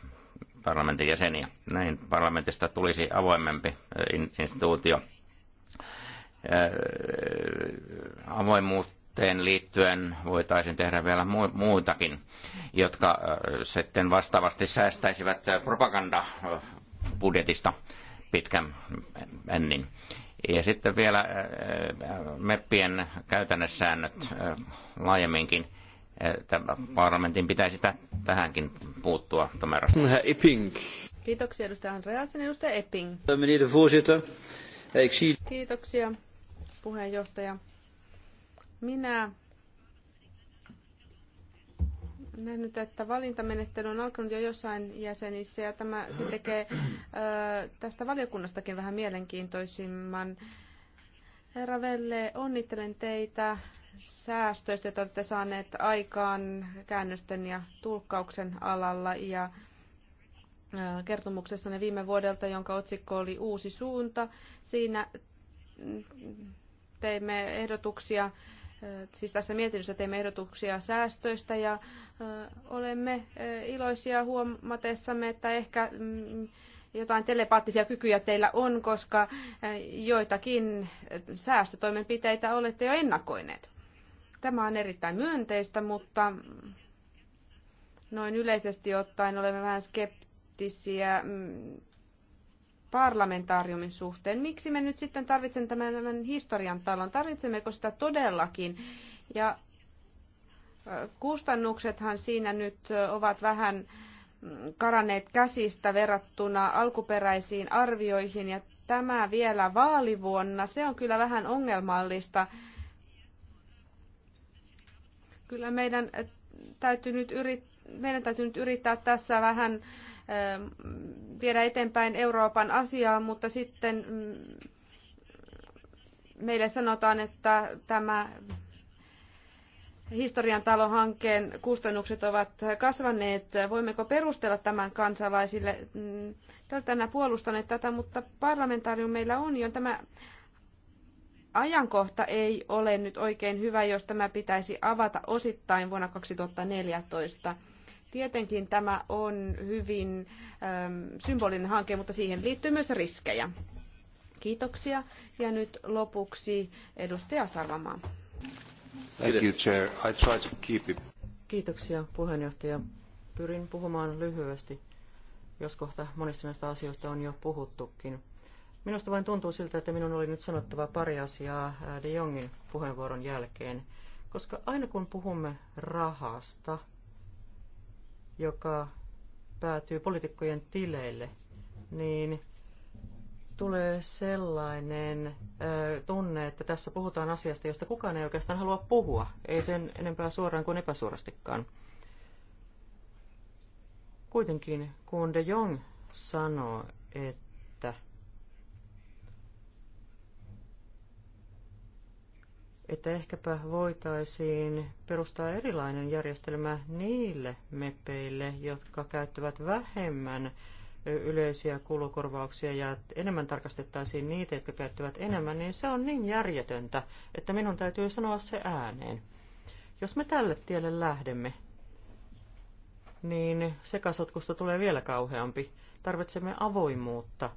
parlamentin jäseniä? Näin parlamentista tulisi avoimempi eh, instituutio. Eh, avoimuus suhteen liittyen voitaisiin tehdä vielä muutakin, jotka sitten vastaavasti säästäisivät propagandabudjetista pitkän ennin. Ja sitten vielä meppien käytännössäännöt laajemminkin. Parlamentin pitäisi tähänkin puuttua tomerasti. Epping. Kiitoksia edustaja Andreasen edustaja Epping. Kiitoksia puheenjohtaja. Minä nähnyt, että valintamenettely on alkanut jo jossain jäsenissä ja tämä se tekee ö, tästä valiokunnastakin vähän mielenkiintoisimman. Herra Velle, onnittelen teitä säästöistä, joita olette saaneet aikaan käännösten ja tulkkauksen alalla ja kertomuksessanne viime vuodelta, jonka otsikko oli Uusi suunta. Siinä teimme ehdotuksia siis tässä mietinnössä teemme ehdotuksia säästöistä ja olemme iloisia huomatessamme, että ehkä mm, jotain telepaattisia kykyjä teillä on, koska joitakin säästötoimenpiteitä olette jo ennakoineet. Tämä on erittäin myönteistä, mutta noin yleisesti ottaen olemme vähän skeptisiä mm, parlamentaariumin suhteen. Miksi me nyt sitten tarvitsemme tämän, tämän historian talon? Tarvitsemmeko sitä todellakin? Ja kustannuksethan siinä nyt ovat vähän mm, karanneet käsistä verrattuna alkuperäisiin arvioihin ja tämä vielä vaalivuonna, se on kyllä vähän ongelmallista. Kyllä meidän täytyy nyt yrittää meidän täytyy nyt yrittää tässä vähän Ähm, viedä eteenpäin Euroopan asiaa, mutta sitten mm, meille sanotaan, että tämä historian talohankkeen kustannukset ovat kasvaneet. Voimmeko perustella tämän kansalaisille? enää mm, puolustaneet tätä, mutta parlamentaarium meillä on jo tämä ajankohta ei ole nyt oikein hyvä, jos tämä pitäisi avata osittain vuonna 2014. Tietenkin tämä on hyvin ähm, symbolinen hanke, mutta siihen liittyy myös riskejä. Kiitoksia. Ja nyt lopuksi edustaja Sarvamaa. Thank you, Chair. I try to keep it. Kiitoksia puheenjohtaja. Pyrin puhumaan lyhyesti, jos kohta monista näistä asioista on jo puhuttukin. Minusta vain tuntuu siltä, että minun oli nyt sanottava pari asiaa äh, De Jongin puheenvuoron jälkeen, koska aina kun puhumme rahasta – joka päätyy poliitikkojen tileille, niin tulee sellainen ö, tunne, että tässä puhutaan asiasta, josta kukaan ei oikeastaan halua puhua, ei sen enempää suoraan kuin epäsuorastikaan. Kuitenkin kun de Jong sanoo, että että ehkäpä voitaisiin perustaa erilainen järjestelmä niille mepeille, jotka käyttävät vähemmän yleisiä kulukorvauksia ja enemmän tarkastettaisiin niitä, jotka käyttävät enemmän, niin se on niin järjetöntä, että minun täytyy sanoa se ääneen. Jos me tälle tielle lähdemme, niin sekasotkusta tulee vielä kauheampi. Tarvitsemme avoimuutta,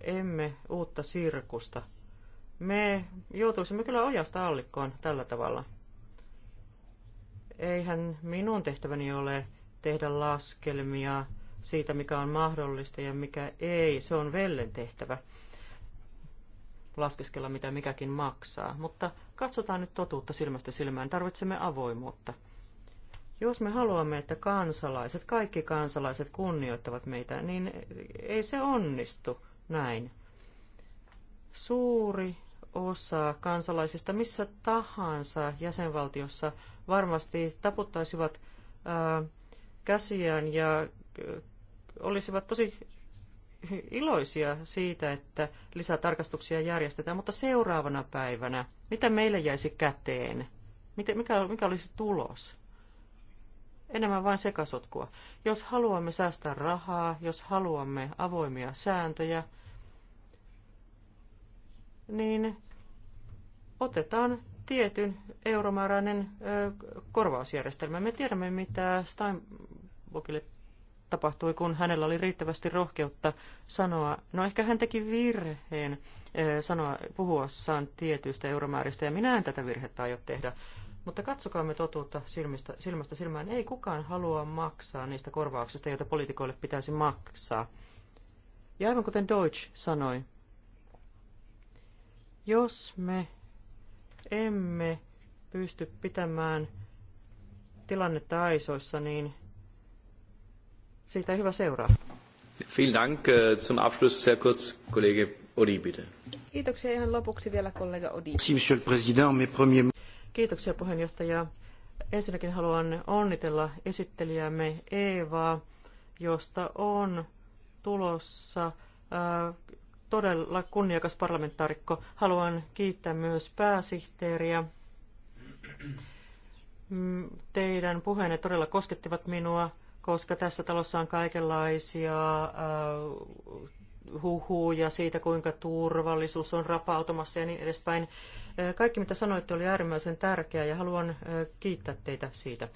emme uutta sirkusta – me joutuisimme kyllä ojasta allikkoon tällä tavalla. Eihän minun tehtäväni ole tehdä laskelmia siitä, mikä on mahdollista ja mikä ei. Se on vellen tehtävä laskeskella, mitä mikäkin maksaa. Mutta katsotaan nyt totuutta silmästä silmään. Tarvitsemme avoimuutta. Jos me haluamme, että kansalaiset, kaikki kansalaiset kunnioittavat meitä, niin ei se onnistu näin. Suuri osa kansalaisista missä tahansa jäsenvaltiossa varmasti taputtaisivat ää, käsiään ja olisivat tosi iloisia siitä, että lisätarkastuksia järjestetään, mutta seuraavana päivänä, mitä meille jäisi käteen? Mikä, mikä olisi tulos? Enemmän vain sekasotkua. Jos haluamme säästää rahaa, jos haluamme avoimia sääntöjä, niin otetaan tietyn euromääräinen korvausjärjestelmä. Me tiedämme, mitä Steinbockille tapahtui, kun hänellä oli riittävästi rohkeutta sanoa, no ehkä hän teki virheen sanoa, puhuessaan tietyistä euromääristä, ja minä en tätä virhettä aio tehdä. Mutta katsokaa me totuutta silmistä, silmästä silmään. Ei kukaan halua maksaa niistä korvauksista, joita poliitikoille pitäisi maksaa. Ja aivan kuten Deutsch sanoi, jos me emme pysty pitämään tilannetta aisoissa, niin siitä ei hyvä seuraa. Vielen Dank. Äh, zum Abschluss sehr kurz, Kollege Odi, bitte. Kiitoksia ihan lopuksi vielä kollega Odi. Monsieur le Président, mes premiers... Kiitoksia puheenjohtaja. Ensinnäkin haluan onnitella esittelijämme Eevaa, josta on tulossa äh, todella kunniakas parlamentaarikko. Haluan kiittää myös pääsihteeriä. Teidän puheenne todella koskettivat minua, koska tässä talossa on kaikenlaisia äh, huhuja siitä, kuinka turvallisuus on rapautumassa ja niin edespäin. Äh, kaikki, mitä sanoitte, oli äärimmäisen tärkeää ja haluan äh, kiittää teitä siitä.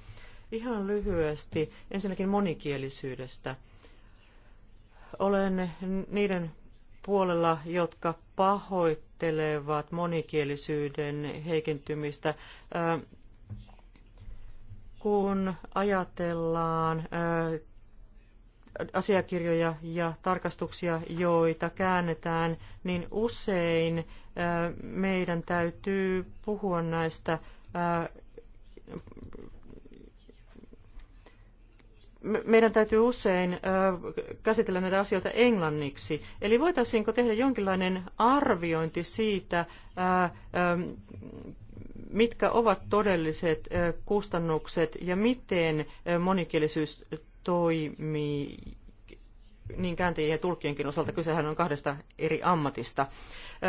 Ihan lyhyesti ensinnäkin monikielisyydestä. Olen niiden puolella, jotka pahoittelevat monikielisyyden heikentymistä. Kun ajatellaan asiakirjoja ja tarkastuksia, joita käännetään, niin usein meidän täytyy puhua näistä meidän täytyy usein käsitellä näitä asioita englanniksi. Eli voitaisiinko tehdä jonkinlainen arviointi siitä, mitkä ovat todelliset kustannukset ja miten monikielisyys toimii niin kääntäjien ja tulkkienkin osalta. Kysehän on kahdesta eri ammatista.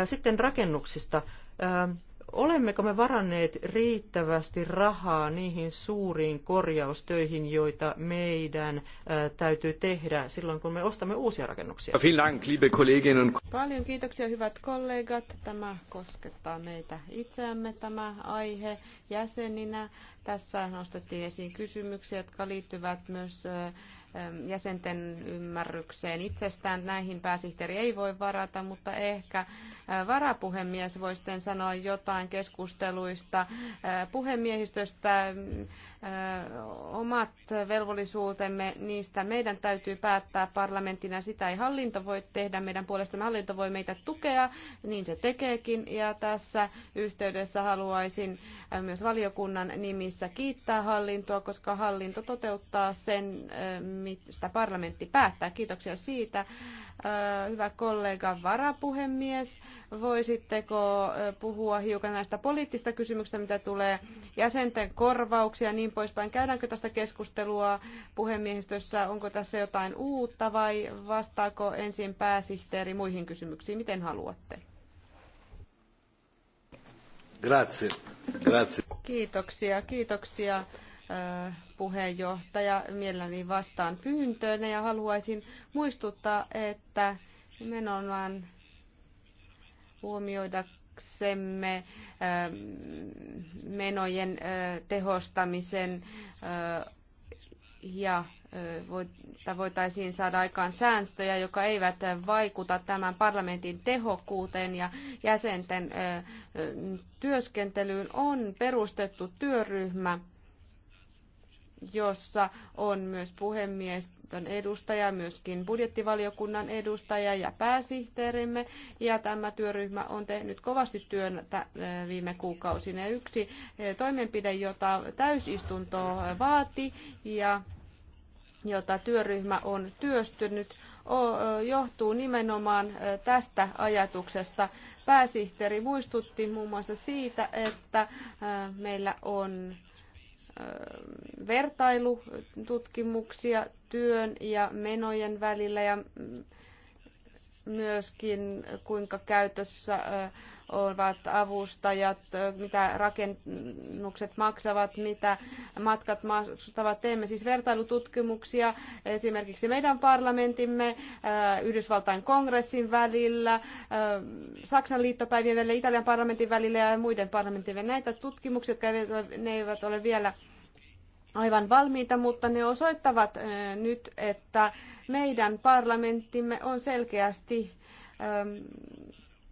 Sitten rakennuksista. Olemmeko me varanneet riittävästi rahaa niihin suuriin korjaustöihin, joita meidän täytyy tehdä silloin, kun me ostamme uusia rakennuksia? Paljon kiitoksia hyvät kollegat. Tämä koskettaa meitä itseämme tämä aihe jäseninä. Tässä nostettiin esiin kysymyksiä, jotka liittyvät myös jäsenten ymmärrykseen itsestään. Näihin pääsihteeri ei voi varata, mutta ehkä varapuhemies voi sitten sanoa jotain keskusteluista puhemiehistöstä omat velvollisuutemme, niistä meidän täytyy päättää parlamenttina. Sitä ei hallinto voi tehdä meidän puolestamme. Hallinto voi meitä tukea, niin se tekeekin. Ja tässä yhteydessä haluaisin myös valiokunnan nimissä kiittää hallintoa, koska hallinto toteuttaa sen, mistä parlamentti päättää. Kiitoksia siitä hyvä kollega varapuhemies, voisitteko puhua hiukan näistä poliittista kysymyksistä, mitä tulee jäsenten korvauksia ja niin poispäin. Käydäänkö tästä keskustelua puhemiehistössä, onko tässä jotain uutta vai vastaako ensin pääsihteeri muihin kysymyksiin, miten haluatte? Grazie. Grazie. Kiitoksia, kiitoksia puheenjohtaja. Mielelläni vastaan pyyntöön ja haluaisin muistuttaa, että menomaan huomioidaksemme ähm, menojen äh, tehostamisen äh, ja äh, voitaisiin saada aikaan sääntöjä, jotka eivät vaikuta tämän parlamentin tehokkuuteen ja jäsenten työskentelyyn, on perustettu työryhmä, jossa on myös puhemies edustaja, myöskin budjettivaliokunnan edustaja ja pääsihteerimme. Ja tämä työryhmä on tehnyt kovasti työn eh, viime kuukausina. Yksi eh, toimenpide, jota täysistunto vaati ja jota työryhmä on työstynyt, eh, johtuu nimenomaan tästä ajatuksesta. Pääsihteeri muistutti muun muassa siitä, että meillä on vertailututkimuksia työn ja menojen välillä ja myöskin kuinka käytössä ovat avustajat, mitä rakennukset maksavat, mitä matkat maksavat. Teemme siis vertailututkimuksia esimerkiksi meidän parlamentimme, äh, Yhdysvaltain kongressin välillä, äh, Saksan liittopäivien välillä, Italian parlamentin välillä ja muiden parlamentin välillä. Näitä tutkimuksia, jotka ne eivät ole vielä aivan valmiita, mutta ne osoittavat äh, nyt, että meidän parlamenttimme on selkeästi ähm,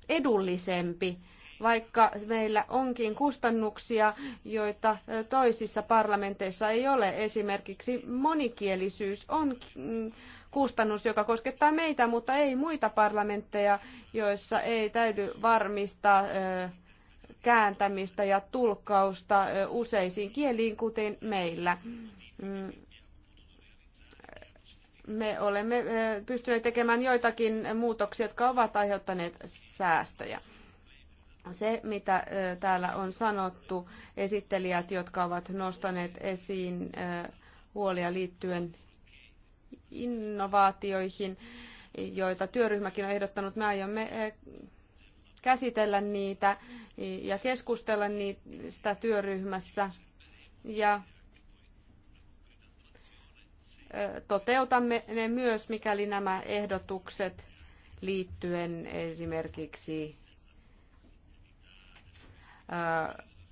edullisempi, vaikka meillä onkin kustannuksia, joita toisissa parlamenteissa ei ole. Esimerkiksi monikielisyys on mm, kustannus, joka koskettaa meitä, mutta ei muita parlamentteja, joissa ei täydy varmistaa kääntämistä ja tulkkausta useisiin kieliin, kuten meillä. Mm me olemme pystyneet tekemään joitakin muutoksia, jotka ovat aiheuttaneet säästöjä. Se, mitä täällä on sanottu, esittelijät, jotka ovat nostaneet esiin huolia liittyen innovaatioihin, joita työryhmäkin on ehdottanut, me aiomme käsitellä niitä ja keskustella niistä työryhmässä. Ja toteutamme ne myös, mikäli nämä ehdotukset liittyen esimerkiksi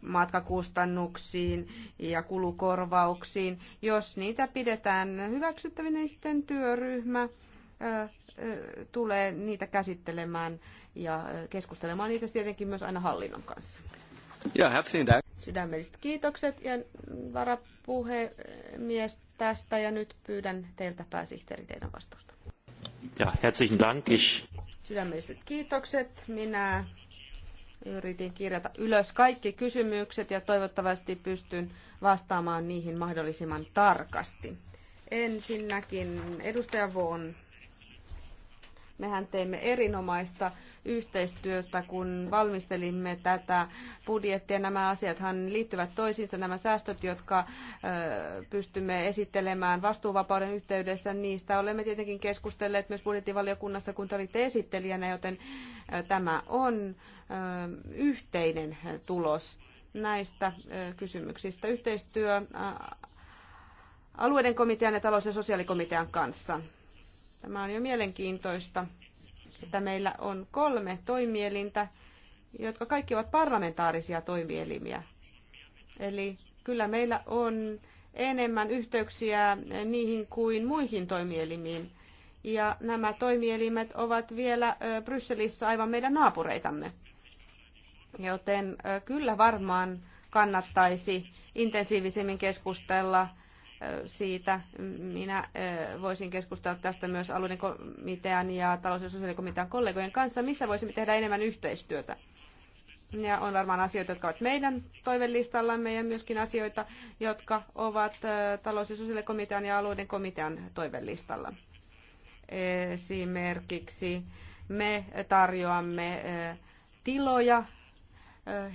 matkakustannuksiin ja kulukorvauksiin. Jos niitä pidetään hyväksyttävinä, niin sitten työryhmä tulee niitä käsittelemään ja keskustelemaan niitä tietenkin myös aina hallinnon kanssa. Ja, herzlichen Sydämelliset kiitokset ja varapuhemies tästä ja nyt pyydän teiltä pääsihteeri teidän vastausta. Ja, herzlichen Dank. Ich... Sydämelliset kiitokset. Minä yritin kirjata ylös kaikki kysymykset ja toivottavasti pystyn vastaamaan niihin mahdollisimman tarkasti. Ensinnäkin edustaja Vuon. Mehän teemme erinomaista yhteistyöstä, kun valmistelimme tätä budjettia. Nämä asiathan liittyvät toisiinsa. Nämä säästöt, jotka pystymme esittelemään vastuuvapauden yhteydessä, niistä olemme tietenkin keskustelleet myös budjettivaliokunnassa, kun te olitte esittelijänä, joten tämä on yhteinen tulos näistä kysymyksistä. Yhteistyö alueiden komitean ja talous- ja sosiaalikomitean kanssa. Tämä on jo mielenkiintoista että meillä on kolme toimielintä, jotka kaikki ovat parlamentaarisia toimielimiä. Eli kyllä meillä on enemmän yhteyksiä niihin kuin muihin toimielimiin. Ja nämä toimielimet ovat vielä Brysselissä aivan meidän naapureitamme. Joten kyllä varmaan kannattaisi intensiivisemmin keskustella siitä. Minä voisin keskustella tästä myös alueiden komitean ja talous- ja sosiaalikomitean kollegojen kanssa, missä voisimme tehdä enemmän yhteistyötä. Ja on varmaan asioita, jotka ovat meidän toivelistallamme ja myöskin asioita, jotka ovat talous- ja sosiaalikomitean ja alueiden komitean toivelistalla. Esimerkiksi me tarjoamme tiloja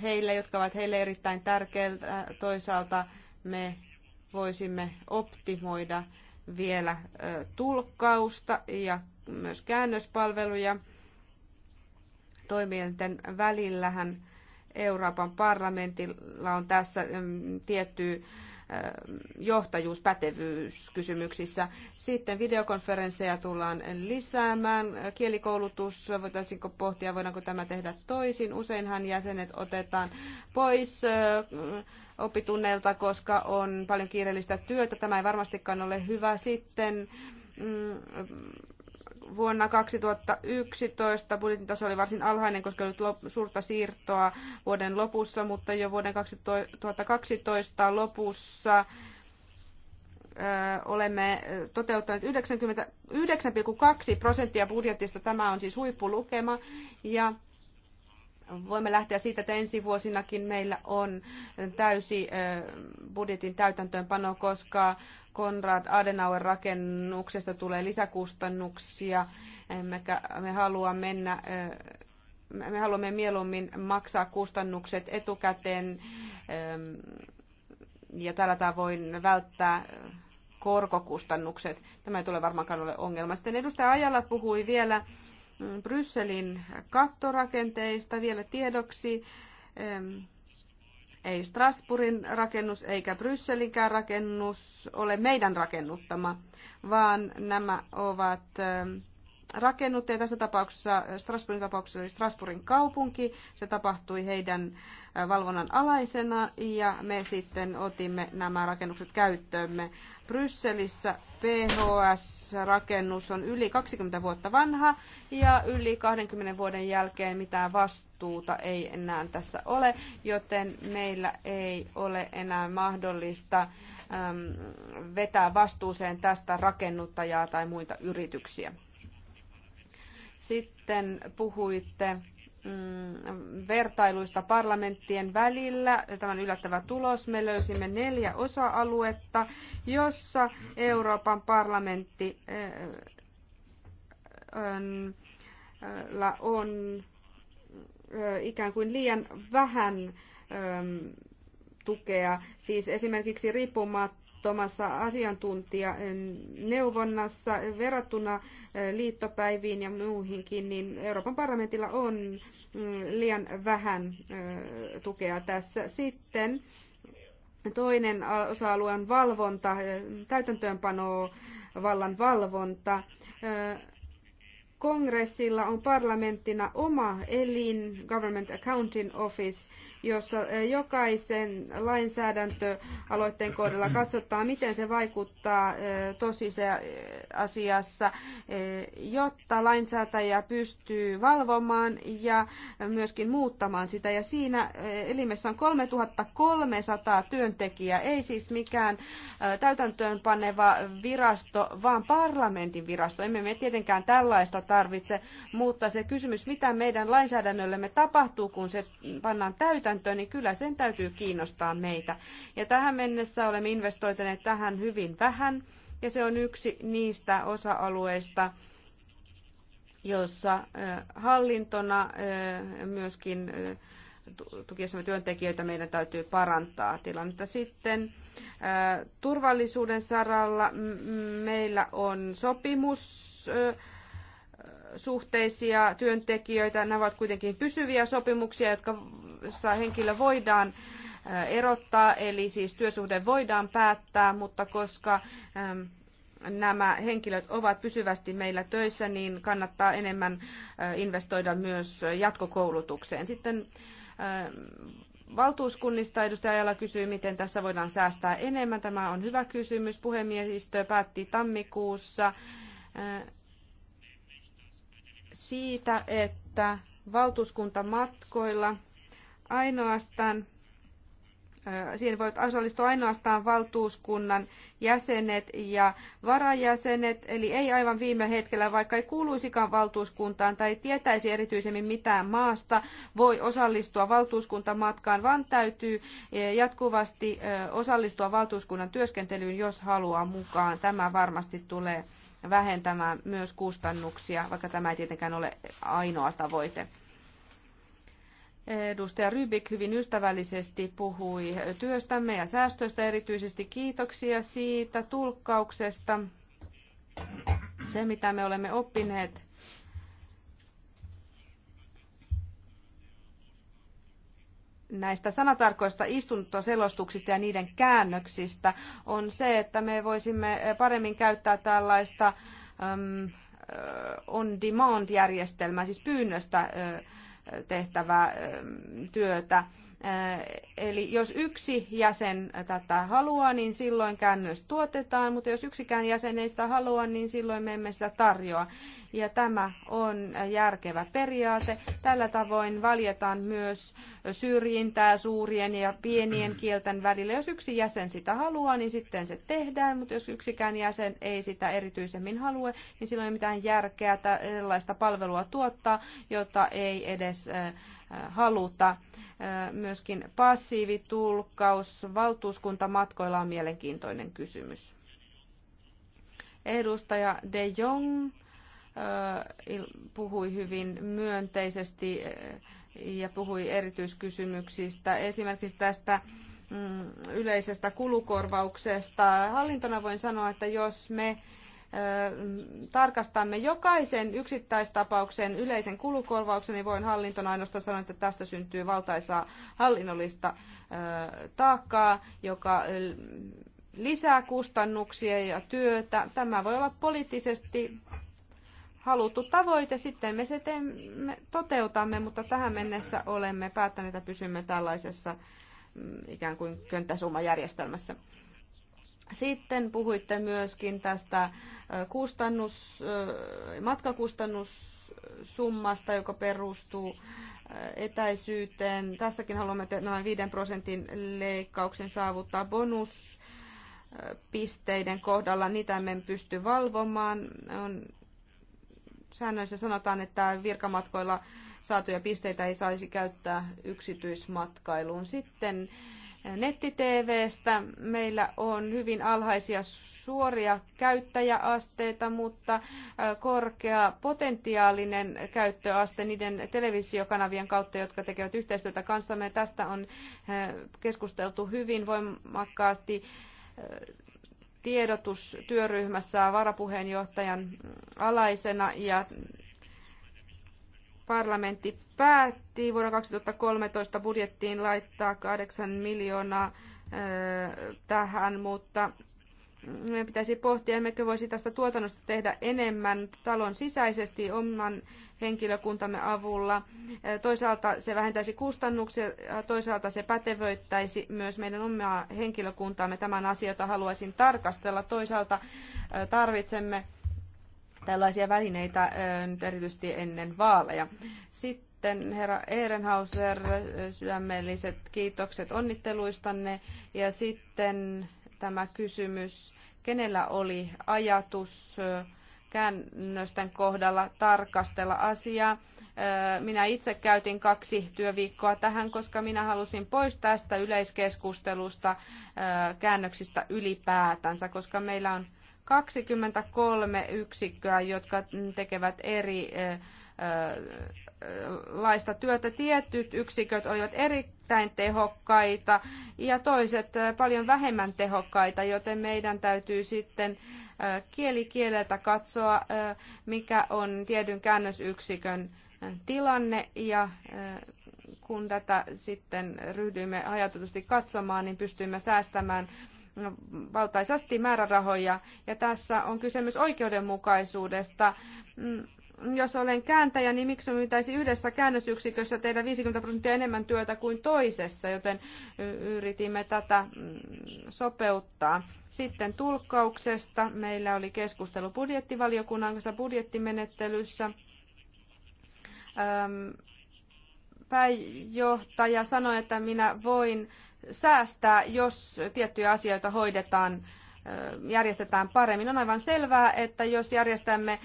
heille, jotka ovat heille erittäin tärkeitä. Toisaalta me voisimme optimoida vielä tulkkausta ja myös käännöspalveluja toimijoiden välillähän Euroopan parlamentilla on tässä tietty johtajuus, kysymyksissä Sitten videokonferensseja tullaan lisäämään. Kielikoulutus, voitaisiinko pohtia, voidaanko tämä tehdä toisin. Useinhan jäsenet otetaan pois oppitunneilta, koska on paljon kiireellistä työtä. Tämä ei varmastikaan ole hyvä sitten. Mm, vuonna 2011 budjetin taso oli varsin alhainen, koska oli suurta siirtoa vuoden lopussa, mutta jo vuoden 2012 lopussa olemme toteuttaneet 99,2 prosenttia budjetista. Tämä on siis huippulukema. Ja voimme lähteä siitä, että ensi vuosinakin meillä on täysi budjetin täytäntöönpano, koska Konrad Adenauer rakennuksesta tulee lisäkustannuksia. Emmekä, me haluamme mennä me haluamme mieluummin maksaa kustannukset etukäteen ja tällä tavoin välttää korkokustannukset. Tämä ei tule varmaankaan ole ongelma. Sitten edustaja Ajala puhui vielä Brysselin kattorakenteista vielä tiedoksi. Ei Strasbourgin rakennus eikä Brysselinkään rakennus ole meidän rakennuttama, vaan nämä ovat rakennuttajia. Tässä tapauksessa Strasbourgin tapauksessa oli Strasbourgin kaupunki. Se tapahtui heidän valvonnan alaisena ja me sitten otimme nämä rakennukset käyttöömme. Brysselissä PHS-rakennus on yli 20 vuotta vanha ja yli 20 vuoden jälkeen mitään vastuuta ei enää tässä ole, joten meillä ei ole enää mahdollista äm, vetää vastuuseen tästä rakennuttajaa tai muita yrityksiä. Sitten puhuitte Mm, vertailuista parlamenttien välillä. Tämä on yllättävä tulos. Me löysimme neljä osa-aluetta, jossa Euroopan parlamentti eh, on eh, ikään kuin liian vähän eh, tukea. Siis esimerkiksi riippumatta maksuttomassa asiantuntijaneuvonnassa eh, eh, verrattuna eh, liittopäiviin ja muihinkin, niin Euroopan parlamentilla on mm, liian vähän tukea tässä. Sitten toinen osa-alue on valvonta, täytäntöönpano vallan valvonta. Kongressilla on parlamenttina oma elin, Government Accounting Office, jossa eh, jokaisen lainsäädäntöaloitteen kohdalla katsotaan, miten se vaikuttaa eh, tosi eh, asiassa, jotta lainsäätäjä pystyy valvomaan ja myöskin muuttamaan sitä. Ja siinä elimessä on 3300 työntekijää, ei siis mikään täytäntöönpaneva virasto, vaan parlamentin virasto. Emme me tietenkään tällaista tarvitse, mutta se kysymys, mitä meidän lainsäädännöllemme tapahtuu, kun se pannaan täytäntöön, käytäntöön, niin kyllä sen täytyy kiinnostaa meitä. Ja tähän mennessä olemme investoituneet tähän hyvin vähän, ja se on yksi niistä osa-alueista, jossa hallintona myöskin tukiessamme työntekijöitä meidän täytyy parantaa tilannetta. Sitten turvallisuuden saralla meillä on sopimus suhteisia työntekijöitä. Nämä ovat kuitenkin pysyviä sopimuksia, jotka jossa henkilö voidaan äh, erottaa, eli siis työsuhde voidaan päättää, mutta koska ähm, nämä henkilöt ovat pysyvästi meillä töissä, niin kannattaa enemmän äh, investoida myös jatkokoulutukseen. Sitten äh, valtuuskunnista edustaja Ajala kysyi, miten tässä voidaan säästää enemmän. Tämä on hyvä kysymys. Puhemiehistö päätti tammikuussa siitä, että valtuuskuntamatkoilla ainoastaan Siihen voivat osallistua ainoastaan valtuuskunnan jäsenet ja varajäsenet, eli ei aivan viime hetkellä, vaikka ei kuuluisikaan valtuuskuntaan tai tietäisi erityisemmin mitään maasta, voi osallistua valtuuskuntamatkaan, vaan täytyy jatkuvasti osallistua valtuuskunnan työskentelyyn, jos haluaa mukaan. Tämä varmasti tulee vähentämään myös kustannuksia, vaikka tämä ei tietenkään ole ainoa tavoite. Edustaja Rybik hyvin ystävällisesti puhui työstämme ja säästöistä erityisesti kiitoksia siitä tulkkauksesta. Se, mitä me olemme oppineet näistä sanatarkoista istuntoselostuksista ja niiden käännöksistä on se, että me voisimme paremmin käyttää tällaista on-demand-järjestelmää, siis pyynnöstä tehtävää työtä. Eli jos yksi jäsen tätä haluaa, niin silloin käännös tuotetaan, mutta jos yksikään jäsen ei sitä halua, niin silloin me emme sitä tarjoa ja tämä on järkevä periaate. Tällä tavoin valjetaan myös syrjintää suurien ja pienien [CLEARS THROAT] kielten välillä. Jos yksi jäsen sitä haluaa, niin sitten se tehdään, mutta jos yksikään jäsen ei sitä erityisemmin halua, niin silloin ei mitään järkeä tällaista palvelua tuottaa, jota ei edes haluta. Myöskin passiivitulkkaus valtuuskuntamatkoilla on mielenkiintoinen kysymys. Edustaja De Jong puhui hyvin myönteisesti ja puhui erityiskysymyksistä, esimerkiksi tästä mm, yleisestä kulukorvauksesta. Hallintona voin sanoa, että jos me tarkastamme jokaisen yksittäistapauksen yleisen kulukorvauksen, niin voin hallintona ainoastaan sanoa, että tästä syntyy valtaisaa hallinnollista taakkaa, joka lisää kustannuksia ja työtä. Tämä voi olla poliittisesti haluttu tavoite, sitten me se teemme, toteutamme, mutta tähän mennessä olemme päättäneet, että pysymme tällaisessa mm, ikään kuin könttäsummajärjestelmässä. Sitten puhuitte myöskin tästä kustannus, matkakustannussummasta, joka perustuu etäisyyteen. Tässäkin haluamme noin 5 prosentin leikkauksen saavuttaa bonuspisteiden kohdalla. Niitä me pysty valvomaan. On säännöissä sanotaan, että virkamatkoilla saatuja pisteitä ei saisi käyttää yksityismatkailuun. Sitten netti-TVstä meillä on hyvin alhaisia suoria käyttäjäasteita, mutta korkea potentiaalinen käyttöaste niiden televisiokanavien kautta, jotka tekevät yhteistyötä kanssamme. Tästä on keskusteltu hyvin voimakkaasti tiedotustyöryhmässä varapuheenjohtajan alaisena ja parlamentti päätti vuonna 2013 budjettiin laittaa 8 miljoonaa tähän, mutta me pitäisi pohtia, emmekö voisi tästä tuotannosta tehdä enemmän talon sisäisesti oman henkilökuntamme avulla. Toisaalta se vähentäisi kustannuksia, toisaalta se pätevöittäisi myös meidän omaa henkilökuntaamme. Tämän asiota haluaisin tarkastella. Toisaalta tarvitsemme tällaisia välineitä nyt erityisesti ennen vaaleja. Sitten herra Ehrenhauser, sydämelliset kiitokset onnitteluistanne. Ja sitten tämä kysymys kenellä oli ajatus käännösten kohdalla tarkastella asiaa. Minä itse käytin kaksi työviikkoa tähän, koska minä halusin pois tästä yleiskeskustelusta käännöksistä ylipäätänsä, koska meillä on 23 yksikköä, jotka tekevät eri laista työtä. Tietyt yksiköt olivat erittäin tehokkaita ja toiset paljon vähemmän tehokkaita, joten meidän täytyy sitten kieli kieleltä katsoa, mikä on tietyn käännösyksikön tilanne ja kun tätä sitten ryhdyimme hajautetusti katsomaan, niin pystyimme säästämään no, valtaisasti määrärahoja. Ja tässä on kysymys oikeudenmukaisuudesta. Mm, jos olen kääntäjä, niin miksi minun pitäisi yhdessä käännösyksikössä tehdä 50 prosenttia enemmän työtä kuin toisessa, joten yritimme tätä mm, sopeuttaa. Sitten tulkkauksesta. Meillä oli keskustelu budjettivaliokunnan kanssa budjettimenettelyssä. Pääjohtaja sanoi, että minä voin säästää, jos tiettyjä asioita hoidetaan järjestetään paremmin. On aivan selvää, että jos järjestämme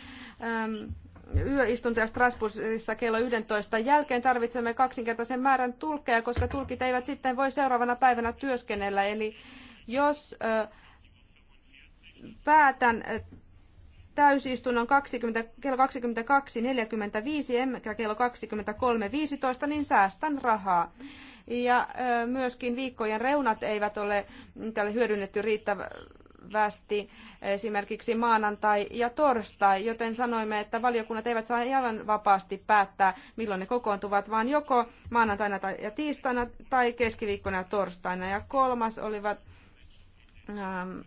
yöistuntoja Strasbourgissa kello 11 jälkeen tarvitsemme kaksinkertaisen määrän tulkkeja, koska tulkit eivät sitten voi seuraavana päivänä työskennellä. Eli jos päätän täysistunnon 20, kello 22.45 emmekä kello 23.15, niin säästän rahaa. Ja myöskin viikkojen reunat eivät ole, ole hyödynnetty riittävästi västi esimerkiksi maanantai ja torstai, joten sanoimme, että valiokunnat eivät saa aivan vapaasti päättää, milloin ne kokoontuvat, vaan joko maanantaina ja tiistaina tai keskiviikkona ja torstaina. Ja kolmas olivat ähm,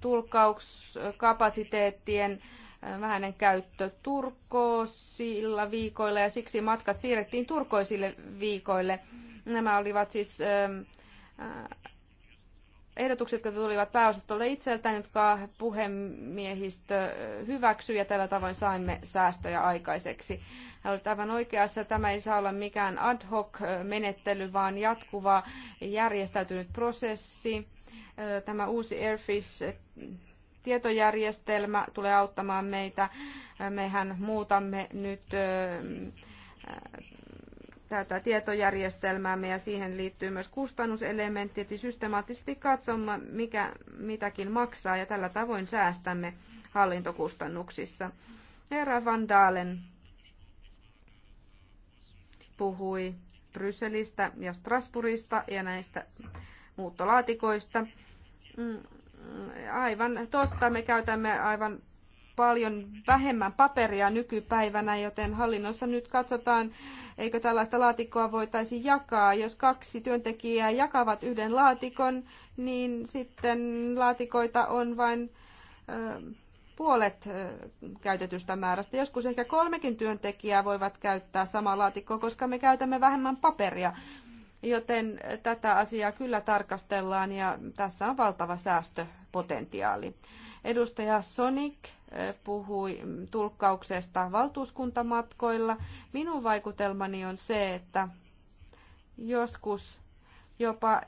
tulkkauskapasiteettien äh, vähäinen käyttö turkoosilla viikoilla ja siksi matkat siirrettiin turkoisille viikoille. Nämä olivat siis ähm, äh, ehdotukset, jotka tulivat pääosastolle itseltään, jotka puhemiehistö hyväksyi ja tällä tavoin saimme säästöjä aikaiseksi. Hän oli aivan oikeassa, tämä ei saa olla mikään ad hoc menettely, vaan jatkuva järjestäytynyt prosessi. Tämä uusi Airfish tietojärjestelmä tulee auttamaan meitä. Mehän muutamme nyt tätä tietojärjestelmäämme ja siihen liittyy myös kustannuselementti, että systemaattisesti katsomme, mikä mitäkin maksaa ja tällä tavoin säästämme hallintokustannuksissa. Herra Van Dalen puhui Brysselistä ja Strasbourgista ja näistä muuttolaatikoista. Mm, mm, aivan totta, me käytämme aivan paljon vähemmän paperia nykypäivänä, joten hallinnossa nyt katsotaan, eikö tällaista laatikkoa voitaisi jakaa. Jos kaksi työntekijää jakavat yhden laatikon, niin sitten laatikoita on vain puolet käytetystä määrästä. Joskus ehkä kolmekin työntekijää voivat käyttää samaa laatikkoa, koska me käytämme vähemmän paperia. Joten tätä asiaa kyllä tarkastellaan ja tässä on valtava säästöpotentiaali. Edustaja Sonic puhui tulkkauksesta valtuuskuntamatkoilla. Minun vaikutelmani on se, että joskus jopa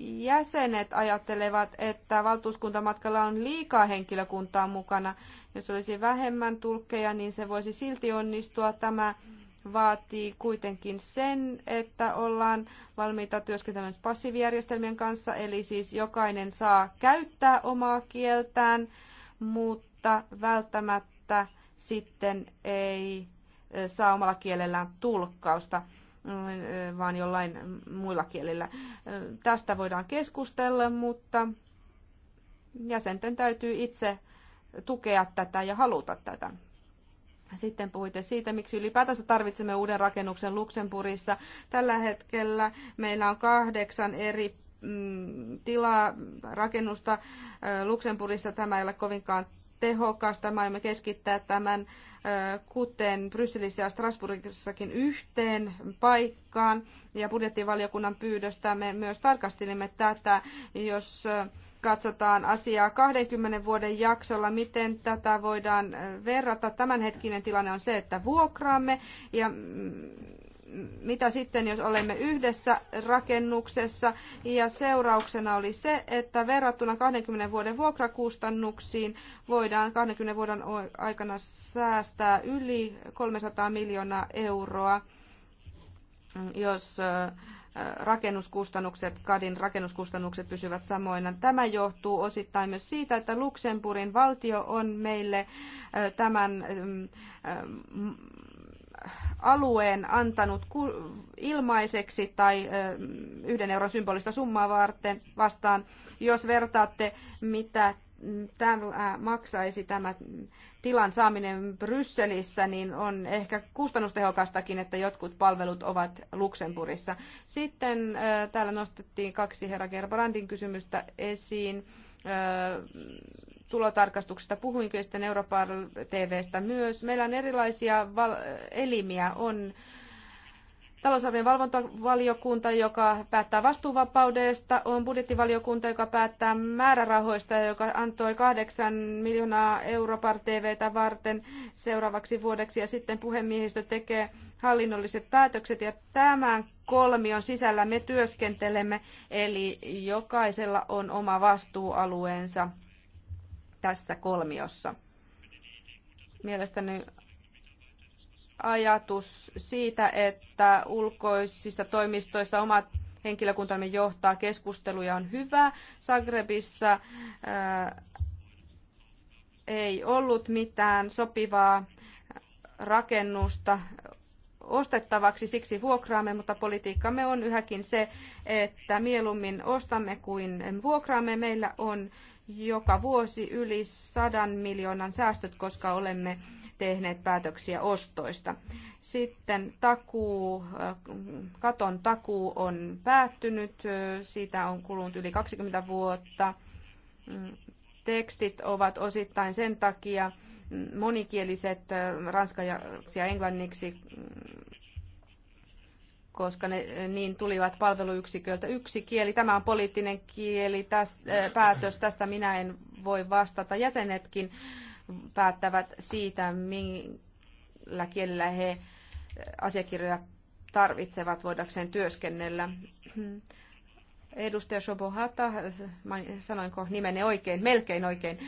jäsenet ajattelevat, että valtuuskuntamatkalla on liikaa henkilökuntaa mukana. Jos olisi vähemmän tulkkeja, niin se voisi silti onnistua. Tämä vaatii kuitenkin sen, että ollaan valmiita työskentelemään passiivijärjestelmien kanssa, eli siis jokainen saa käyttää omaa kieltään mutta välttämättä sitten ei saa omalla kielellään tulkkausta vaan jollain muilla kielillä. Tästä voidaan keskustella, mutta jäsenten täytyy itse tukea tätä ja haluta tätä. Sitten puhuitte siitä, miksi ylipäätänsä tarvitsemme uuden rakennuksen Luxemburgissa. Tällä hetkellä meillä on kahdeksan eri Mm, tilaa, rakennusta Luxemburgissa. Tämä ei ole kovinkaan tehokasta. Me aiomme keskittää tämän kuten Brysselissä ja Strasbourgissakin yhteen paikkaan. Ja budjettivaliokunnan pyydöstä me myös tarkastelimme tätä, jos katsotaan asiaa 20 vuoden jaksolla, miten tätä voidaan verrata. Tämänhetkinen tilanne on se, että vuokraamme ja mm, mitä sitten, jos olemme yhdessä rakennuksessa, ja seurauksena oli se, että verrattuna 20 vuoden vuokrakustannuksiin voidaan 20 vuoden aikana säästää yli 300 miljoonaa euroa, jos rakennuskustannukset, Kadin rakennuskustannukset pysyvät samoina. Tämä johtuu osittain myös siitä, että Luxemburgin valtio on meille tämän alueen antanut ilmaiseksi tai yhden euron symbolista summaa varten vastaan, jos vertaatte, mitä tämä maksaisi tämä tilan saaminen Brysselissä, niin on ehkä kustannustehokastakin, että jotkut palvelut ovat Luxemburissa. Sitten täällä nostettiin kaksi herra Gerbrandin kysymystä esiin tulotarkastuksesta puhuinkin, sitten Europar TVstä myös. Meillä on erilaisia elimiä, on Talousarvion valvontavaliokunta, joka päättää vastuuvapaudesta, on budjettivaliokunta, joka päättää määrärahoista ja joka antoi 8 miljoonaa euroa TVtä varten seuraavaksi vuodeksi. Ja sitten puhemiehistö tekee hallinnolliset päätökset ja tämän kolmion sisällä me työskentelemme, eli jokaisella on oma vastuualueensa tässä kolmiossa. Mielestäni ajatus siitä, että ulkoisissa toimistoissa omat henkilökuntamme johtaa keskusteluja on hyvä. Zagrebissa ää, ei ollut mitään sopivaa rakennusta ostettavaksi, siksi vuokraamme, mutta politiikkamme on yhäkin se, että mieluummin ostamme kuin vuokraamme. Meillä on joka vuosi yli sadan miljoonan säästöt, koska olemme tehneet päätöksiä ostoista. Sitten takuu, äh, katon takuu on päättynyt, äh, siitä on kulunut yli 20 vuotta. Mm, tekstit ovat osittain sen takia mm, monikieliset äh, ranskaksi ja englanniksi mm, koska ne niin tulivat palveluyksiköltä. Yksi kieli, tämä on poliittinen kieli, tästä, päätös, tästä minä en voi vastata. Jäsenetkin päättävät siitä, millä kielellä he asiakirjoja tarvitsevat voidakseen työskennellä. Edustaja Shobohata, sanoinko nimenne oikein, melkein oikein,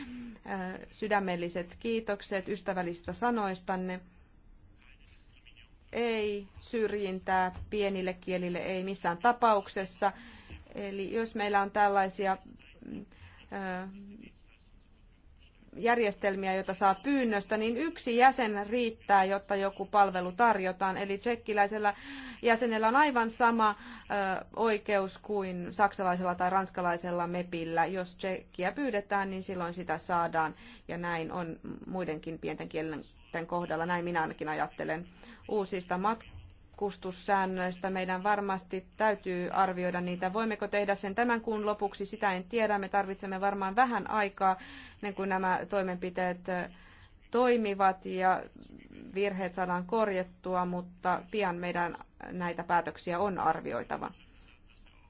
sydämelliset kiitokset ystävällisistä sanoistanne. Ei syrjintää pienille kielille, ei missään tapauksessa. Eli jos meillä on tällaisia järjestelmiä, joita saa pyynnöstä, niin yksi jäsen riittää, jotta joku palvelu tarjotaan. Eli tsekkiläisellä jäsenellä on aivan sama oikeus kuin saksalaisella tai ranskalaisella mepillä. Jos tsekkiä pyydetään, niin silloin sitä saadaan. Ja näin on muidenkin pienten kielten kohdalla, näin minä ainakin ajattelen uusista matkoista matkustussäännöistä. Meidän varmasti täytyy arvioida niitä. Voimmeko tehdä sen tämän kuun lopuksi, sitä en tiedä. Me tarvitsemme varmaan vähän aikaa, ennen kuin nämä toimenpiteet toimivat ja virheet saadaan korjattua, mutta pian meidän näitä päätöksiä on arvioitava.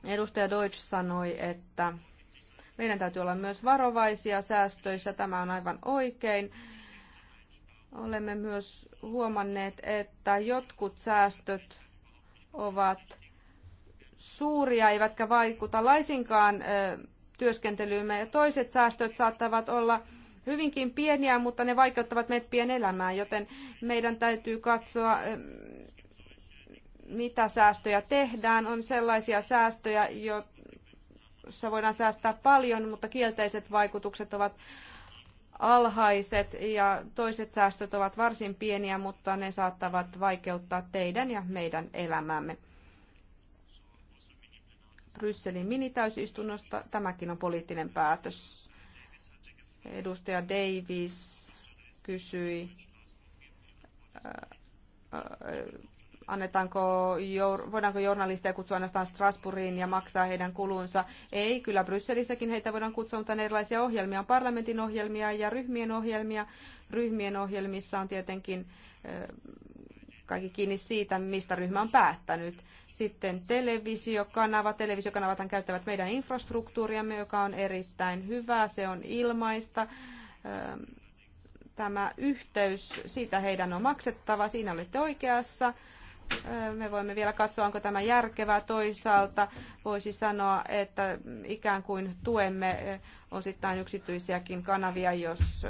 Edustaja Deutsch sanoi, että meidän täytyy olla myös varovaisia säästöissä. Tämä on aivan oikein Olemme myös huomanneet, että jotkut säästöt ovat suuria eivätkä vaikuta laisinkaan työskentelyymme ja toiset säästöt saattavat olla hyvinkin pieniä, mutta ne vaikeuttavat meppien elämää, joten meidän täytyy katsoa, mitä säästöjä tehdään. On sellaisia säästöjä, joissa voidaan säästää paljon, mutta kielteiset vaikutukset ovat alhaiset ja toiset säästöt ovat varsin pieniä, mutta ne saattavat vaikeuttaa teidän ja meidän elämämme. Brysselin minitäysistunnosta tämäkin on poliittinen päätös. Edustaja Davis kysyi äh, äh, annetaanko, voidaanko journalisteja kutsua ainoastaan Strasbourgiin ja maksaa heidän kulunsa. Ei, kyllä Brysselissäkin heitä voidaan kutsua, mutta on erilaisia ohjelmia. On parlamentin ohjelmia ja ryhmien ohjelmia. Ryhmien ohjelmissa on tietenkin kaikki kiinni siitä, mistä ryhmä on päättänyt. Sitten televisiokanava. Televisiokanavat käyttävät meidän infrastruktuuriamme, joka on erittäin hyvä. Se on ilmaista tämä yhteys, siitä heidän on maksettava, siinä olette oikeassa me voimme vielä katsoa, onko tämä järkevää. Toisaalta voisi sanoa, että ikään kuin tuemme osittain yksityisiäkin kanavia, jos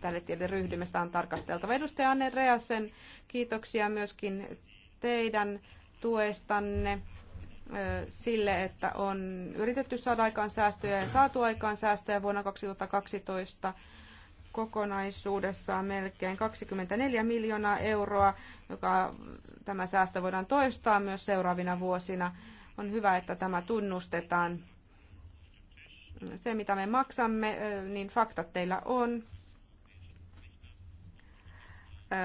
tälle tielle ryhdymme. Sitä on tarkasteltava. Edustaja Anne Reasen, kiitoksia myöskin teidän tuestanne sille, että on yritetty saada aikaan säästöjä ja saatu aikaan säästöjä vuonna 2012 kokonaisuudessaan melkein 24 miljoonaa euroa, joka tämä säästö voidaan toistaa myös seuraavina vuosina. On hyvä, että tämä tunnustetaan. Se, mitä me maksamme, niin faktat teillä on.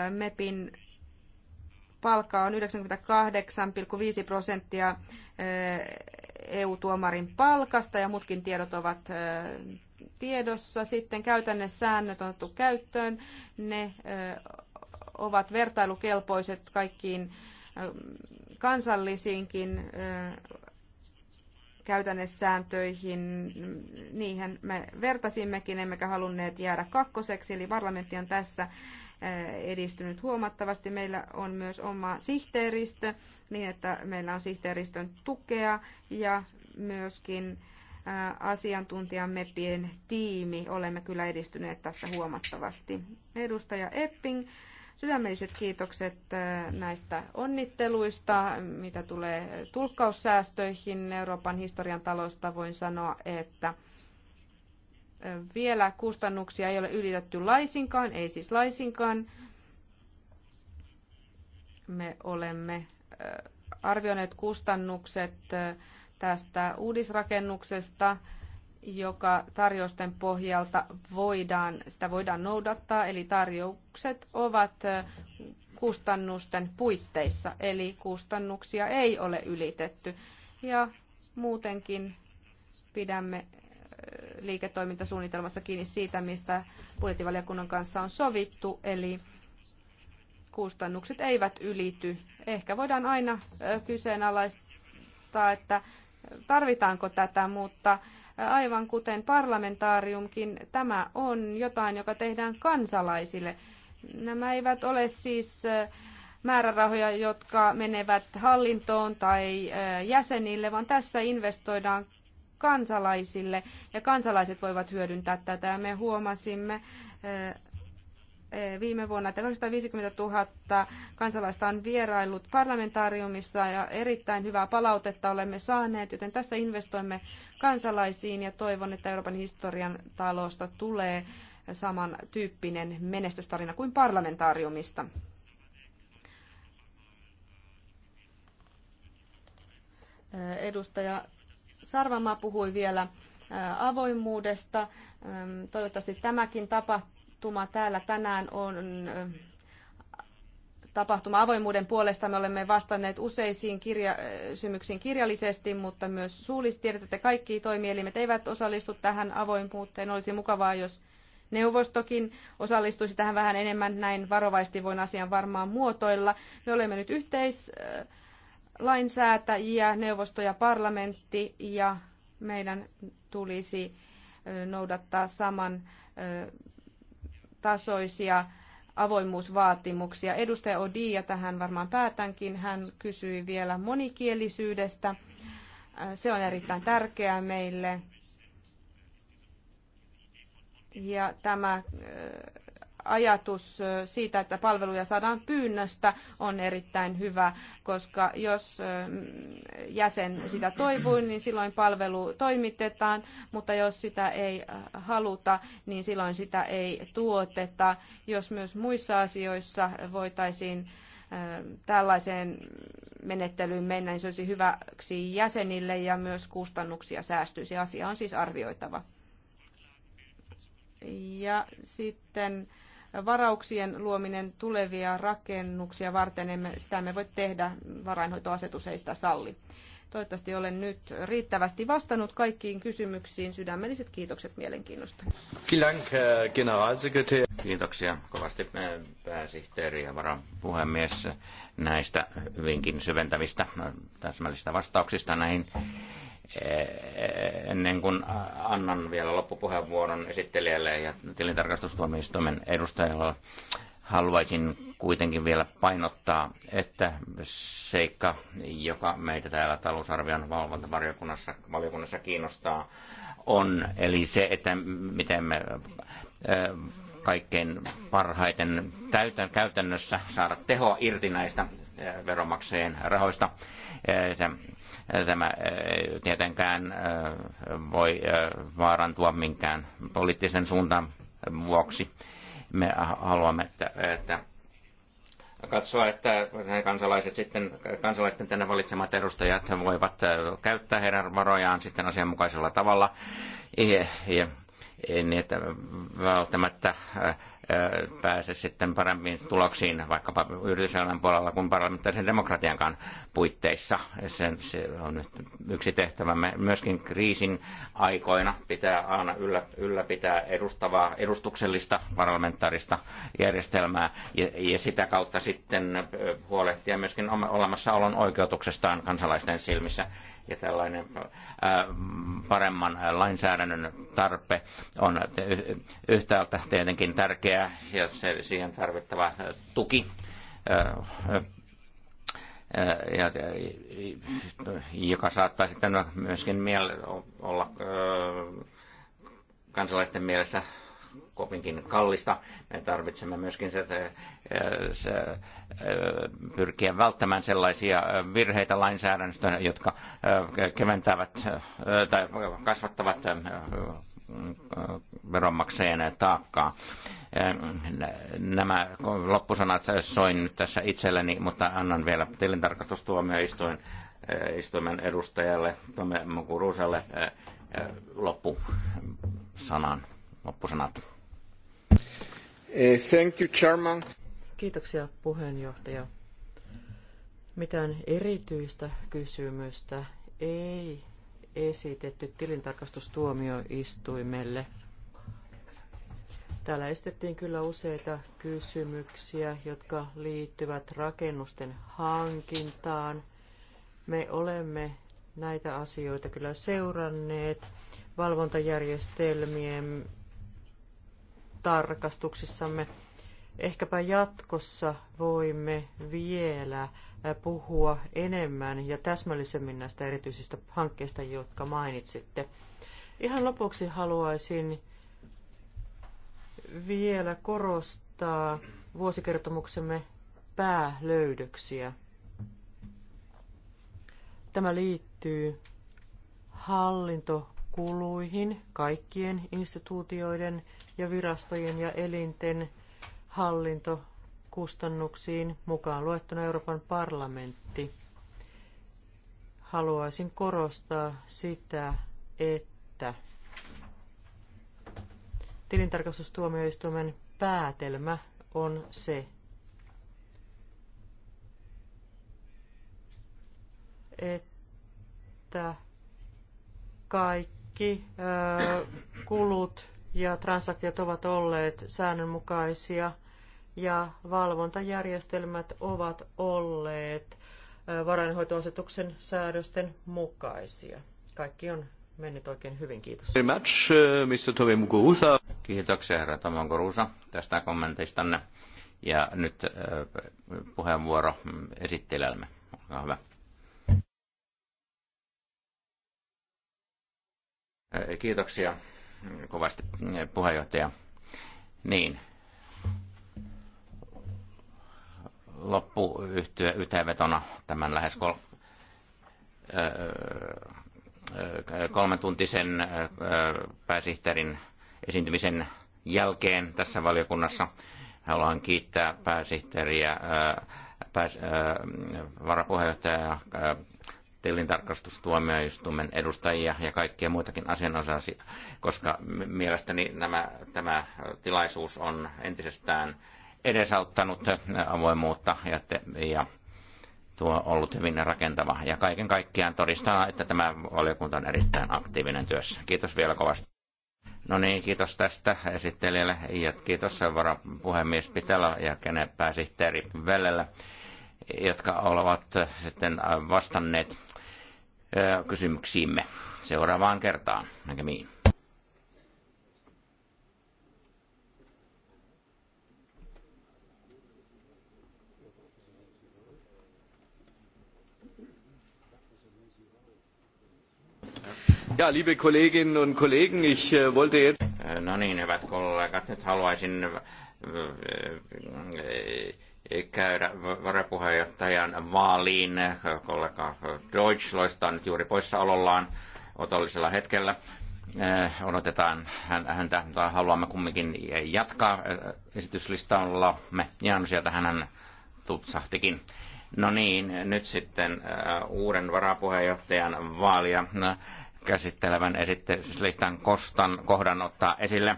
MEPin palkka on 98,5 prosenttia EU-tuomarin palkasta ja muutkin tiedot ovat tiedossa. Sitten käytännössäännöt on otettu käyttöön. Ne ovat vertailukelpoiset kaikkiin kansallisiinkin käytännössääntöihin. Niihin me vertasimmekin, emmekä halunneet jäädä kakkoseksi, eli parlamentti on tässä edistynyt huomattavasti. Meillä on myös oma sihteeristö, niin että meillä on sihteeristön tukea ja myöskin asiantuntijameppien tiimi olemme kyllä edistyneet tässä huomattavasti. Edustaja Epping, sydämelliset kiitokset näistä onnitteluista, mitä tulee tulkkaussäästöihin Euroopan historian talosta. Voin sanoa, että vielä kustannuksia ei ole ylitetty laisinkaan, ei siis laisinkaan. Me olemme arvioineet kustannukset tästä uudisrakennuksesta, joka tarjousten pohjalta voidaan, sitä voidaan noudattaa, eli tarjoukset ovat kustannusten puitteissa, eli kustannuksia ei ole ylitetty. Ja muutenkin pidämme liiketoimintasuunnitelmassa kiinni siitä, mistä budjettivaliokunnan kanssa on sovittu, eli kustannukset eivät ylity. Ehkä voidaan aina kyseenalaistaa, että tarvitaanko tätä, mutta aivan kuten parlamentaariumkin, tämä on jotain, joka tehdään kansalaisille. Nämä eivät ole siis määrärahoja, jotka menevät hallintoon tai jäsenille, vaan tässä investoidaan kansalaisille ja kansalaiset voivat hyödyntää tätä. Me huomasimme Eh, viime vuonna, että 250 000 kansalaista on vierailut parlamentaariumissa ja erittäin hyvää palautetta olemme saaneet, joten tässä investoimme kansalaisiin ja toivon, että Euroopan historian talosta tulee samantyyppinen menestystarina kuin parlamentaariumista. Eh, edustaja Sarvamaa puhui vielä eh, avoimuudesta. Toivottavasti tämäkin tapahtuu tapahtuma täällä tänään on tapahtuma avoimuuden puolesta. Me olemme vastanneet useisiin kirja- kirjallisesti, mutta myös suullisesti. Tiedätte, että kaikki toimielimet eivät osallistu tähän avoimuuteen. Olisi mukavaa, jos neuvostokin osallistuisi tähän vähän enemmän. Näin varovaisesti voin asian varmaan muotoilla. Me olemme nyt yhteislainsäätäjiä, neuvosto ja parlamentti, ja meidän tulisi noudattaa saman tasoisia avoimuusvaatimuksia. Edustaja Odi, ja tähän varmaan päätänkin, hän kysyi vielä monikielisyydestä. Se on erittäin tärkeää meille. Ja tämä ajatus siitä, että palveluja saadaan pyynnöstä, on erittäin hyvä, koska jos mm, jäsen sitä toivoo, niin silloin palvelu toimitetaan, mutta jos sitä ei haluta, niin silloin sitä ei tuoteta. Jos myös muissa asioissa voitaisiin tällaiseen menettelyyn mennä, niin se olisi hyväksi jäsenille ja myös kustannuksia säästyisi. Asia on siis arvioitava. Ja sitten varauksien luominen tulevia rakennuksia varten, emme, sitä emme voi tehdä, varainhoitoasetus ei sitä salli. Toivottavasti olen nyt riittävästi vastannut kaikkiin kysymyksiin. Sydämelliset kiitokset mielenkiinnosta. Kiitoksia kovasti eh, pääsihteeri ja varapuhemies eh, näistä hyvinkin syventävistä eh, täsmällisistä vastauksista näihin Eh, ennen kuin annan vielä loppupuheenvuoron esittelijälle ja tilintarkastustuomioistuimen edustajalle, haluaisin kuitenkin vielä painottaa, että seikka, joka meitä täällä talousarvion valvontavaliokunnassa valiokunnassa kiinnostaa, on eli se, että miten me eh, kaikkein parhaiten täytän, käytännössä saada tehoa irti näistä veronmaksajien rahoista. Tämä ei tietenkään e, voi e, vaarantua minkään poliittisen suuntaan vuoksi. Me haluamme, että, että katsoa, että kansalaiset sitten, kansalaisten tänne valitsemat edustajat voivat e, käyttää heidän varojaan sitten asianmukaisella tavalla. Ja, ja niin että välttämättä äh, äh, pääse sitten parempiin tuloksiin vaikkapa yrityselämän puolella kuin parlamentaarisen demokratiankaan puitteissa. Se, se on nyt yksi tehtävämme. Myöskin kriisin aikoina pitää aina yllä, ylläpitää edustavaa, edustuksellista parlamentaarista järjestelmää ja, ja sitä kautta sitten äh, huolehtia myöskin olemassaolon oikeutuksestaan kansalaisten silmissä ja tällainen äh, paremman lainsäädännön tarpe on yhtäältä tietenkin tärkeää ja siihen tarvittava tuki äh, äh, ja, joka saattaa sitten myöskin miele- olla kansalaisten mielessä kovinkin kallista. Me tarvitsemme myöskin se, se, pyrkiä välttämään sellaisia virheitä lainsäädännöstä, jotka keventävät tai kasvattavat veronmaksajien taakkaa. Nämä loppusanat soin nyt tässä itselleni, mutta annan vielä tilintarkastustuomioistuin istuimen edustajalle Tome Mukuruselle loppusanan loppusanat. Eh, thank you, Chairman. Kiitoksia puheenjohtaja. Mitään erityistä kysymystä ei esitetty tilintarkastustuomioistuimelle. Täällä esitettiin kyllä useita kysymyksiä, jotka liittyvät rakennusten hankintaan. Me olemme näitä asioita kyllä seuranneet valvontajärjestelmien tarkastuksissamme. Ehkäpä jatkossa voimme vielä puhua enemmän ja täsmällisemmin näistä erityisistä hankkeista, jotka mainitsitte. Ihan lopuksi haluaisin vielä korostaa vuosikertomuksemme päälöydöksiä. Tämä liittyy hallinto kuluihin kaikkien instituutioiden ja virastojen ja elinten hallintokustannuksiin, mukaan luettuna Euroopan parlamentti. Haluaisin korostaa sitä, että tilintarkastustuomioistuimen päätelmä on se, että kaikki kaikki äh, kulut ja transaktiot ovat olleet säännönmukaisia ja valvontajärjestelmät ovat olleet äh, varainhoitoasetuksen säädösten mukaisia. Kaikki on mennyt oikein hyvin, kiitos. Very much, äh, Mr. Tovi Muguruza. Kiitoksia, herra Tomi tästä kommentistanne. Ja nyt puheenvuoro mm, esittelijälle. Olkaa hyvä. Kiitoksia kovasti puheenjohtaja. Niin. Loppu yhteenvetona tämän lähes kol- kolmen tuntisen pääsihteerin esiintymisen jälkeen tässä valiokunnassa. Haluan kiittää pääsihteeriä, pääs, varapuheenjohtajaa tilintarkastustuomioistuimen edustajia ja kaikkia muitakin asianosaisia, koska mielestäni nämä, tämä tilaisuus on entisestään edesauttanut avoimuutta ja, te, ja tuo ollut hyvin rakentava. Ja kaiken kaikkiaan todistaa, että tämä valiokunta on erittäin aktiivinen työssä. Kiitos vielä kovasti. No niin, kiitos tästä esittelijälle ja kiitos varapuhemies Pitela ja kenen pääsihteeri Vellellä jotka ovat sitten vastanneet kysymyksiimme seuraavaan kertaan. Näkemiin. Ja, liebe Kolleginnen und Kollegen, ich äh, wollte jetzt... No niin, hyvät kollegat, nyt haluaisin äh, äh, käydä varapuheenjohtajan vaaliin. Kollega Deutsch loistaa nyt juuri poissaolollaan otollisella hetkellä. Eh, odotetaan häntä, mutta haluamme kumminkin jatkaa eh, me Ihan sieltä hän tutsahtikin. No niin, nyt sitten eh, uuden varapuheenjohtajan vaalia käsittelevän esityslistan kostan, kohdan ottaa esille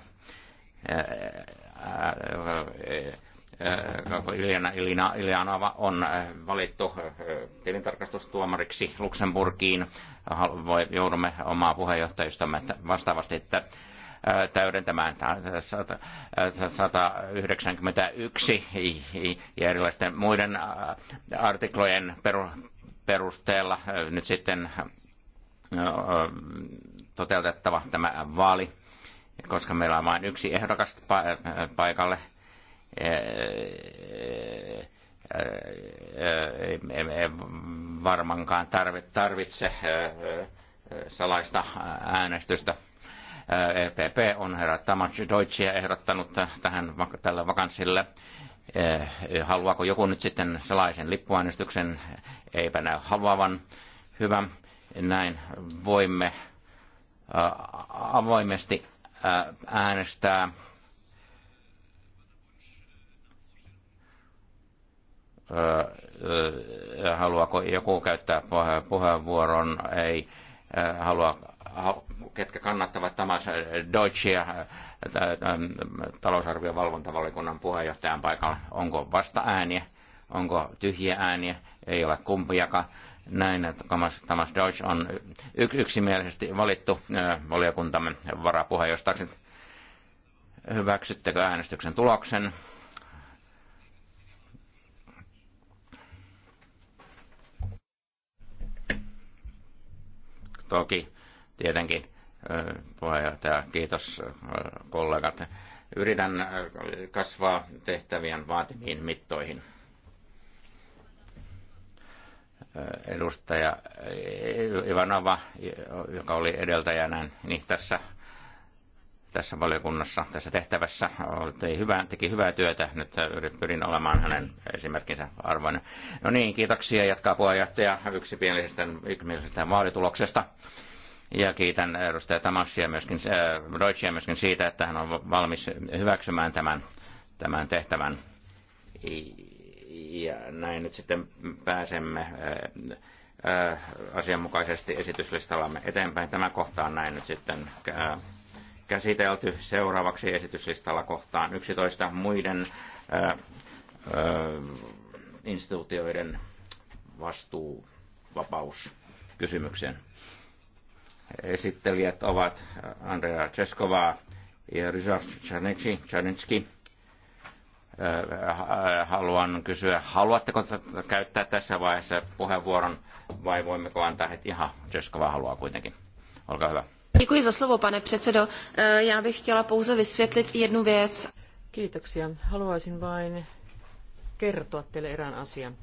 Iljana, Ilina, Iljanova on valittu tilintarkastustuomariksi Luxemburgiin. Joudumme omaa puheenjohtajistamme vastaavasti että täydentämään 191 ja erilaisten muiden artiklojen perusteella nyt sitten toteutettava tämä vaali, koska meillä on vain yksi ehdokas paikalle – emme varmankaan tarvitse salaista äänestystä. EPP on herra Tamás Deutschia ehdottanut tähän, tällä vakanssille. Haluaako joku nyt sitten salaisen lippuäänestyksen? Eipä näy haluavan. Hyvä. Näin voimme avoimesti äänestää haluaako joku käyttää puheenvuoron, ei halua, ketkä kannattavat Tamas Deutschia, talousarvion valvontavalikunnan puheenjohtajan paikalla. Onko vasta ääniä? Onko tyhjiä ääniä? Ei ole kumpiakaan. Näin, että Thomas Deutsch on yksimielisesti valittu valiokuntamme varapuheenjohtajaksi. Hyväksyttekö äänestyksen tuloksen? toki tietenkin puheenjohtaja, kiitos kollegat. Yritän kasvaa tehtävien vaatimiin mittoihin. Edustaja Ivanova, joka oli edeltäjänä, niin tässä tässä valiokunnassa, tässä tehtävässä. oli hyvää, teki hyvää työtä. Nyt pyrin olemaan hänen esimerkkinsä arvoinen. No niin, kiitoksia jatkaa puheenjohtaja yksimielisestä, yksimielisestä vaalituloksesta. Ja kiitän edustaja Tamassia myöskin, äh, Deutschia myöskin siitä, että hän on valmis hyväksymään tämän, tämän tehtävän. Ja näin nyt sitten pääsemme äh, äh, asianmukaisesti esityslistallamme eteenpäin. Tämä kohta on näin nyt sitten äh, käsitelty. Seuraavaksi esityslistalla kohtaan 11 muiden ää, ää, instituutioiden vastuuvapauskysymykseen. Esittelijät ovat Andrea Czeskova ja Ryszard Czarnecki. Haluan kysyä, haluatteko käyttää tässä vaiheessa puheenvuoron vai voimmeko antaa heti ihan Cheskova haluaa kuitenkin? Olkaa hyvä. Děkuji za slovo, pane předsedo. Eh, já bych chtěla pouze vysvětlit jednu věc. Kiitoksia. Haluaisin vain kertoa teille erään asian.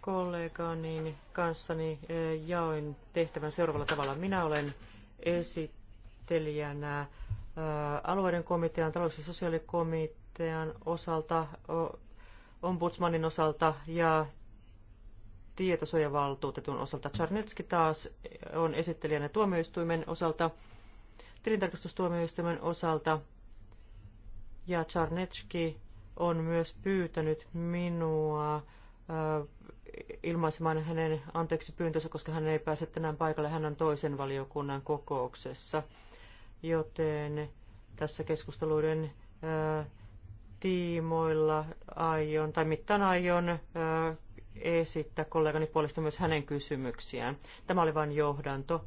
Kollegani kanssani eh, jaoin tehtävän seuraavalla tavalla. Minä olen esittelijänä eh, alueiden komitean, talous- ja sosiaalikomitean osalta, ombudsmanin osalta ja tietosuojavaltuutetun osalta. Czarnetski taas on esittelijänä tuomioistuimen osalta, tilintarkastustuomioistuimen osalta. Ja Czarnetski on myös pyytänyt minua ilmaisemaan hänen anteeksi pyyntönsä, koska hän ei pääse tänään paikalle. Hän on toisen valiokunnan kokouksessa, joten tässä keskusteluiden tiimoilla aion, tai mittaan aion esittää kollegani puolesta myös hänen kysymyksiään. Tämä oli vain johdanto.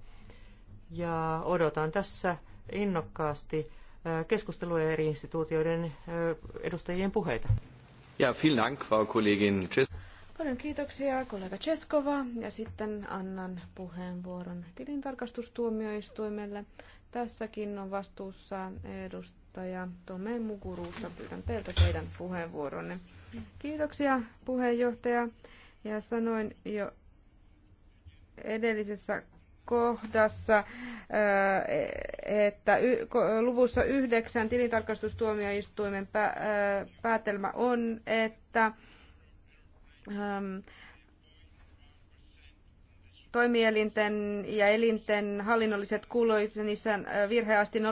Ja odotan tässä innokkaasti äh, keskustelua eri instituutioiden äh, edustajien puheita. Ja, vielen Dank, Frau Kollegin Paljon kiitoksia kollega Cheskova ja sitten annan puheenvuoron tilintarkastustuomioistuimelle. Tässäkin on vastuussa edustaja Tome Mukuruussa. Pyydän teiltä teidän puheenvuoronne. Kiitoksia puheenjohtaja. Ja sanoin jo edellisessä kohdassa, äh, että luvussa yhdeksän tilintarkastustuomioistuimen äh, päätelmä on, että ähm, toimielinten ja elinten hallinnolliset kulut, niissä virheasti 0,1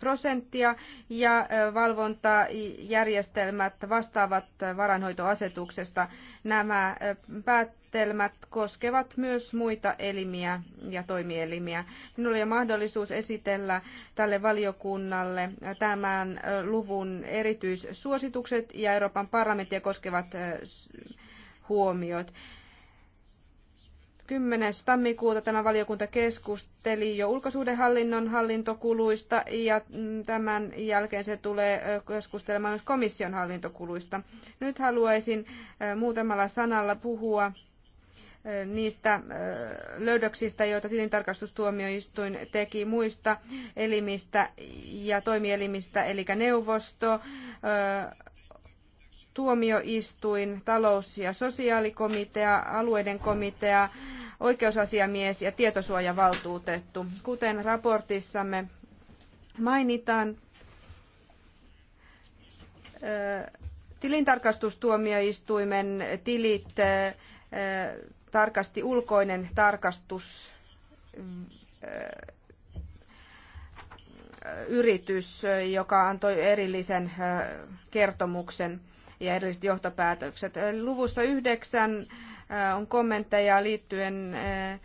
prosenttia ja valvontajärjestelmät vastaavat varainhoitoasetuksesta. Nämä päättelmät koskevat myös muita elimiä ja toimielimiä. Minulla oli mahdollisuus esitellä tälle valiokunnalle tämän luvun erityissuositukset ja Euroopan parlamenttia koskevat huomiot. 10. tammikuuta tämä valiokunta keskusteli jo ulkosuhdehallinnon hallintokuluista ja mm, tämän jälkeen se tulee keskustelemaan myös komission hallintokuluista. Nyt haluaisin muutamalla sanalla puhua niistä löydöksistä, joita tilintarkastustuomioistuin teki muista elimistä ja toimielimistä, eli neuvosto, tuomioistuin, talous- ja sosiaalikomitea, alueiden komitea, oikeusasiamies ja tietosuojavaltuutettu. Kuten raportissamme mainitaan, tilintarkastustuomioistuimen tilit tarkasti ulkoinen tarkastusyritys, joka antoi erillisen kertomuksen ja erilliset johtopäätökset. Luvussa yhdeksän äh, on kommentteja liittyen äh,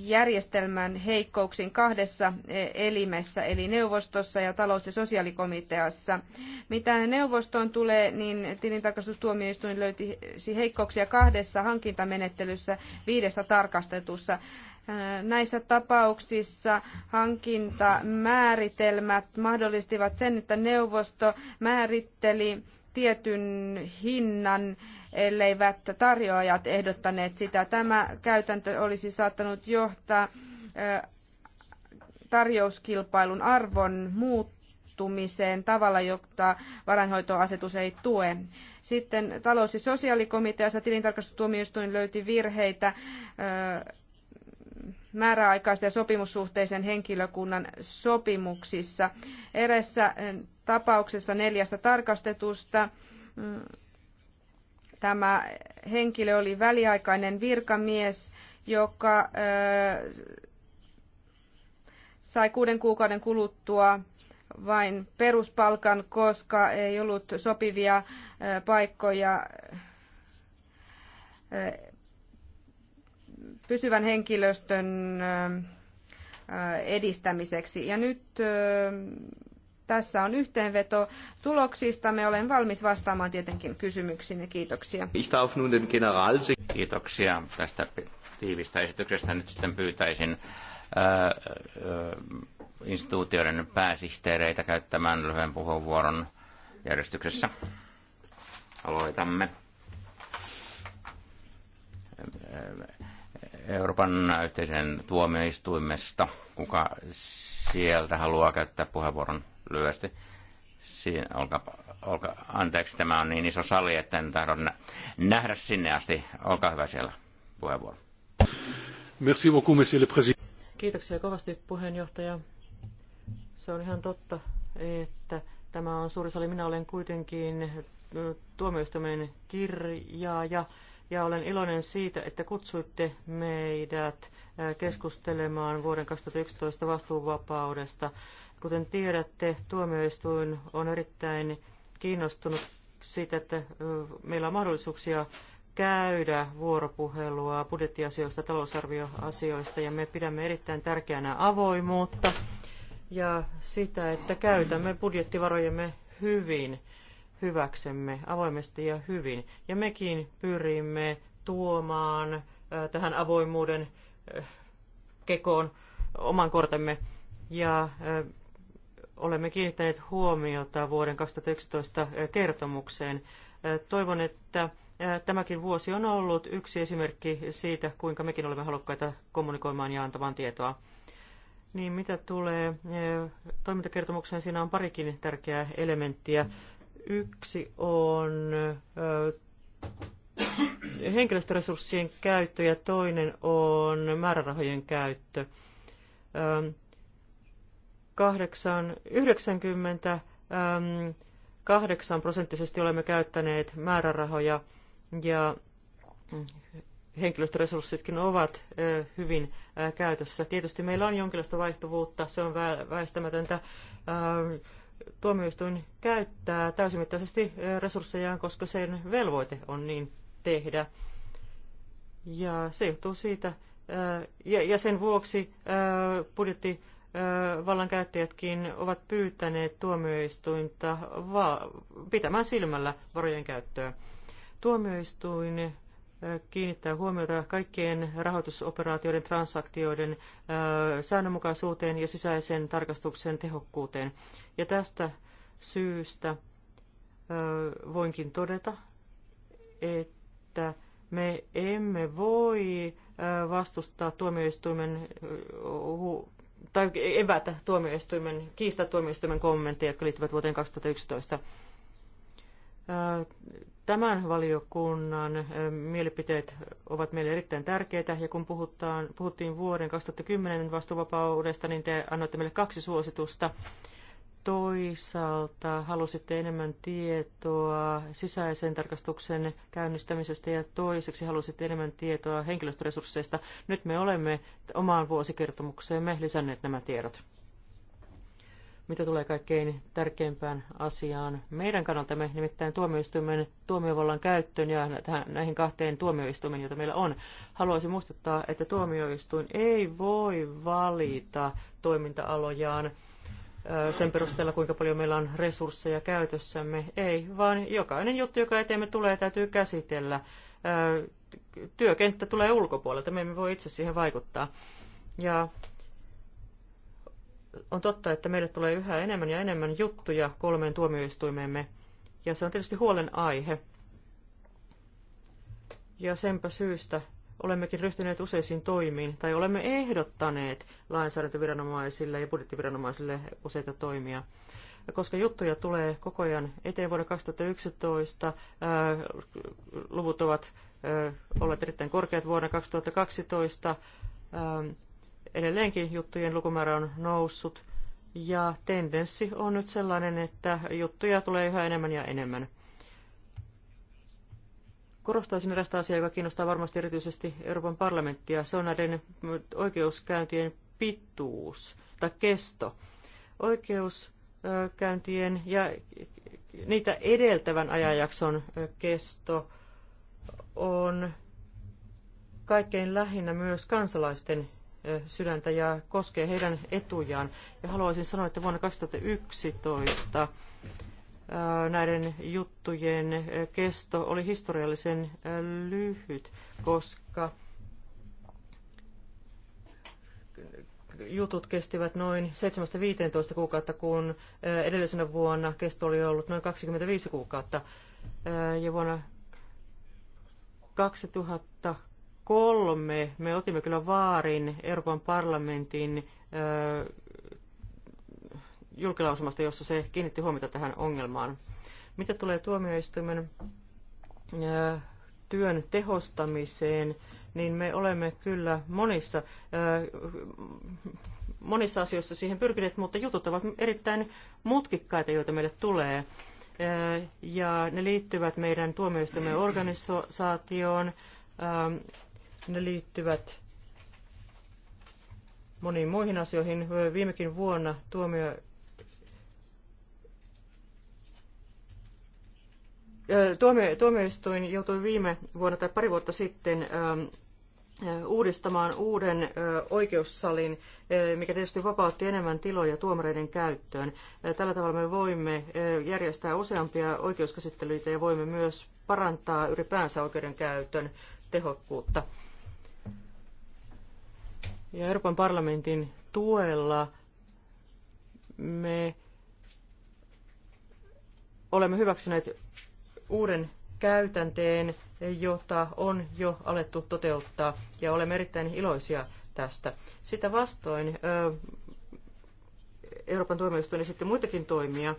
järjestelmän heikkouksiin kahdessa äh, elimessä, eli neuvostossa ja talous- ja sosiaalikomiteassa. Mitä neuvostoon tulee, niin tilintarkastustuomioistuin löytisi heikkouksia kahdessa hankintamenettelyssä viidestä tarkastetussa. Näissä tapauksissa hankintamääritelmät mahdollistivat sen, että neuvosto määritteli tietyn hinnan, elleivät tarjoajat ehdottaneet sitä. Tämä käytäntö olisi saattanut johtaa tarjouskilpailun arvon muuttumiseen tavalla, jota varainhoitoasetus ei tue. Sitten talous- ja sosiaalikomiteassa tilintarkastustuomioistuin löyti virheitä määräaikaisten ja sopimussuhteisen henkilökunnan sopimuksissa. Eressä tapauksessa neljästä tarkastetusta tämä henkilö oli väliaikainen virkamies, joka sai kuuden kuukauden kuluttua vain peruspalkan, koska ei ollut sopivia paikkoja pysyvän henkilöstön edistämiseksi. Ja nyt tässä on yhteenveto tuloksista. Me olen valmis vastaamaan tietenkin kysymyksiin ja kiitoksia. Kiitoksia tästä tiivistä esityksestä. Nyt sitten pyytäisin ää, ää, instituutioiden pääsihteereitä käyttämään lyhyen puheenvuoron järjestyksessä. Aloitamme. Euroopan yhteisen tuomioistuimesta. Kuka sieltä haluaa käyttää puheenvuoron? lyhyesti. Siinä, olka, olka, anteeksi, tämä on niin iso sali, että en tahdo nähdä sinne asti. Olkaa hyvä siellä puheenvuoro. Merci beaucoup, monsieur le président. Kiitoksia kovasti puheenjohtaja. Se on ihan totta, että tämä on suuri sali. Minä olen kuitenkin tuomioistuimen kirjaaja. ja ja olen iloinen siitä, että kutsuitte meidät keskustelemaan vuoden 2011 vastuuvapaudesta. Kuten tiedätte, tuomioistuin on erittäin kiinnostunut siitä, että meillä on mahdollisuuksia käydä vuoropuhelua budjettiasioista, talousarvioasioista ja me pidämme erittäin tärkeänä avoimuutta ja sitä, että käytämme budjettivarojemme hyvin hyväksemme avoimesti ja hyvin. Ja mekin pyrimme tuomaan tähän avoimuuden kekoon oman kortemme. Ja olemme kiinnittäneet huomiota vuoden 2011 kertomukseen. Toivon, että tämäkin vuosi on ollut yksi esimerkki siitä, kuinka mekin olemme halukkaita kommunikoimaan ja antamaan tietoa. Niin mitä tulee toimintakertomukseen, siinä on parikin tärkeää elementtiä. Yksi on henkilöstöresurssien käyttö ja toinen on määrärahojen käyttö. 8, 90 prosenttisesti olemme käyttäneet määrärahoja ja mm, henkilöstöresurssitkin ovat hyvin käytössä. Tietysti meillä on jonkinlaista vaihtuvuutta, se on väistämätöntä tuomioistuin käyttää täysimittaisesti resurssejaan, koska sen velvoite on niin tehdä. Ja se johtuu siitä, ja sen vuoksi budjettivallankäyttäjätkin ovat pyytäneet tuomioistuinta pitämään silmällä varojen käyttöä. Tuomioistuin kiinnittää huomiota kaikkien rahoitusoperaatioiden transaktioiden säännönmukaisuuteen ja sisäisen tarkastuksen tehokkuuteen. Ja tästä syystä voinkin todeta, että me emme voi vastustaa tuomioistuimen tai evätä tuomioistuimen, kiistää tuomioistuimen kommentteja, jotka liittyvät vuoteen 2011 Tämän valiokunnan mielipiteet ovat meille erittäin tärkeitä, ja kun puhutaan, puhuttiin vuoden 2010 vastuuvapaudesta, niin te annoitte meille kaksi suositusta. Toisaalta halusitte enemmän tietoa sisäisen tarkastuksen käynnistämisestä ja toiseksi halusitte enemmän tietoa henkilöstöresursseista. Nyt me olemme omaan vuosikertomukseemme lisänneet nämä tiedot mitä tulee kaikkein tärkeimpään asiaan meidän kannaltamme, nimittäin tuomioistuimen tuomiovallan käyttöön ja näihin kahteen tuomioistuimeen, joita meillä on. Haluaisin muistuttaa, että tuomioistuin ei voi valita toiminta-alojaan sen perusteella, kuinka paljon meillä on resursseja käytössämme. Ei, vaan jokainen juttu, joka eteemme tulee, täytyy käsitellä. Työkenttä tulee ulkopuolelta, me emme voi itse siihen vaikuttaa. Ja on totta, että meille tulee yhä enemmän ja enemmän juttuja kolmeen tuomioistuimeemme, ja se on tietysti huolenaihe. Ja senpä syystä olemmekin ryhtyneet useisiin toimiin, tai olemme ehdottaneet lainsäädäntöviranomaisille ja budjettiviranomaisille useita toimia. Koska juttuja tulee koko ajan eteen vuoden 2011, ää, luvut ovat ää, olleet erittäin korkeat vuonna 2012, ää, edelleenkin juttujen lukumäärä on noussut ja tendenssi on nyt sellainen, että juttuja tulee yhä enemmän ja enemmän. Korostaisin erästä asiaa, joka kiinnostaa varmasti erityisesti Euroopan parlamenttia. Se on näiden oikeuskäyntien pituus tai kesto. Oikeuskäyntien ja niitä edeltävän ajanjakson kesto on kaikkein lähinnä myös kansalaisten sydäntä ja koskee heidän etujaan. Ja haluaisin sanoa, että vuonna 2011 näiden juttujen kesto oli historiallisen lyhyt, koska jutut kestivät noin 7-15 kuukautta, kun edellisenä vuonna kesto oli ollut noin 25 kuukautta. Ja vuonna 2000 kolme me otimme kyllä vaarin Euroopan parlamentin julkilausumasta, jossa se kiinnitti huomiota tähän ongelmaan. Mitä tulee tuomioistuimen työn tehostamiseen, niin me olemme kyllä monissa, monissa asioissa siihen pyrkineet, mutta jutut ovat erittäin mutkikkaita, joita meille tulee. Ja ne liittyvät meidän tuomioistuimen organisaatioon, ne liittyvät moniin muihin asioihin. Viimekin vuonna tuomio Tuomio, tuomioistuin joutui viime vuonna tai pari vuotta sitten uudistamaan uuden oikeussalin, mikä tietysti vapautti enemmän tiloja tuomareiden käyttöön. Tällä tavalla me voimme järjestää useampia oikeuskäsittelyitä ja voimme myös parantaa ylipäänsä oikeudenkäytön tehokkuutta ja Euroopan parlamentin tuella me olemme hyväksyneet uuden käytänteen, jota on jo alettu toteuttaa, ja olemme erittäin iloisia tästä. Sitä vastoin Euroopan tuomioistuin esitti muitakin toimia.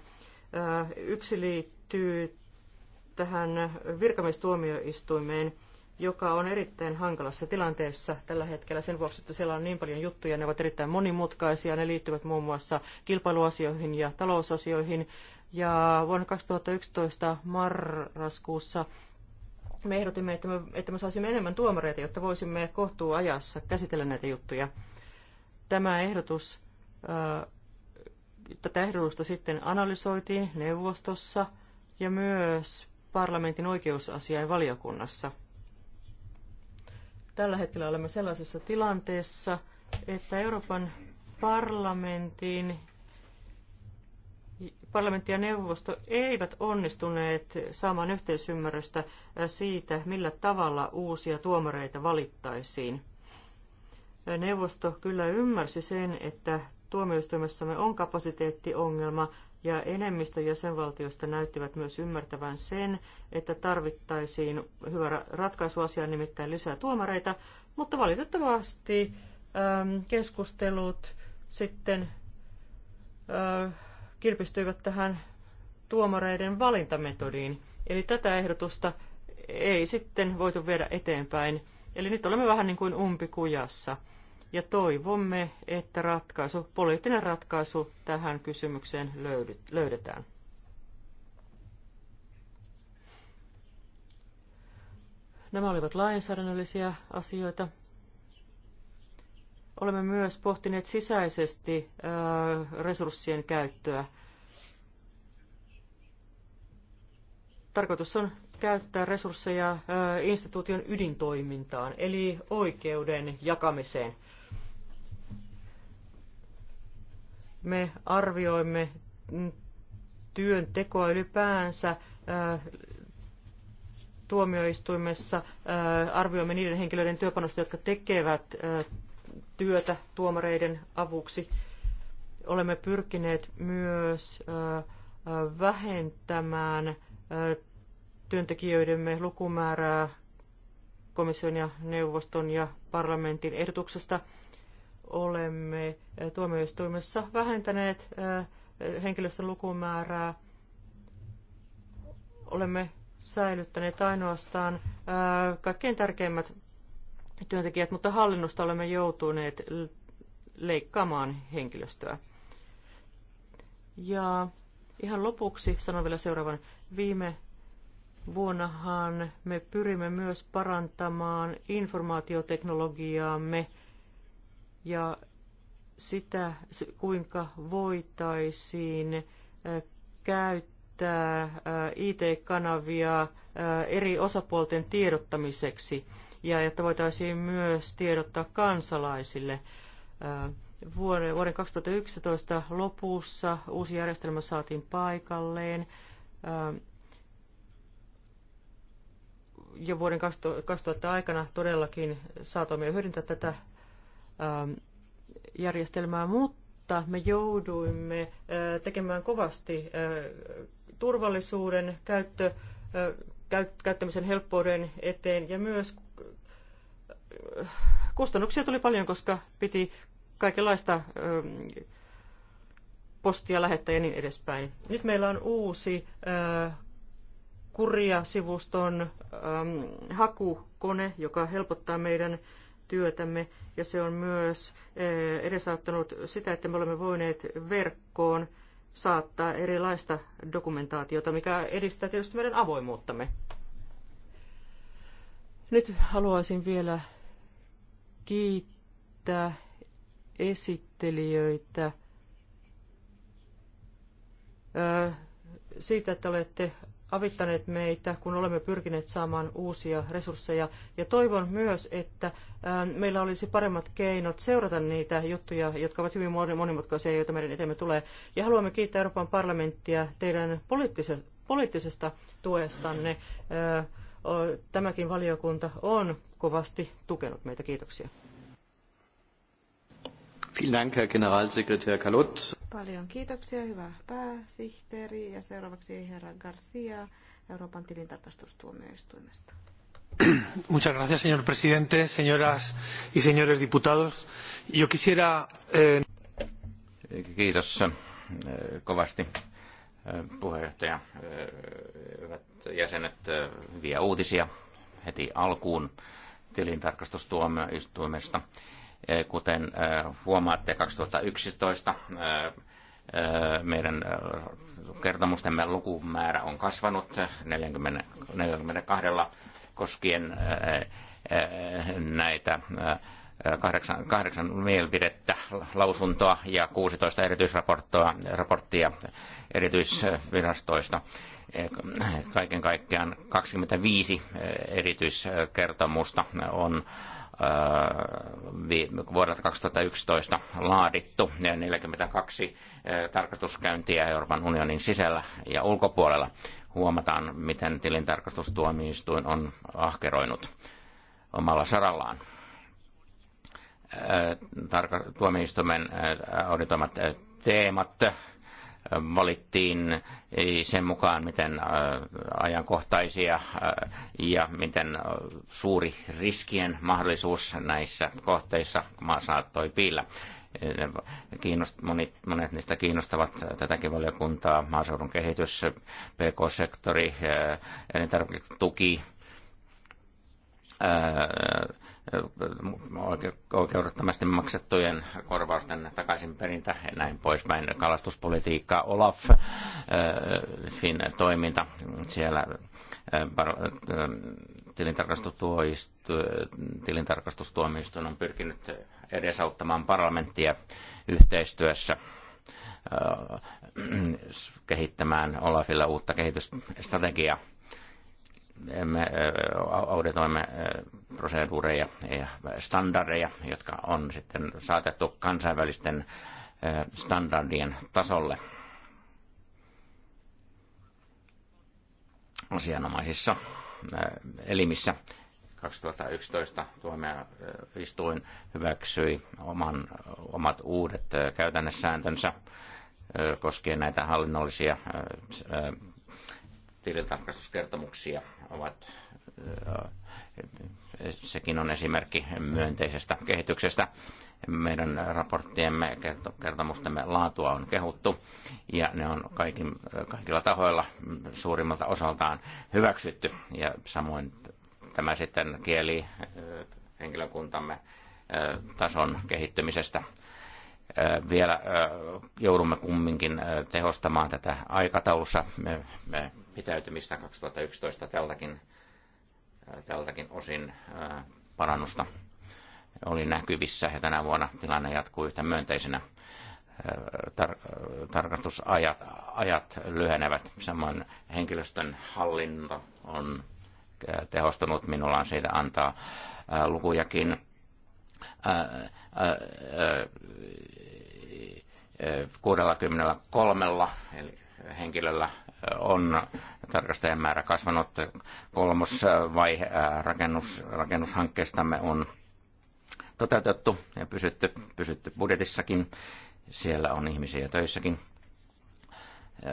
Yksi liittyy tähän virkamiestuomioistuimeen joka on erittäin hankalassa tilanteessa tällä hetkellä sen vuoksi, että siellä on niin paljon juttuja, ne ovat erittäin monimutkaisia, ne liittyvät muun muassa kilpailuasioihin ja talousasioihin. Ja vuonna 2011 marraskuussa me ehdotimme, että me, että me saisimme enemmän tuomareita, jotta voisimme kohtuuajassa käsitellä näitä juttuja. Tämä ehdotus, ää, tätä ehdotusta sitten analysoitiin neuvostossa ja myös parlamentin oikeusasiain valiokunnassa – Tällä hetkellä olemme sellaisessa tilanteessa, että Euroopan parlamentin parlamentti ja neuvosto eivät onnistuneet saamaan yhteisymmärrystä siitä, millä tavalla uusia tuomareita valittaisiin. Neuvosto kyllä ymmärsi sen, että tuomioistuimessamme on kapasiteettiongelma, ja enemmistö jäsenvaltioista näyttivät myös ymmärtävän sen, että tarvittaisiin hyvä ratkaisu asiaan, nimittäin lisää tuomareita, mutta valitettavasti ähm, keskustelut sitten äh, kilpistyivät tähän tuomareiden valintametodiin. Eli tätä ehdotusta ei sitten voitu viedä eteenpäin. Eli nyt olemme vähän niin kuin umpikujassa ja toivomme, että ratkaisu, poliittinen ratkaisu tähän kysymykseen löydetään. Nämä olivat lainsäädännöllisiä asioita. Olemme myös pohtineet sisäisesti resurssien käyttöä. Tarkoitus on käyttää resursseja instituution ydintoimintaan, eli oikeuden jakamiseen – me arvioimme mm, työn tekoa ylipäänsä tuomioistuimessa, arvioimme niiden henkilöiden työpanosta, jotka tekevät työtä tuomareiden avuksi. Olemme pyrkineet myös vähentämään työntekijöidemme lukumäärää komission ja neuvoston ja parlamentin ehdotuksesta – olemme eh, tuomioistuimessa vähentäneet eh, henkilöstön lukumäärää. Olemme säilyttäneet ainoastaan eh, kaikkein tärkeimmät työntekijät, mutta hallinnosta olemme joutuneet leikkaamaan henkilöstöä. Ja ihan lopuksi sanon vielä seuraavan. Viime vuonnahan me pyrimme myös parantamaan informaatioteknologiaamme ja sitä, kuinka voitaisiin äh, käyttää äh, IT-kanavia äh, eri osapuolten tiedottamiseksi ja että voitaisiin myös tiedottaa kansalaisille. Vuoden 2011 lopussa uusi järjestelmä saatiin paikalleen jo vuoden 2000 aikana todellakin saatoimme hyödyntää tätä Ähm, järjestelmää, mutta me jouduimme äh, tekemään kovasti äh, turvallisuuden käyttö, äh, käyttämisen helppouden eteen ja myös kustannuksia tuli paljon, koska piti kaikenlaista postia lähettää ja niin edespäin. Nyt meillä on uusi kurja-sivuston ähm, hakukone, joka helpottaa meidän työtämme ja se on myös eh, edesauttanut sitä, että me olemme voineet verkkoon saattaa erilaista dokumentaatiota, mikä edistää tietysti meidän avoimuuttamme. Nyt haluaisin vielä kiittää esittelijöitä eh, siitä, että olette avittaneet meitä, kun olemme pyrkineet saamaan uusia resursseja. Ja toivon myös, että ähm, meillä olisi paremmat keinot seurata niitä juttuja, jotka ovat hyvin monimutkaisia, joita meidän eteemme tulee. Ja haluamme kiittää Euroopan parlamenttia teidän poliittisesta tuestanne. Äh, tämäkin valiokunta on kovasti tukenut meitä. Kiitoksia. Vielen Dank, Herr Generalsekretär Paljon kiitoksia, hyvä pääsihteeri. Ja seuraavaksi herra Garcia Euroopan tilintarkastustuomioistuimesta. [CLEARS THROAT] Muchas gracias, señor presidente, señoras y señores diputados. Yo quisiera... Eh... Kiitos eh, kovasti eh, puheenjohtaja, eh, hyvät jäsenet, hyviä uutisia heti alkuun tilintarkastustuomioistuimesta. istuimesta Eh, kuten eh, huomaatte, 2011 eh, meidän kertomustemme lukumäärä on kasvanut 42 koskien näitä kahdeksan, kahdeksan mielipidettä, lausuntoa ja 16 erityisraporttia raporttia erityisvirastoista. Kaiken kaikkiaan 25 erityiskertomusta on vuodelta 2011 laadittu ja 42 tarkastuskäyntiä Euroopan unionin sisällä ja ulkopuolella. Huomataan, miten tilintarkastustuomioistuin on ahkeroinut omalla sarallaan. Tuomioistuimen auditoimat teemat valittiin sen mukaan, miten äh, ajankohtaisia äh, ja miten äh, suuri riskien mahdollisuus näissä kohteissa maa saattoi piillä. Kiinnost, monet, monet niistä kiinnostavat tätäkin valiokuntaa, maaseudun kehitys, pk-sektori, tuki, oikeudettomasti maksettujen korvausten takaisinperintä ja näin poispäin. Kalastuspolitiikka Olaf, fin toiminta siellä tilintarkastustuomioistuin on pyrkinyt edesauttamaan parlamenttia yhteistyössä kehittämään Olafilla uutta kehitysstrategiaa me auditoimme proseduureja ja standardeja, jotka on sitten saatettu kansainvälisten standardien tasolle asianomaisissa elimissä. 2011 tuomioistuin hyväksyi oman, omat uudet käytännössääntönsä koskien näitä hallinnollisia tilintarkastuskertomuksia ovat, sekin on esimerkki myönteisestä kehityksestä. Meidän raporttiemme kertomustemme laatua on kehuttu ja ne on kaikin, kaikilla tahoilla suurimmalta osaltaan hyväksytty ja samoin tämä sitten kieli henkilökuntamme tason kehittymisestä vielä joudumme kumminkin tehostamaan tätä aikataulussa pitäytymistä 2011 tältäkin, äh, tältäkin osin äh, parannusta oli näkyvissä ja tänä vuonna tilanne jatkuu yhtä myönteisenä. Äh, tar- tarkastusajat ajat lyhenevät, samoin henkilöstön hallinto on tehostunut, minulla on siitä antaa lukujakin. ä, ää, ää, 63 eli henkilöllä on tarkastajien määrä kasvanut. Kolmos vaihe rakennus, rakennushankkeestamme on toteutettu ja pysytty, pysytty budjetissakin. Siellä on ihmisiä töissäkin.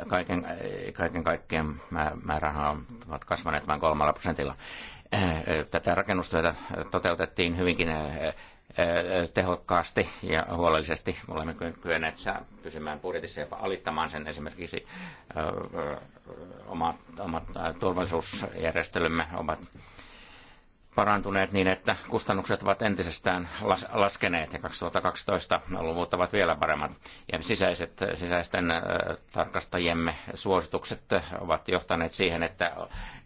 Kaiken, kaiken kaikkiaan määrärahaa ovat kasvaneet vain kolmalla prosentilla. Tätä rakennustyötä toteutettiin hyvinkin tehokkaasti ja huolellisesti. Me olemme kyenneet pysymään budjetissa jopa alittamaan sen esimerkiksi omat, omat turvallisuusjärjestelymme ovat parantuneet niin, että kustannukset ovat entisestään las, laskeneet ja 2012 luvut ovat vielä paremmat. Ja sisäiset, sisäisten äh, tarkastajiemme suositukset ovat johtaneet siihen, että,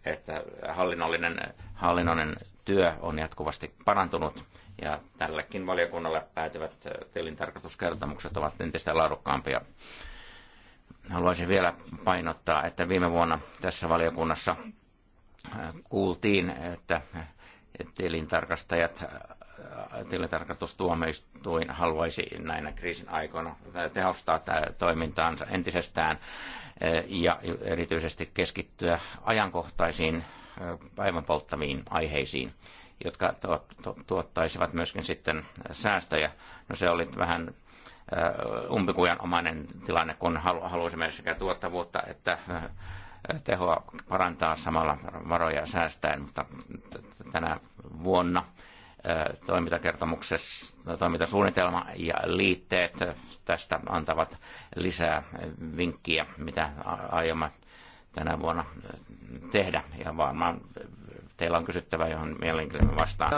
että hallinnollinen, hallinnollinen työ on jatkuvasti parantunut ja tälläkin valiokunnalle päätyvät tilintarkastuskertomukset ovat entistä laadukkaampia. Haluaisin vielä painottaa, että viime vuonna tässä valiokunnassa kuultiin, että tilintarkastajat tilintarkastustuomioistuin haluaisi näinä kriisin aikoina tehostaa toimintaansa entisestään ja erityisesti keskittyä ajankohtaisiin päivän polttaviin aiheisiin, jotka tuottaisivat myöskin sitten säästöjä. No se oli vähän umpikujan omainen tilanne, kun halusimme sekä tuottavuutta että tehoa parantaa samalla varoja säästäen, mutta tänä vuonna toimintakertomuksessa toimintasuunnitelma ja liitteet tästä antavat lisää vinkkiä, mitä aiomme tänä vuonna äh, tehdä. Ja varmaan teillä on kysyttävä, johon mielenkiinnolla vastaan.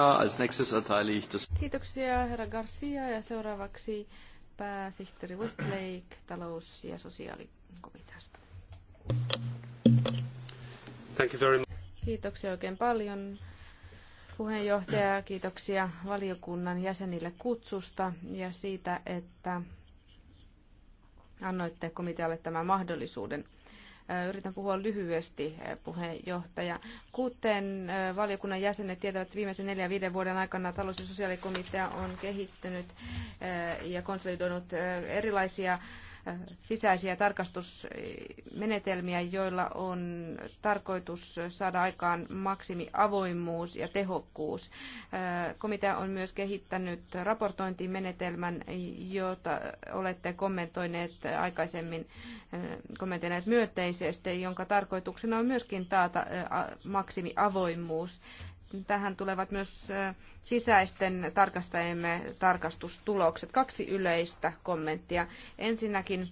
Kiitoksia herra Garcia ja seuraavaksi pääsihteeri Westlake talous- ja sosiaalikomiteasta. Thank you very much. Kiitoksia oikein paljon puheenjohtaja, kiitoksia valiokunnan jäsenille kutsusta ja siitä, että annoitte komitealle tämän mahdollisuuden. Äh, yritän puhua lyhyesti, äh, puheenjohtaja. Kuten äh, valiokunnan jäsenet tietävät, viimeisen neljän viiden vuoden aikana talous- ja sosiaalikomitea on kehittynyt ja konsolidoinut erilaisia sisäisiä tarkastusmenetelmiä, joilla on tarkoitus saada aikaan maksimiavoimuus ja tehokkuus. Komitea on myös kehittänyt raportointimenetelmän, jota olette kommentoineet aikaisemmin kommentoineet myönteisesti, jonka tarkoituksena on myöskin taata maksimiavoimuus tähän tulevat myös sisäisten tarkastajiemme tarkastustulokset. Kaksi yleistä kommenttia. Ensinnäkin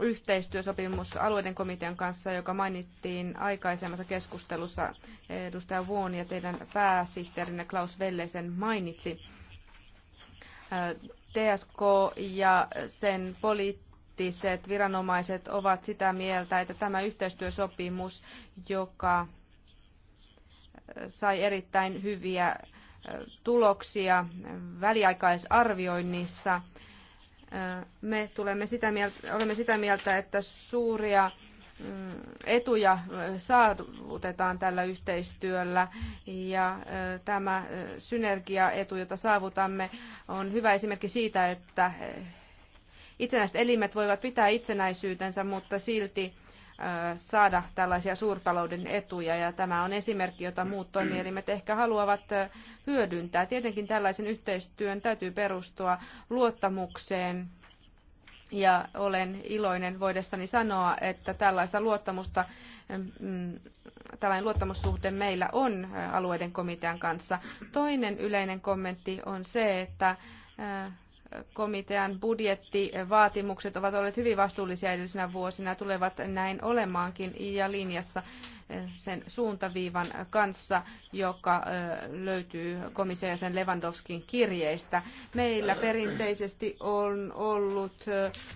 yhteistyösopimus alueiden komitean kanssa, joka mainittiin aikaisemmassa keskustelussa edustaja Vuon ja teidän pääsihteerinne Klaus Vellesen mainitsi. TSK ja sen poliittiset viranomaiset ovat sitä mieltä, että tämä yhteistyösopimus, joka sai erittäin hyviä tuloksia väliaikaisarvioinnissa. Me tulemme sitä mieltä, olemme sitä mieltä, että suuria mm, etuja saavutetaan tällä yhteistyöllä ja tämä synergiaetu, jota saavutamme, on hyvä esimerkki siitä, että itsenäiset elimet voivat pitää itsenäisyytensä, mutta silti saada tällaisia suurtalouden etuja, ja tämä on esimerkki, jota muut toimielimet ehkä haluavat hyödyntää. Tietenkin tällaisen yhteistyön täytyy perustua luottamukseen, ja olen iloinen voidessani sanoa, että tällaista luottamusta, tällainen luottamussuhde meillä on alueiden komitean kanssa. Toinen yleinen kommentti on se, että komitean budjettivaatimukset ovat olleet hyvin vastuullisia edellisinä vuosina, tulevat näin olemaankin ja linjassa sen suuntaviivan kanssa, joka löytyy komission jäsen Lewandowskin kirjeistä. Meillä perinteisesti on ollut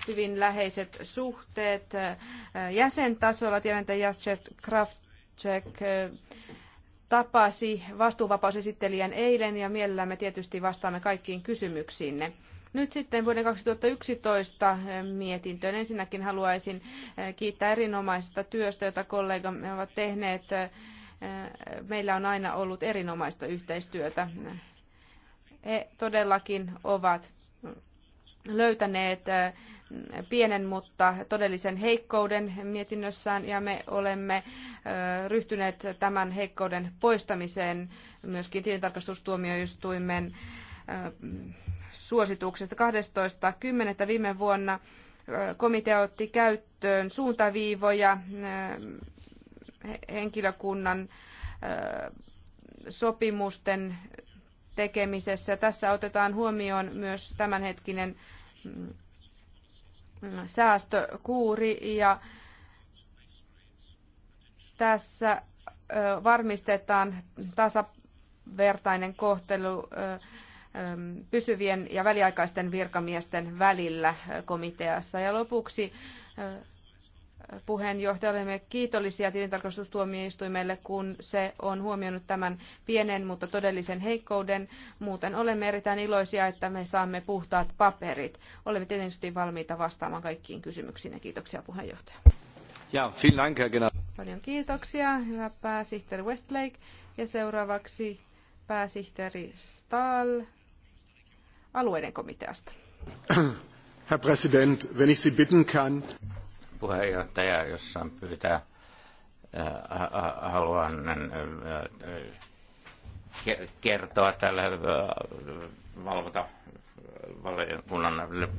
hyvin läheiset suhteet jäsentasolla. Tiedän, että Jacek Kraftcek tapasi vastuuvapausesittelijän eilen ja mielellämme tietysti vastaamme kaikkiin kysymyksiinne. Nyt sitten vuoden 2011 eh, mietintöön. Ensinnäkin haluaisin eh, kiittää erinomaisesta työstä, jota kollegamme ovat tehneet. Eh, meillä on aina ollut erinomaista yhteistyötä. He todellakin ovat löytäneet pienen, mutta todellisen heikkouden mietinnössään ja me olemme ryhtyneet tämän heikkouden poistamiseen myöskin tilintarkastustuomioistuimen suosituksesta. 12.10. viime vuonna komitea otti käyttöön suuntaviivoja henkilökunnan sopimusten tekemisessä. Tässä otetaan huomioon myös tämänhetkinen mm, säästökuuri ja tässä varmistetaan tasavertainen kohtelu pysyvien ja väliaikaisten virkamiesten välillä komiteassa. Ja lopuksi puheenjohtaja, olemme kiitollisia tilintarkastustuomioistuimelle, kun se on huomioinut tämän pienen, mutta todellisen heikkouden. Muuten olemme erittäin iloisia, että me saamme puhtaat paperit. Olemme tietysti valmiita vastaamaan kaikkiin kysymyksiin ja kiitoksia puheenjohtaja. Ja, dank, Paljon kiitoksia, hyvä pääsihteeri Westlake. Ja seuraavaksi pääsihteeri Stahl alueiden komiteasta. Herr Präsident, wenn ich Sie bitten kann. Puheenjohtaja, jos saan pyytää, äh, haluan äh, äh, kertoa tälle valvota valiokunnan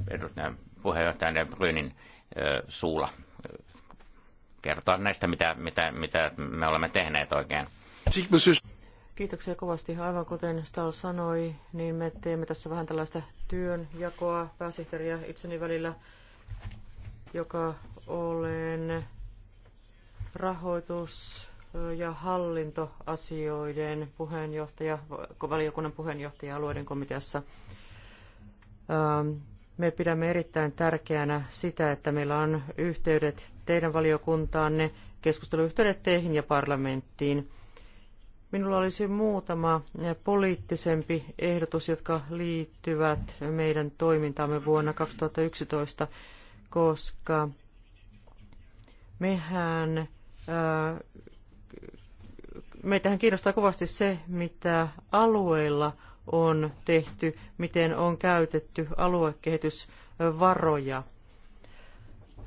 edustajan puheenjohtajan Brynin suulla kertoa näistä, mitä, mitä, mitä me olemme tehneet oikein. Siis, Kiitoksia kovasti. Aivan kuten Stahl sanoi, niin me teemme tässä vähän tällaista työnjakoa pääsihteeriä itseni välillä, joka olen rahoitus- ja hallintoasioiden puheenjohtaja, valiokunnan puheenjohtaja alueiden komiteassa. Ähm, me pidämme erittäin tärkeänä sitä, että meillä on yhteydet teidän valiokuntaanne, keskusteluyhteydet teihin ja parlamenttiin – Minulla olisi muutama poliittisempi ehdotus, jotka liittyvät meidän toimintaamme vuonna 2011, koska mehän, ää, äh, meitähän kiinnostaa kovasti se, mitä alueilla on tehty, miten on käytetty aluekehitysvaroja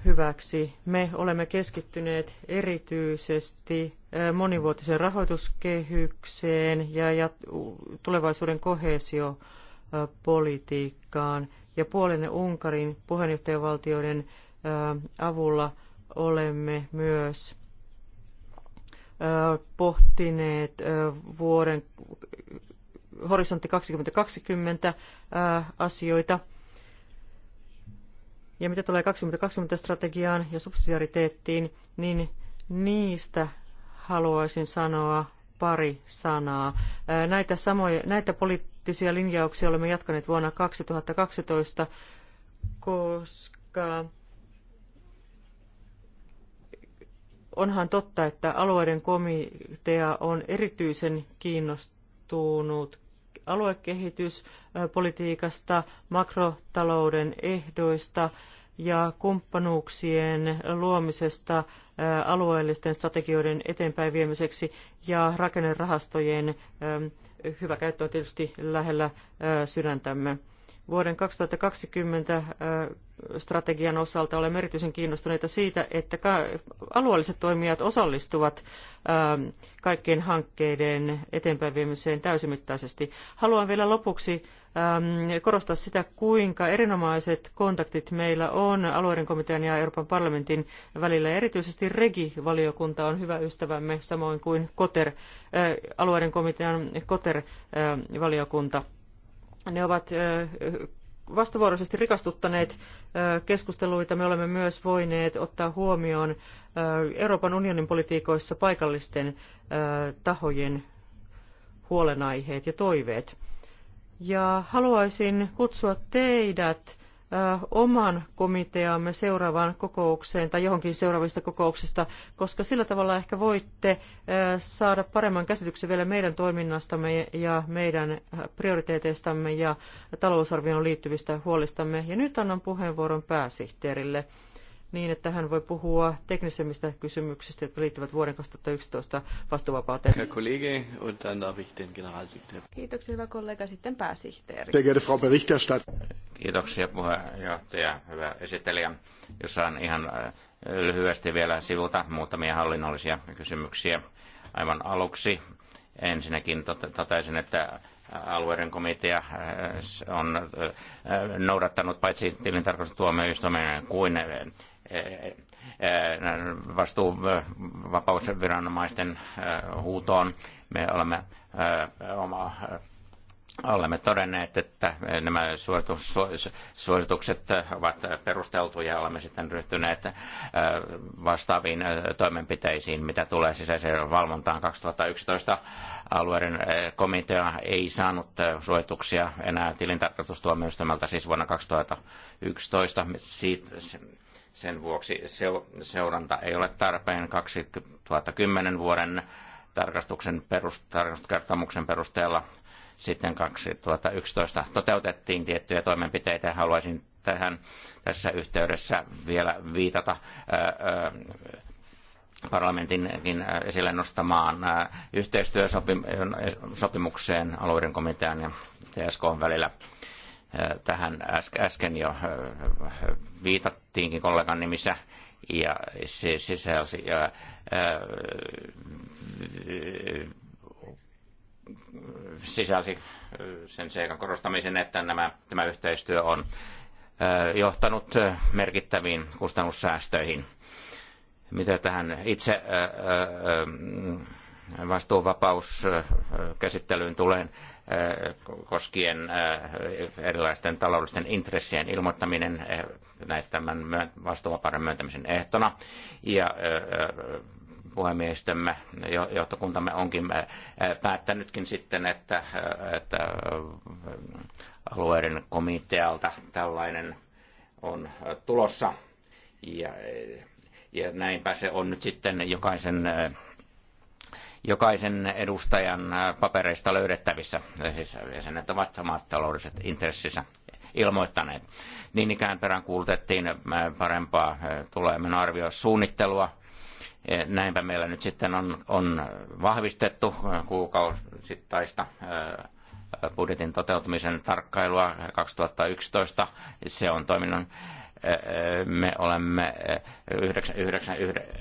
hyväksi. Me olemme keskittyneet erityisesti monivuotiseen rahoituskehykseen ja tulevaisuuden koheesiopolitiikkaan Ja Puolen ja Unkarin puheenjohtajavaltioiden avulla olemme myös pohtineet vuoden horisontti 2020 asioita – ja mitä tulee 2020-strategiaan ja subsidiariteettiin, niin niistä haluaisin sanoa pari sanaa. Näitä, samoja, näitä poliittisia linjauksia olemme jatkaneet vuonna 2012, koska onhan totta, että alueiden komitea on erityisen kiinnostunut aluekehityspolitiikasta, makrotalouden ehdoista ja kumppanuuksien luomisesta alueellisten strategioiden eteenpäin viemiseksi ja rakennerahastojen hyvä käyttö on tietysti lähellä sydäntämme vuoden 2020 strategian osalta olemme erityisen kiinnostuneita siitä, että alueelliset toimijat osallistuvat kaikkien hankkeiden eteenpäin viemiseen täysimittaisesti. Haluan vielä lopuksi korostaa sitä, kuinka erinomaiset kontaktit meillä on alueiden komitean ja Euroopan parlamentin välillä. Erityisesti Regi-valiokunta on hyvä ystävämme, samoin kuin Koter, alueiden komitean Koter-valiokunta. Ne ovat vastavuoroisesti rikastuttaneet keskusteluita. Me olemme myös voineet ottaa huomioon Euroopan unionin politiikoissa paikallisten tahojen huolenaiheet ja toiveet. Ja haluaisin kutsua teidät oman komiteamme seuraavaan kokoukseen tai johonkin seuraavista kokouksista, koska sillä tavalla ehkä voitte saada paremman käsityksen vielä meidän toiminnastamme ja meidän prioriteeteistamme ja talousarvioon liittyvistä huolistamme. Ja nyt annan puheenvuoron pääsihteerille niin, että hän voi puhua teknisemmistä kysymyksistä, jotka liittyvät vuoden 2011 vastuuvapauteen. Herr Kollege, und dann darf ich den Generalsekretär. Kiitoksia, hyvä kollega. Sitten pääsihteeri. Sehr Frau Berichterstatter. Kiitoksia puheenjohtaja, hyvä esittelijä. Jos saan ihan äh, lyhyesti vielä sivulta muutamia hallinnollisia kysymyksiä aivan aluksi. Ensinnäkin totesin, että alueiden komitea äh, on äh, noudattanut paitsi tilintarkastustuomioistuimen kuin Vastuu vapausviranomaisten äh, huutoon. Me olemme, äh, oma, äh, olemme todenneet, että nämä suositukset ovat perusteltuja ja olemme sitten ryhtyneet vastaaviin toimenpiteisiin, mitä tulee sisäiseen valvontaan. 2011 alueiden komitea ei saanut suosituksia enää tilintarkastustuomioistuimelta siis vuonna 2011. Siitä, sen vuoksi seuranta ei ole tarpeen 2010 vuoden tarkastuksen perustarkastuskertomuksen perusteella sitten 2011 toteutettiin tiettyjä toimenpiteitä. Haluaisin tähän tässä yhteydessä vielä viitata parlamentinkin esille nostamaan yhteistyösopimukseen alueiden komitean ja TSK välillä Tähän äsken jo äh, viitattiinkin kollegan nimissä ja se äh, sisälsi ja, ää, sisälsi sen seikan korostamisen, että nämä, tämä yhteistyö on ää, äh, johtanut merkittäviin kustannussäästöihin. Mitä tähän itse ää, ää, vastuuvapauskäsittelyyn tulee, Äh, koskien äh, erilaisten taloudellisten intressien ilmoittaminen äh, tämän vastuuvapauden myöntämisen ehtona. Ja puhemiehistömme, johtokuntamme onkin päättänytkin sitten, että, että alueiden komitealta tällainen on tulossa. Ja, ja näinpä se on nyt sitten jokaisen jokaisen edustajan äh, papereista löydettävissä. Siis jäsenet ovat samat taloudelliset intressinsä ilmoittaneet. Niin ikään peräänkuulutettiin äh, parempaa äh, tulemenoarvio suunnittelua. Näinpä meillä nyt sitten on, on vahvistettu kuukausittaista budjetin toteutumisen tarkkailua 2011. Se on toiminnan me olemme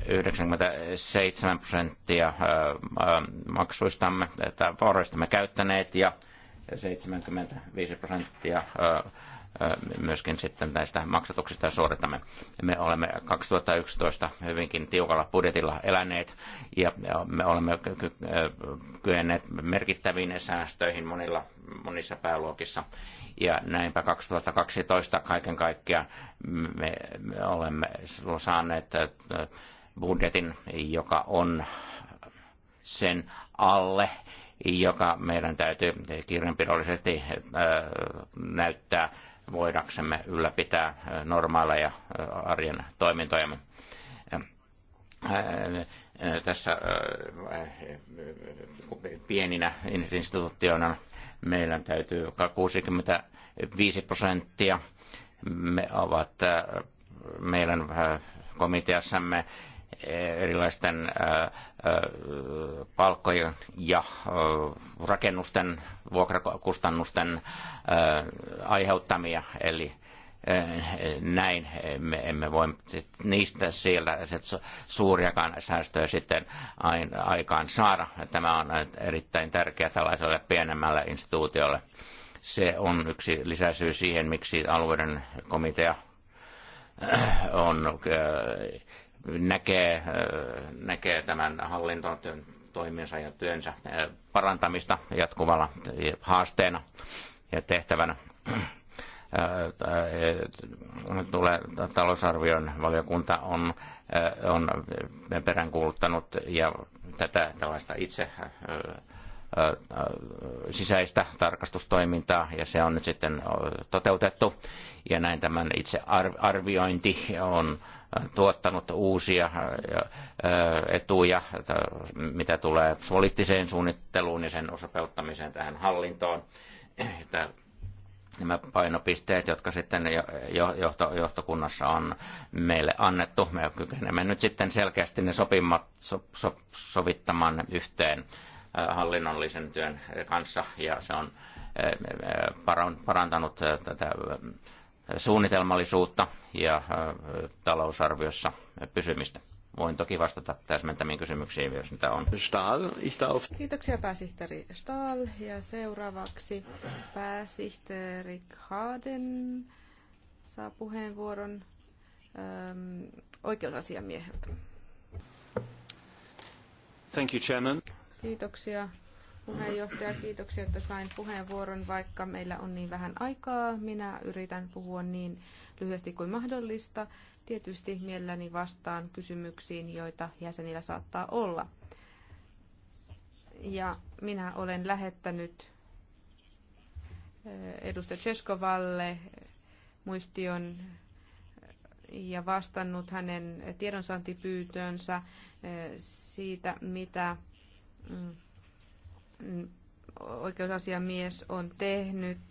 97 eh, prosenttia eh, eh, maksuistamme tai varoistamme käyttäneet ja 75 prosenttia myöskin sitten näistä maksatuksista suoritamme. Me olemme 2011 hyvinkin tiukalla budjetilla eläneet ja me olemme kyenneet merkittäviin säästöihin monilla, monissa pääluokissa. Ja näinpä 2012 kaiken kaikkiaan me, me olemme saaneet budjetin, joka on sen alle joka meidän täytyy kirjanpidollisesti näyttää voidaksemme ylläpitää normaaleja arjen toimintoja. Tässä pieninä instituutioina meillä täytyy 65 prosenttia me ovat meidän komiteassamme erilaisten palkkojen ja rakennusten, vuokrakustannusten aiheuttamia, eli näin me emme voi niistä siellä suuriakaan säästöjä sitten aikaan saada. Tämä on erittäin tärkeä tällaiselle pienemmälle instituutiolle. Se on yksi lisäsyy siihen, miksi alueiden komitea on näkee, äh, näkee tämän hallintotyön toimiensa ja työnsä äh, parantamista jatkuvalla haasteena ja tehtävänä äh, tulee talousarvion valiokunta on, on peräänkuuluttanut ja tätä tällaista itse sisäistä tarkastustoimintaa ja se on nyt sitten toteutettu ja näin tämän itse arviointi on tuottanut uusia äh, äh, etuja, mitä tulee poliittiseen suunnitteluun ja sen sopeuttamiseen tähän hallintoon. Että nämä painopisteet, jotka sitten johto, johtokunnassa on meille annettu, me kykenemme nyt sitten selkeästi ne sopimat, so, so, sovittamaan yhteen äh, hallinnollisen työn kanssa ja se on parantanut tätä suunnitelmallisuutta ja äh, talousarviossa pysymistä. Voin toki vastata täsmentämiin kysymyksiin, jos niitä on. Stahl, ich darf. Kiitoksia pääsihteeri Stahl ja seuraavaksi pääsihteeri Haden saa puheenvuoron ähm, oikeusasiamieheltä. Thank you, Chairman. Kiitoksia puheenjohtaja. Kiitoksia, että sain puheenvuoron, vaikka meillä on niin vähän aikaa. Minä yritän puhua niin lyhyesti kuin mahdollista. Tietysti mielelläni vastaan kysymyksiin, joita jäsenillä saattaa olla. Ja minä olen lähettänyt eh, edustaja Cheskovalle muistion eh, ja vastannut hänen tiedonsaantipyytöönsä eh, siitä, mitä mm, oikeusasiamies on tehnyt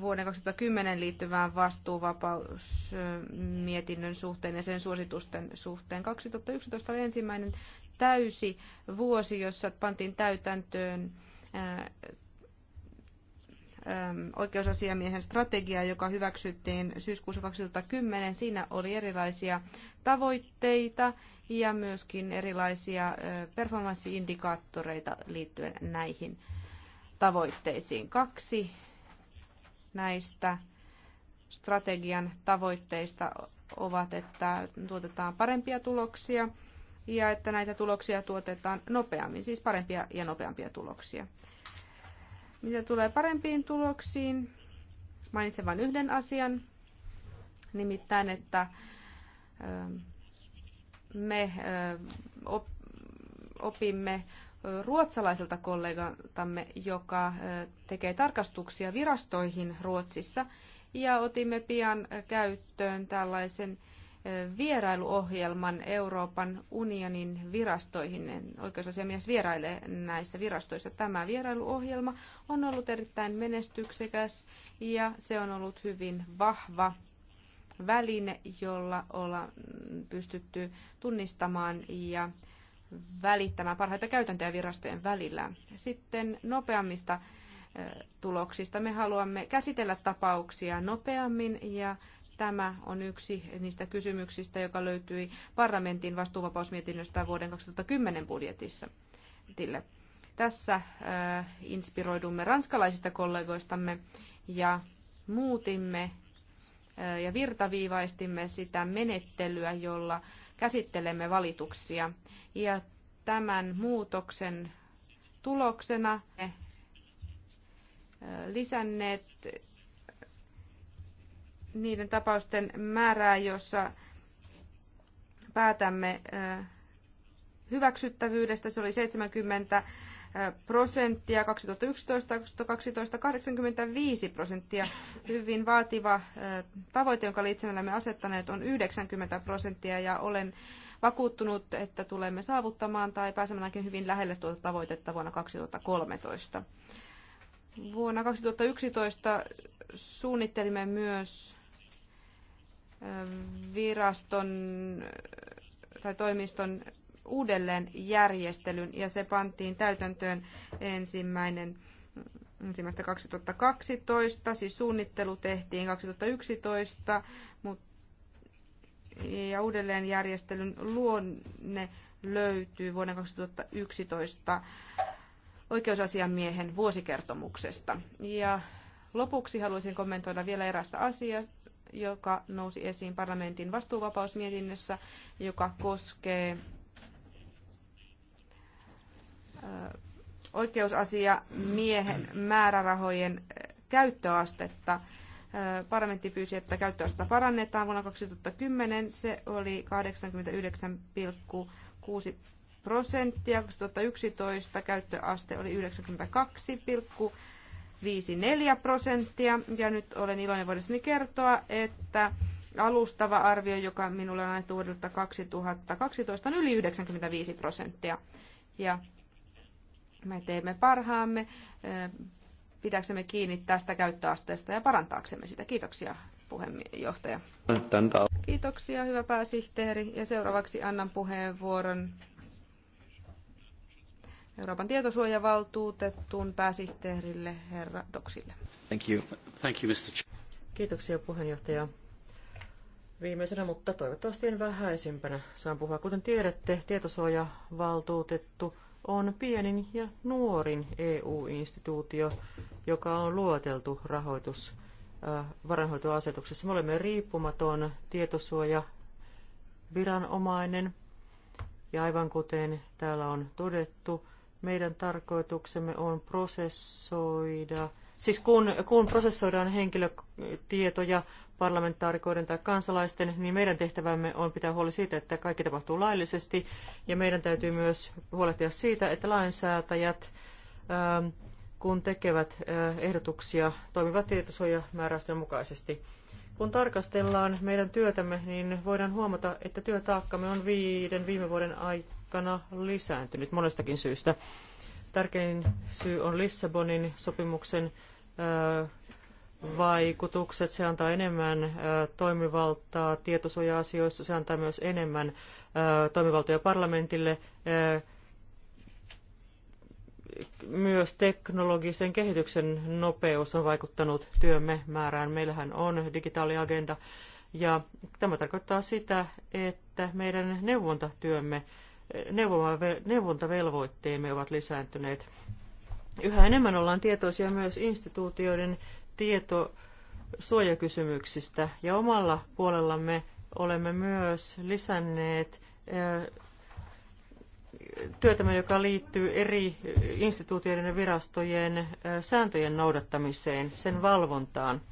vuoden 2010 liittyvään vastuuvapausmietinnön suhteen ja sen suositusten suhteen. 2011 oli ensimmäinen täysi vuosi, jossa pantiin täytäntöön oikeusasiamiehen strategia, joka hyväksyttiin syyskuussa 2010. Siinä oli erilaisia tavoitteita ja myöskin erilaisia performanssiindikaattoreita liittyen näihin tavoitteisiin. Kaksi näistä strategian tavoitteista ovat, että tuotetaan parempia tuloksia ja että näitä tuloksia tuotetaan nopeammin, siis parempia ja nopeampia tuloksia. Mitä tulee parempiin tuloksiin, mainitsen vain yhden asian, nimittäin, että me opimme ruotsalaiselta kollegaltamme, joka tekee tarkastuksia virastoihin Ruotsissa, ja otimme pian käyttöön tällaisen vierailuohjelman Euroopan unionin virastoihin. Oikeusasiamies vierailee näissä virastoissa. Tämä vierailuohjelma on ollut erittäin menestyksekäs ja se on ollut hyvin vahva väline, jolla ollaan pystytty tunnistamaan ja välittämään parhaita käytäntöjä virastojen välillä. Sitten nopeammista tuloksista. Me haluamme käsitellä tapauksia nopeammin ja tämä on yksi niistä kysymyksistä, joka löytyi parlamentin vastuuvapausmietinnöstä vuoden 2010 budjetissa. Tille. Tässä inspiroidumme ranskalaisista kollegoistamme ja muutimme ja virtaviivaistimme sitä menettelyä, jolla käsittelemme valituksia. Ja tämän muutoksen tuloksena me lisänneet niiden tapausten määrää, jossa päätämme hyväksyttävyydestä. Se oli 70 prosenttia, 2011, 2012 85 prosenttia. Hyvin vaativa tavoite, jonka liitsemällämme asettaneet, on 90 prosenttia ja olen vakuuttunut, että tulemme saavuttamaan tai pääsemäänkin hyvin lähelle tuota tavoitetta vuonna 2013. Vuonna 2011 suunnittelimme myös viraston tai toimiston uudelleen järjestelyn ja se pantiin täytäntöön ensimmäinen ensimmäistä 2012, siis suunnittelu tehtiin 2011, mutta ja uudelleenjärjestelyn luonne löytyy vuoden 2011 oikeusasiamiehen vuosikertomuksesta. Ja lopuksi haluaisin kommentoida vielä erästä asiaa, joka nousi esiin parlamentin vastuuvapausmietinnössä, joka koskee oikeusasia miehen määrärahojen käyttöastetta. Parlamentti pyysi, että käyttöastetta parannetaan vuonna 2010. Se oli 89,6 prosenttia. 2011 käyttöaste oli 92,54 prosenttia. Ja nyt olen iloinen voidessani kertoa, että alustava arvio, joka minulle on annettu vuodelta 2012, on yli 95 prosenttia. Ja me teemme parhaamme Pitäksemme kiinni tästä käyttöasteesta ja parantaaksemme sitä. Kiitoksia puheenjohtaja. Kiitoksia hyvä pääsihteeri ja seuraavaksi annan puheenvuoron Euroopan tietosuojavaltuutettuun pääsihteerille herra Doksille. Thank you. Thank you, Mr. Kiitoksia puheenjohtaja. Viimeisenä, mutta toivottavasti en vähäisimpänä, saan puhua. Kuten tiedätte, tietosuojavaltuutettu valtuutettu on pienin ja nuorin EU-instituutio, joka on luoteltu rahoitus varainhoitoasetuksessa. Me olemme riippumaton tietosuoja viranomainen ja aivan kuten täällä on todettu, meidän tarkoituksemme on prosessoida Siis kun, kun prosessoidaan henkilötietoja parlamentaarikoiden tai kansalaisten, niin meidän tehtävämme on pitää huoli siitä, että kaikki tapahtuu laillisesti. Ja meidän täytyy myös huolehtia siitä, että lainsäätäjät, ähm, kun tekevät äh, ehdotuksia, toimivat tietosuojamääräysten mukaisesti. Kun tarkastellaan meidän työtämme, niin voidaan huomata, että työtaakkamme on viiden viime vuoden aikana lisääntynyt monestakin syystä. Tärkein syy on Lissabonin sopimuksen vaikutukset. Se antaa enemmän toimivaltaa tietosuoja-asioissa, se antaa myös enemmän toimivaltoja parlamentille myös teknologisen kehityksen nopeus on vaikuttanut työmme määrään. Meillähän on digitaaliagenda ja tämä tarkoittaa sitä, että meidän neuvontatyömme neuvontavelvoitteemme ovat lisääntyneet. Yhä enemmän ollaan tietoisia myös instituutioiden tietosuojakysymyksistä ja omalla puolellamme olemme myös lisänneet eh, työtämme, joka liittyy eri instituutioiden ja virastojen eh, sääntöjen noudattamiseen, sen valvontaan –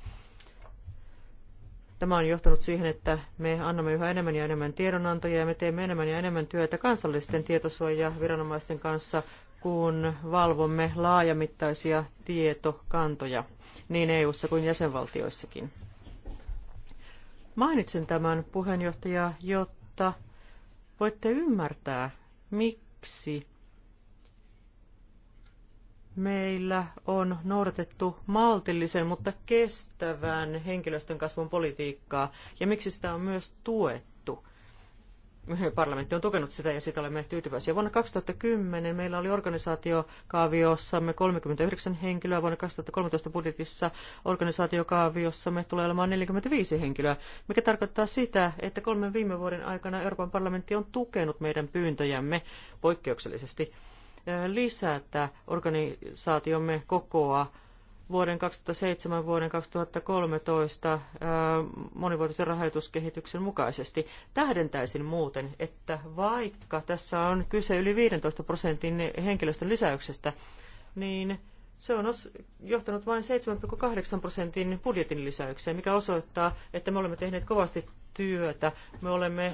Tämä on johtanut siihen, että me annamme yhä enemmän ja enemmän tiedonantoja ja me teemme enemmän ja enemmän työtä kansallisten tietosuojaviranomaisten kanssa, kun valvomme laajamittaisia tietokantoja niin EU-ssa kuin jäsenvaltioissakin. Mainitsen tämän puheenjohtaja, jotta voitte ymmärtää, miksi Meillä on noudatettu maltillisen, mutta kestävän henkilöstön kasvun politiikkaa, ja miksi sitä on myös tuettu. Parlamentti on tukenut sitä ja siitä olemme tyytyväisiä. Vuonna 2010 meillä oli organisaatiokaaviossamme 39 henkilöä, vuonna 2013 budjetissa organisaatiokaaviossamme tulee olemaan 45 henkilöä, mikä tarkoittaa sitä, että kolmen viime vuoden aikana Euroopan parlamentti on tukenut meidän pyyntöjämme poikkeuksellisesti lisätä organisaatiomme kokoa vuoden 2007 vuoden 2013 monivuotisen rahoituskehityksen mukaisesti. Tähdentäisin muuten, että vaikka tässä on kyse yli 15 prosentin henkilöstön lisäyksestä, niin se on johtanut vain 7,8 prosentin budjetin lisäykseen, mikä osoittaa, että me olemme tehneet kovasti työtä. Me olemme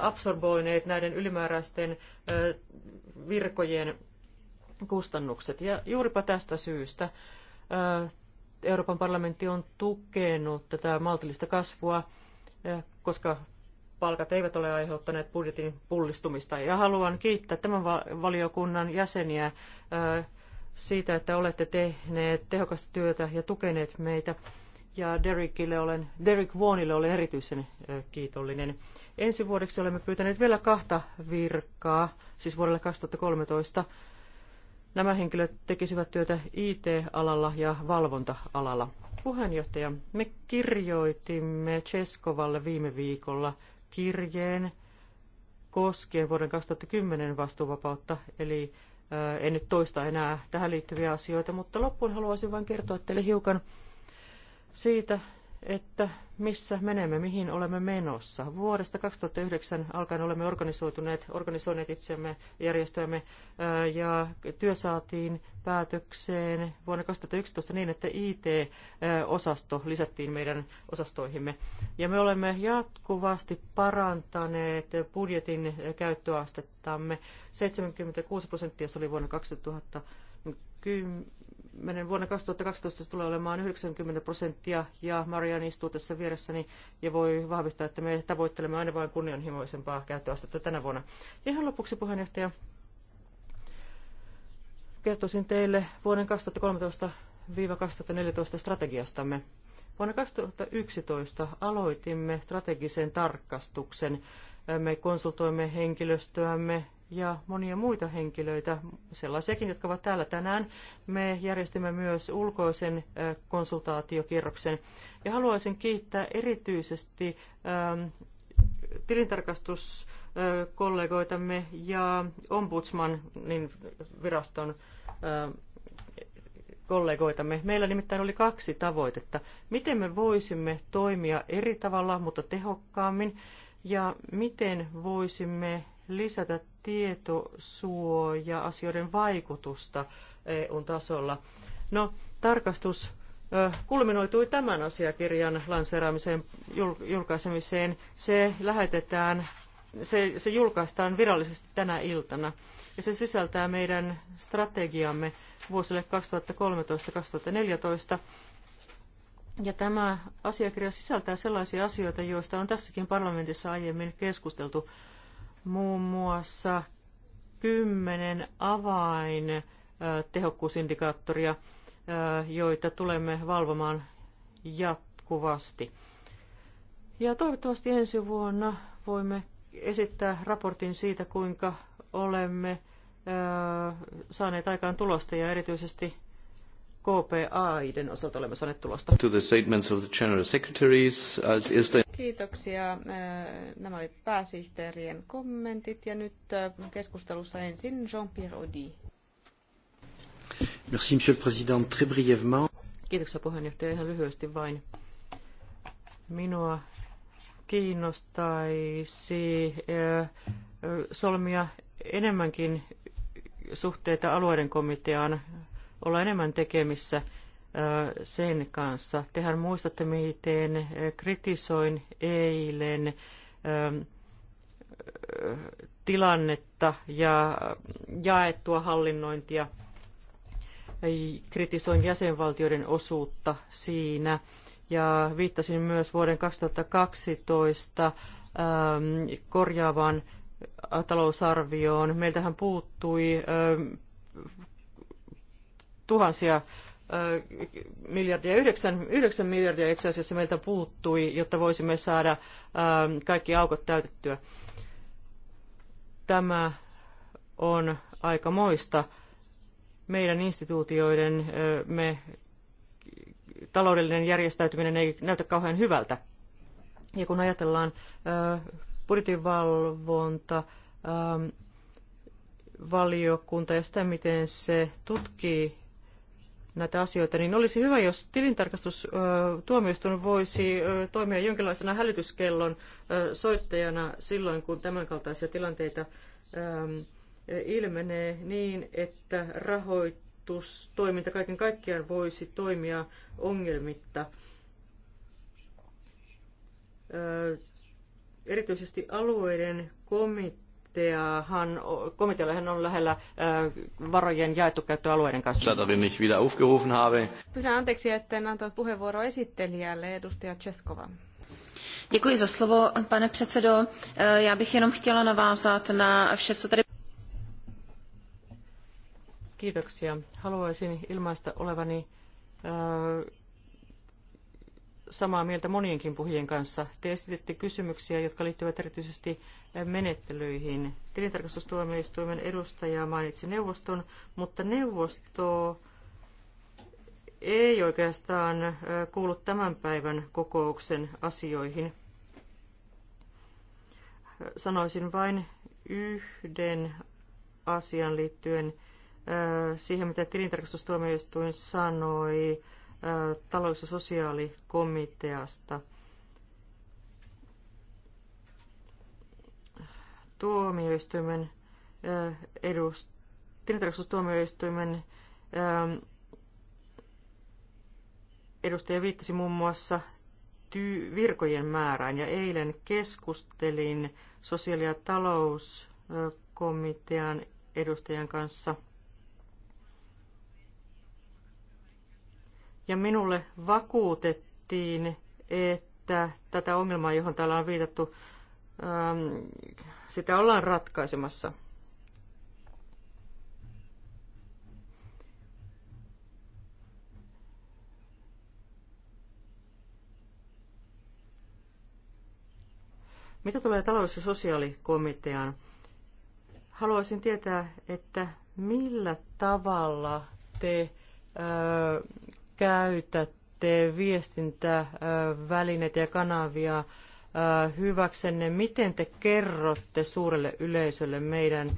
absorboineet näiden ylimääräisten virkojen kustannukset. Ja juuripa tästä syystä Euroopan parlamentti on tukenut tätä maltillista kasvua, koska palkat eivät ole aiheuttaneet budjetin pullistumista. Ja haluan kiittää tämän valiokunnan jäseniä siitä, että olette tehneet tehokasta työtä ja tukeneet meitä. Ja Derekille olen, Derek Vaughanille olen erityisen kiitollinen. Ensi vuodeksi olemme pyytäneet vielä kahta virkaa, siis vuodelle 2013. Nämä henkilöt tekisivät työtä IT-alalla ja valvonta-alalla. Puheenjohtaja, me kirjoitimme Cheskovalle viime viikolla kirjeen koskien vuoden 2010 vastuuvapautta, eli en nyt toista enää tähän liittyviä asioita, mutta loppuun haluaisin vain kertoa teille hiukan siitä, että missä menemme, mihin olemme menossa. Vuodesta 2009 alkaen olemme organisoituneet, organisoineet itsemme, järjestöämme ja työ saatiin päätökseen vuonna 2011 niin, että IT-osasto lisättiin meidän osastoihimme. Ja me olemme jatkuvasti parantaneet budjetin käyttöastettamme. 76 prosenttia se oli vuonna 2010 menen vuonna 2012 se tulee olemaan 90 prosenttia ja Marian istuu tässä vieressäni ja voi vahvistaa, että me tavoittelemme aina vain kunnianhimoisempaa käyttöastetta tänä vuonna. Ja ihan lopuksi puheenjohtaja, kertoisin teille vuoden 2013-2014 strategiastamme. Vuonna 2011 aloitimme strategisen tarkastuksen. Me konsultoimme henkilöstöämme, ja monia muita henkilöitä, sellaisiakin, jotka ovat täällä tänään. Me järjestimme myös ulkoisen konsultaatiokierroksen. Ja haluaisin kiittää erityisesti ähm, tilintarkastuskollegoitamme ja ombudsmanin viraston ähm, kollegoitamme. Meillä nimittäin oli kaksi tavoitetta. Miten me voisimme toimia eri tavalla, mutta tehokkaammin, ja miten voisimme lisätä tietosuoja-asioiden vaikutusta EU-tasolla. No, tarkastus kulminoitui tämän asiakirjan lanseeraamiseen julkaisemiseen. Se lähetetään, se, se julkaistaan virallisesti tänä iltana ja se sisältää meidän strategiamme vuosille 2013-2014. Ja tämä asiakirja sisältää sellaisia asioita, joista on tässäkin parlamentissa aiemmin keskusteltu muun muassa kymmenen avain tehokkuusindikaattoria, joita tulemme valvomaan jatkuvasti. Ja toivottavasti ensi vuonna voimme esittää raportin siitä, kuinka olemme saaneet aikaan tulosta ja erityisesti KPA-iden osalta olemme saaneet tulosta. To the statements of the general secretaries, as is the... Kiitoksia. Äh, nämä olivat pääsihteerien kommentit ja nyt äh, keskustelussa ensin Jean-Pierre Audi. Merci, monsieur le président. Très brièvement. Kiitoksia puheenjohtaja ihan lyhyesti vain. Minua kiinnostaisi äh, solmia enemmänkin suhteita alueiden komiteaan olla enemmän tekemissä sen kanssa. Tehän muistatte, miten kritisoin eilen tilannetta ja jaettua hallinnointia. Kritisoin jäsenvaltioiden osuutta siinä ja viittasin myös vuoden 2012 korjaavaan talousarvioon. Meiltähän puuttui tuhansia miljardia, yhdeksän, yhdeksän miljardia itse asiassa meiltä puuttui, jotta voisimme saada kaikki aukot täytettyä. Tämä on aika moista. Meidän instituutioiden me, taloudellinen järjestäytyminen ei näytä kauhean hyvältä. Ja kun ajatellaan budjetinvalvonta, valiokunta ja sitä, miten se tutkii näitä asioita, niin olisi hyvä, jos tilintarkastustuomioistuin voisi toimia jonkinlaisena hälytyskellon soittajana silloin, kun tämänkaltaisia tilanteita ilmenee niin, että rahoitustoiminta kaiken kaikkiaan voisi toimia ongelmitta. Erityisesti alueiden komit komiteahan, komiteallahan on lähellä varojen jaettu käyttöalueiden kanssa. Pyydän anteeksi, en antanut puheenvuoroa esittelijälle, edustaja Českova. Děkuji za slovo, pane předsedo. E, já bych jenom chtěla navázat na vše, co tady... Kiitoksia. Haluaisin ilmaista olevani samaa mieltä monienkin puhujien kanssa. Te esititte kysymyksiä, jotka liittyvät erityisesti menettelyihin. Tilintarkastustuomioistuimen edustaja mainitsi neuvoston, mutta neuvosto ei oikeastaan kuulu tämän päivän kokouksen asioihin. Sanoisin vain yhden asian liittyen siihen, mitä tilintarkastustuomioistuin sanoi talous- ja sosiaalikomiteasta – tuomioistuimen edust, tilintarkastustuomioistuimen edustaja viittasi muun muassa ty- virkojen määrään. Ja eilen keskustelin sosiaali- ja talouskomitean edustajan kanssa. Ja minulle vakuutettiin, että tätä ongelmaa, johon täällä on viitattu, Ähm, sitä ollaan ratkaisemassa. Mitä tulee talous- ja sosiaalikomiteaan? Haluaisin tietää, että millä tavalla te ö, käytätte viestintävälineitä ja kanavia – Äh, hyväksenne, miten te kerrotte suurelle yleisölle meidän,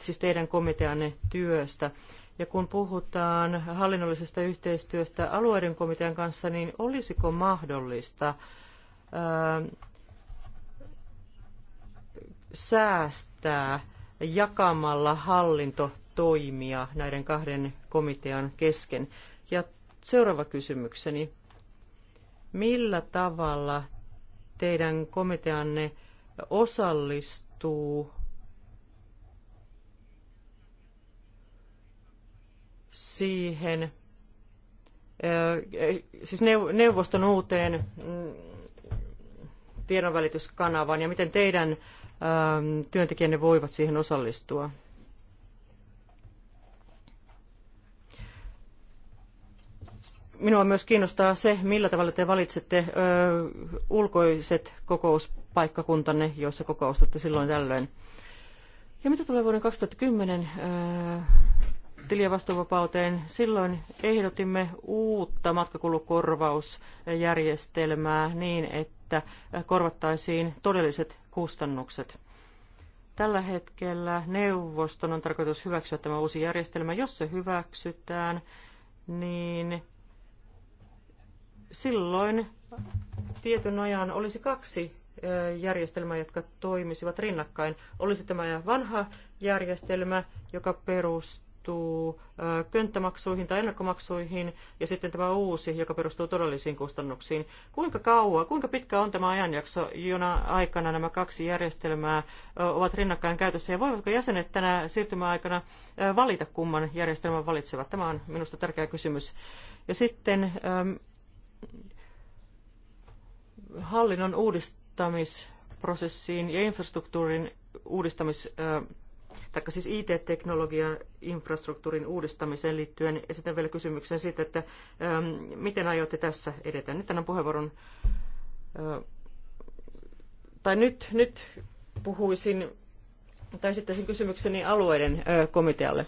siis teidän komiteanne työstä. Ja kun puhutaan hallinnollisesta yhteistyöstä alueiden komitean kanssa, niin olisiko mahdollista äh, säästää jakamalla toimia näiden kahden komitean kesken? Ja seuraava kysymykseni. Millä tavalla teidän komiteanne osallistuu siihen, äh, siis neuvoston uuteen mm, tiedonvälityskanavaan ja miten teidän ähm, työntekijänne voivat siihen osallistua? minua myös kiinnostaa se, millä tavalla te valitsette ö, ulkoiset kokouspaikkakuntanne, joissa kokoustatte silloin tällöin. Ja mitä tulee vuoden 2010 ö, vastuuvapauteen, silloin ehdotimme uutta matkakulukorvausjärjestelmää niin, että korvattaisiin todelliset kustannukset. Tällä hetkellä neuvoston on tarkoitus hyväksyä tämä uusi järjestelmä. Jos se hyväksytään, niin Silloin tietyn ajan olisi kaksi järjestelmää, jotka toimisivat rinnakkain. Olisi tämä vanha järjestelmä, joka perustuu könttämaksuihin tai ennakkomaksuihin, ja sitten tämä uusi, joka perustuu todellisiin kustannuksiin. Kuinka kauan, kuinka pitkä on tämä ajanjakso, jona aikana nämä kaksi järjestelmää ovat rinnakkain käytössä, ja voivatko jäsenet tänä siirtymäaikana valita, kumman järjestelmän valitsevat? Tämä on minusta tärkeä kysymys. Ja sitten hallinnon uudistamisprosessiin ja infrastruktuurin uudistamis, tai siis IT-teknologian infrastruktuurin uudistamiseen liittyen esitän vielä kysymyksen siitä, että miten aiotte tässä edetä. Nyt annan puheenvuoron, tai nyt, nyt puhuisin tai esittäisin kysymykseni alueiden komitealle.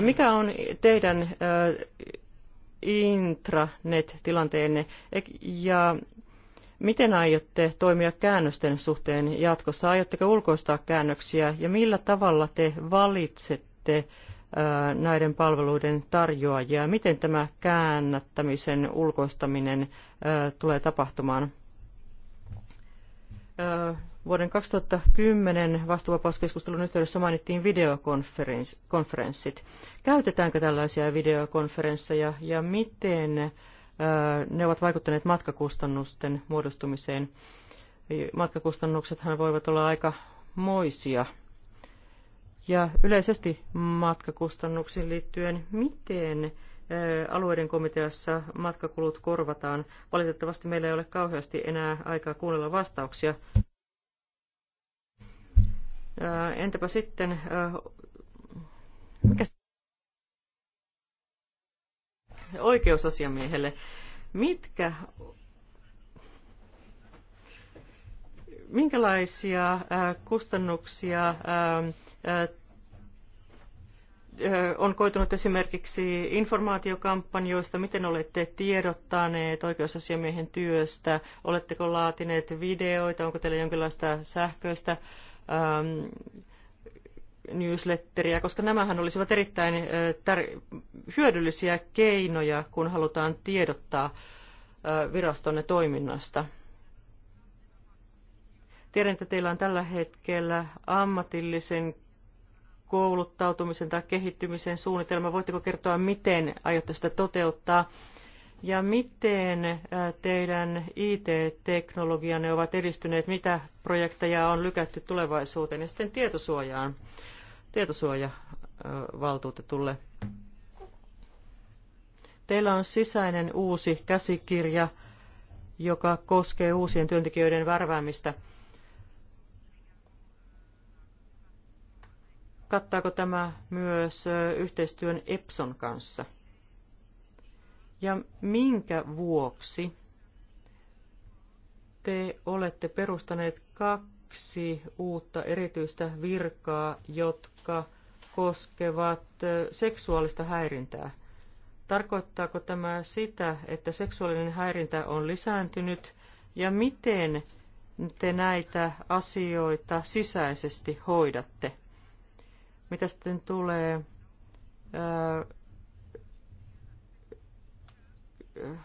Mikä on teidän intranet-tilanteenne ja miten aiotte toimia käännösten suhteen jatkossa? Aiotteko ulkoistaa käännöksiä ja millä tavalla te valitsette näiden palveluiden tarjoajia? Miten tämä käännättämisen ulkoistaminen tulee tapahtumaan? vuoden 2010 vastuuvapauskeskustelun yhteydessä mainittiin videokonferenssit. Käytetäänkö tällaisia videokonferensseja ja miten ne ovat vaikuttaneet matkakustannusten muodostumiseen? Matkakustannuksethan voivat olla aika moisia. Ja yleisesti matkakustannuksiin liittyen, miten alueiden komiteassa matkakulut korvataan. Valitettavasti meillä ei ole kauheasti enää aikaa kuunnella vastauksia. Entäpä sitten, mikä oikeusasiamiehelle, mitkä minkälaisia kustannuksia on koitunut esimerkiksi informaatiokampanjoista, miten olette tiedottaneet oikeusasiamiehen työstä, oletteko laatineet videoita, onko teillä jonkinlaista sähköistä ähm, newsletteriä, koska nämähän olisivat erittäin äh, hyödyllisiä keinoja, kun halutaan tiedottaa äh, virastonne toiminnasta. Tiedän, että teillä on tällä hetkellä ammatillisen kouluttautumisen tai kehittymisen suunnitelma. Voitteko kertoa, miten aiotte sitä toteuttaa? Ja miten teidän IT-teknologianne ovat edistyneet? Mitä projekteja on lykätty tulevaisuuteen? Ja sitten tietosuojaan, tietosuojavaltuutetulle. Teillä on sisäinen uusi käsikirja, joka koskee uusien työntekijöiden värväämistä – Kattaako tämä myös yhteistyön EPSON kanssa? Ja minkä vuoksi te olette perustaneet kaksi uutta erityistä virkaa, jotka koskevat seksuaalista häirintää? Tarkoittaako tämä sitä, että seksuaalinen häirintä on lisääntynyt ja miten te näitä asioita sisäisesti hoidatte? Mitä sitten tulee ää, äh,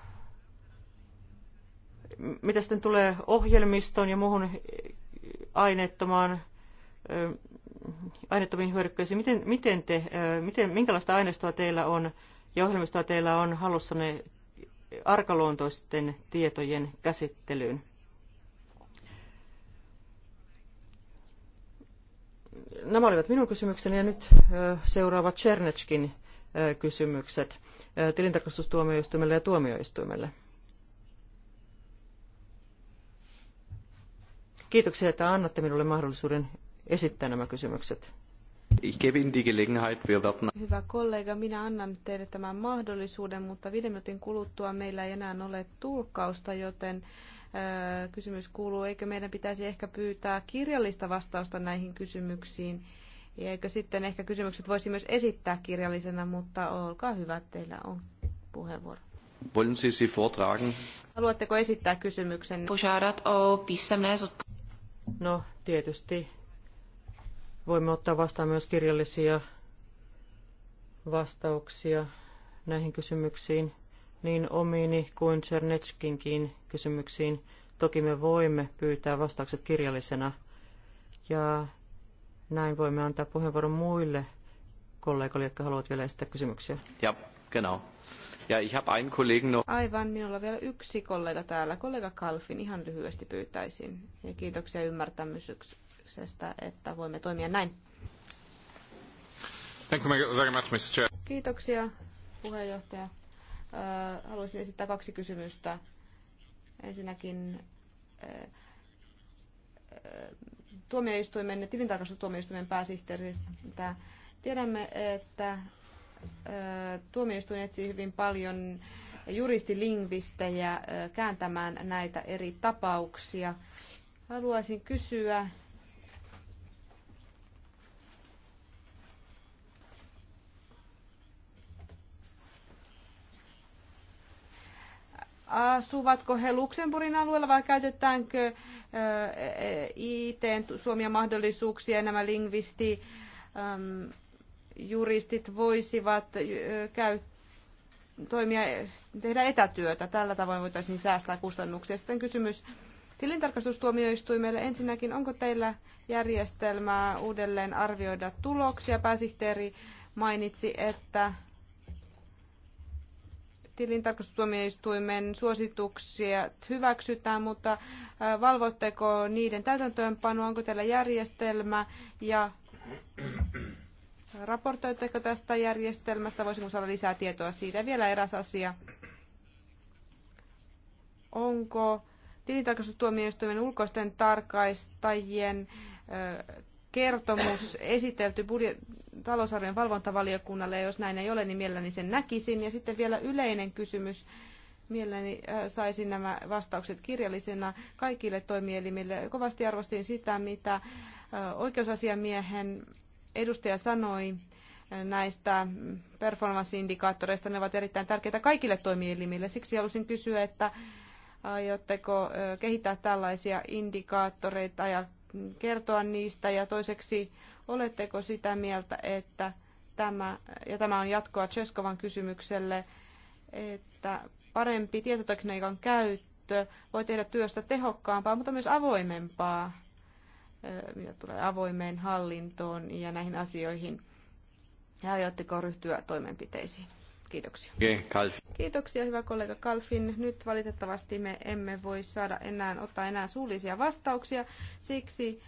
mitä sitten tulee ohjelmistoon ja muuhun aineettomaan äh, aineettomiin hyödykkeisiin, miten, miten te, äh, miten, minkälaista aineistoa teillä on ja ohjelmistoa teillä on halussanne arkaluontoisten tietojen käsittelyyn? nämä olivat minun kysymykseni ja nyt seuraavat Chernetskin kysymykset tilintarkastustuomioistuimelle ja tuomioistuimelle. Kiitoksia, että annatte minulle mahdollisuuden esittää nämä kysymykset. Hyvä kollega, minä annan teille tämän mahdollisuuden, mutta viiden minuutin kuluttua meillä ei enää ole tulkkausta, joten Kysymys kuuluu, eikö meidän pitäisi ehkä pyytää kirjallista vastausta näihin kysymyksiin? Ja eikö sitten ehkä kysymykset voisi myös esittää kirjallisena, mutta olkaa hyvä, teillä on puheenvuoro. Wollen Sie sie vortragen? Haluatteko esittää kysymyksen? No, tietysti voimme ottaa vastaan myös kirjallisia vastauksia näihin kysymyksiin niin omiini kuin Chernetskinkin kysymyksiin. Toki me voimme pyytää vastaukset kirjallisena ja näin voimme antaa puheenvuoron muille kollegoille, jotka haluavat vielä esittää kysymyksiä. Ja, genau. Ja, ich habe einen Kollegen noch. Aivan, minulla niin on vielä yksi kollega täällä. Kollega Kalfin ihan lyhyesti pyytäisin. Ja kiitoksia ymmärtämyksestä, että voimme toimia näin. Thank you very much, Mr. Chair. Kiitoksia, puheenjohtaja. Äh, haluaisin esittää kaksi kysymystä. Ensinnäkin äh, äh, tuomioistuimen, tilintarkastustuomioistuimen pääsihteeristä. Tiedämme, että tuomioistuin etsii hyvin paljon juristilingvistejä kääntämään näitä eri tapauksia. Haluaisin kysyä, asuvatko he Luxemburgin alueella vai käytetäänkö e, e, IT Suomia mahdollisuuksia nämä lingvisti juristit voisivat käy, toimia, tehdä etätyötä. Tällä tavoin voitaisiin säästää kustannuksia. Sitten kysymys tilintarkastustuomioistuimelle. Ensinnäkin, onko teillä järjestelmää uudelleen arvioida tuloksia? Pääsihteeri mainitsi, että tilintarkastustuomioistuimen suosituksia hyväksytään, mutta valvotteko niiden täytäntöönpanoa, onko teillä järjestelmä ja raportoitteko tästä järjestelmästä, voisinko saada lisää tietoa siitä. Vielä eräs asia. Onko tilintarkastustuomioistuimen ulkoisten tarkastajien kertomus esitelty budjet- talousarvion valvontavaliokunnalle, ja jos näin ei ole, niin mielelläni sen näkisin. Ja sitten vielä yleinen kysymys. Mielelläni äh, saisin nämä vastaukset kirjallisena kaikille toimielimille. Kovasti arvostin sitä, mitä äh, oikeusasiamiehen edustaja sanoi äh, näistä performanssiindikaattoreista. Ne ovat erittäin tärkeitä kaikille toimielimille. Siksi halusin kysyä, että aiotteko kehittää tällaisia indikaattoreita ja kertoa niistä? Ja toiseksi, oletteko sitä mieltä, että tämä, ja tämä on jatkoa Cheskovan kysymykselle, että parempi tietotekniikan käyttö voi tehdä työstä tehokkaampaa, mutta myös avoimempaa, mitä tulee avoimeen hallintoon ja näihin asioihin. Ja aiotteko ryhtyä toimenpiteisiin? Kiitoksia. Kiitoksia hyvä kollega Kalfin. Nyt valitettavasti me emme voi saada enää ottaa enää suullisia vastauksia. Siksi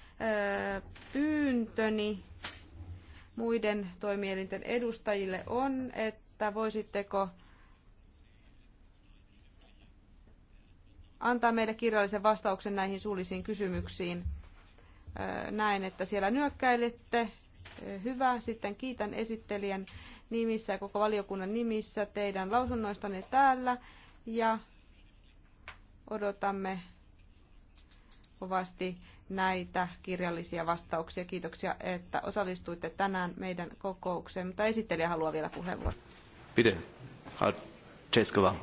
pyyntöni muiden toimielinten edustajille on, että voisitteko antaa meille kirjallisen vastauksen näihin suullisiin kysymyksiin. Näin, että siellä nyökkäilette. Hyvä, sitten kiitän esittelijän nimissä ja koko valiokunnan nimissä teidän lausunnoistanne täällä ja odotamme kovasti näitä kirjallisia vastauksia. Kiitoksia, että osallistuitte tänään meidän kokoukseen, mutta esittelijä haluaa vielä puheenvuoron. Pide. Česková.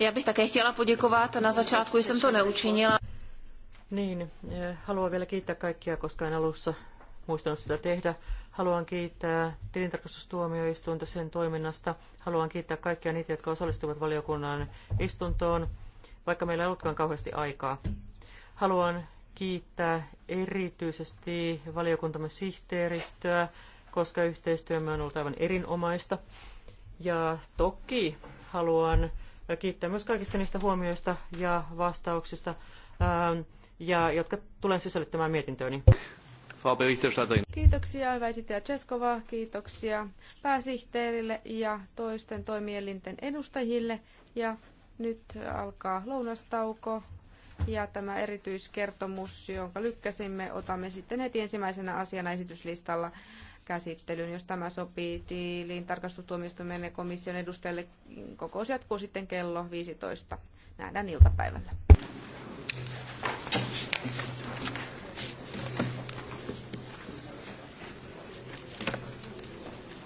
Já bych také chtěla poděkovat. Na začátku jsem to neučinila. Niin, eh, haluan vielä kiittää kaikkia, koska en alussa muistanut sitä tehdä. Haluan kiittää tilintarkastustuomioistuinta sen toiminnasta. Haluan kiittää kaikkia niitä, jotka osallistuivat valiokunnan istuntoon, vaikka meillä ei ollutkaan kauheasti aikaa. Haluan kiittää erityisesti valiokuntamme sihteeristöä, koska yhteistyömme on ollut aivan erinomaista. Ja toki haluan kiittää myös kaikista niistä huomioista ja vastauksista, ja jotka tulen sisällyttämään mietintööni. Frau Berichterstatterin. Kiitoksia, hyvä esittäjä Cheskova. Kiitoksia pääsihteerille ja toisten toimielinten edustajille. Ja nyt alkaa lounastauko. Ja tämä erityiskertomus, jonka lykkäsimme, otamme sitten heti ensimmäisenä asiana esityslistalla käsittelyyn, jos tämä sopii tiiliin tarkastustuomioistuimen komission edustajalle. Kokous jatkuu sitten kello 15. Nähdään iltapäivällä.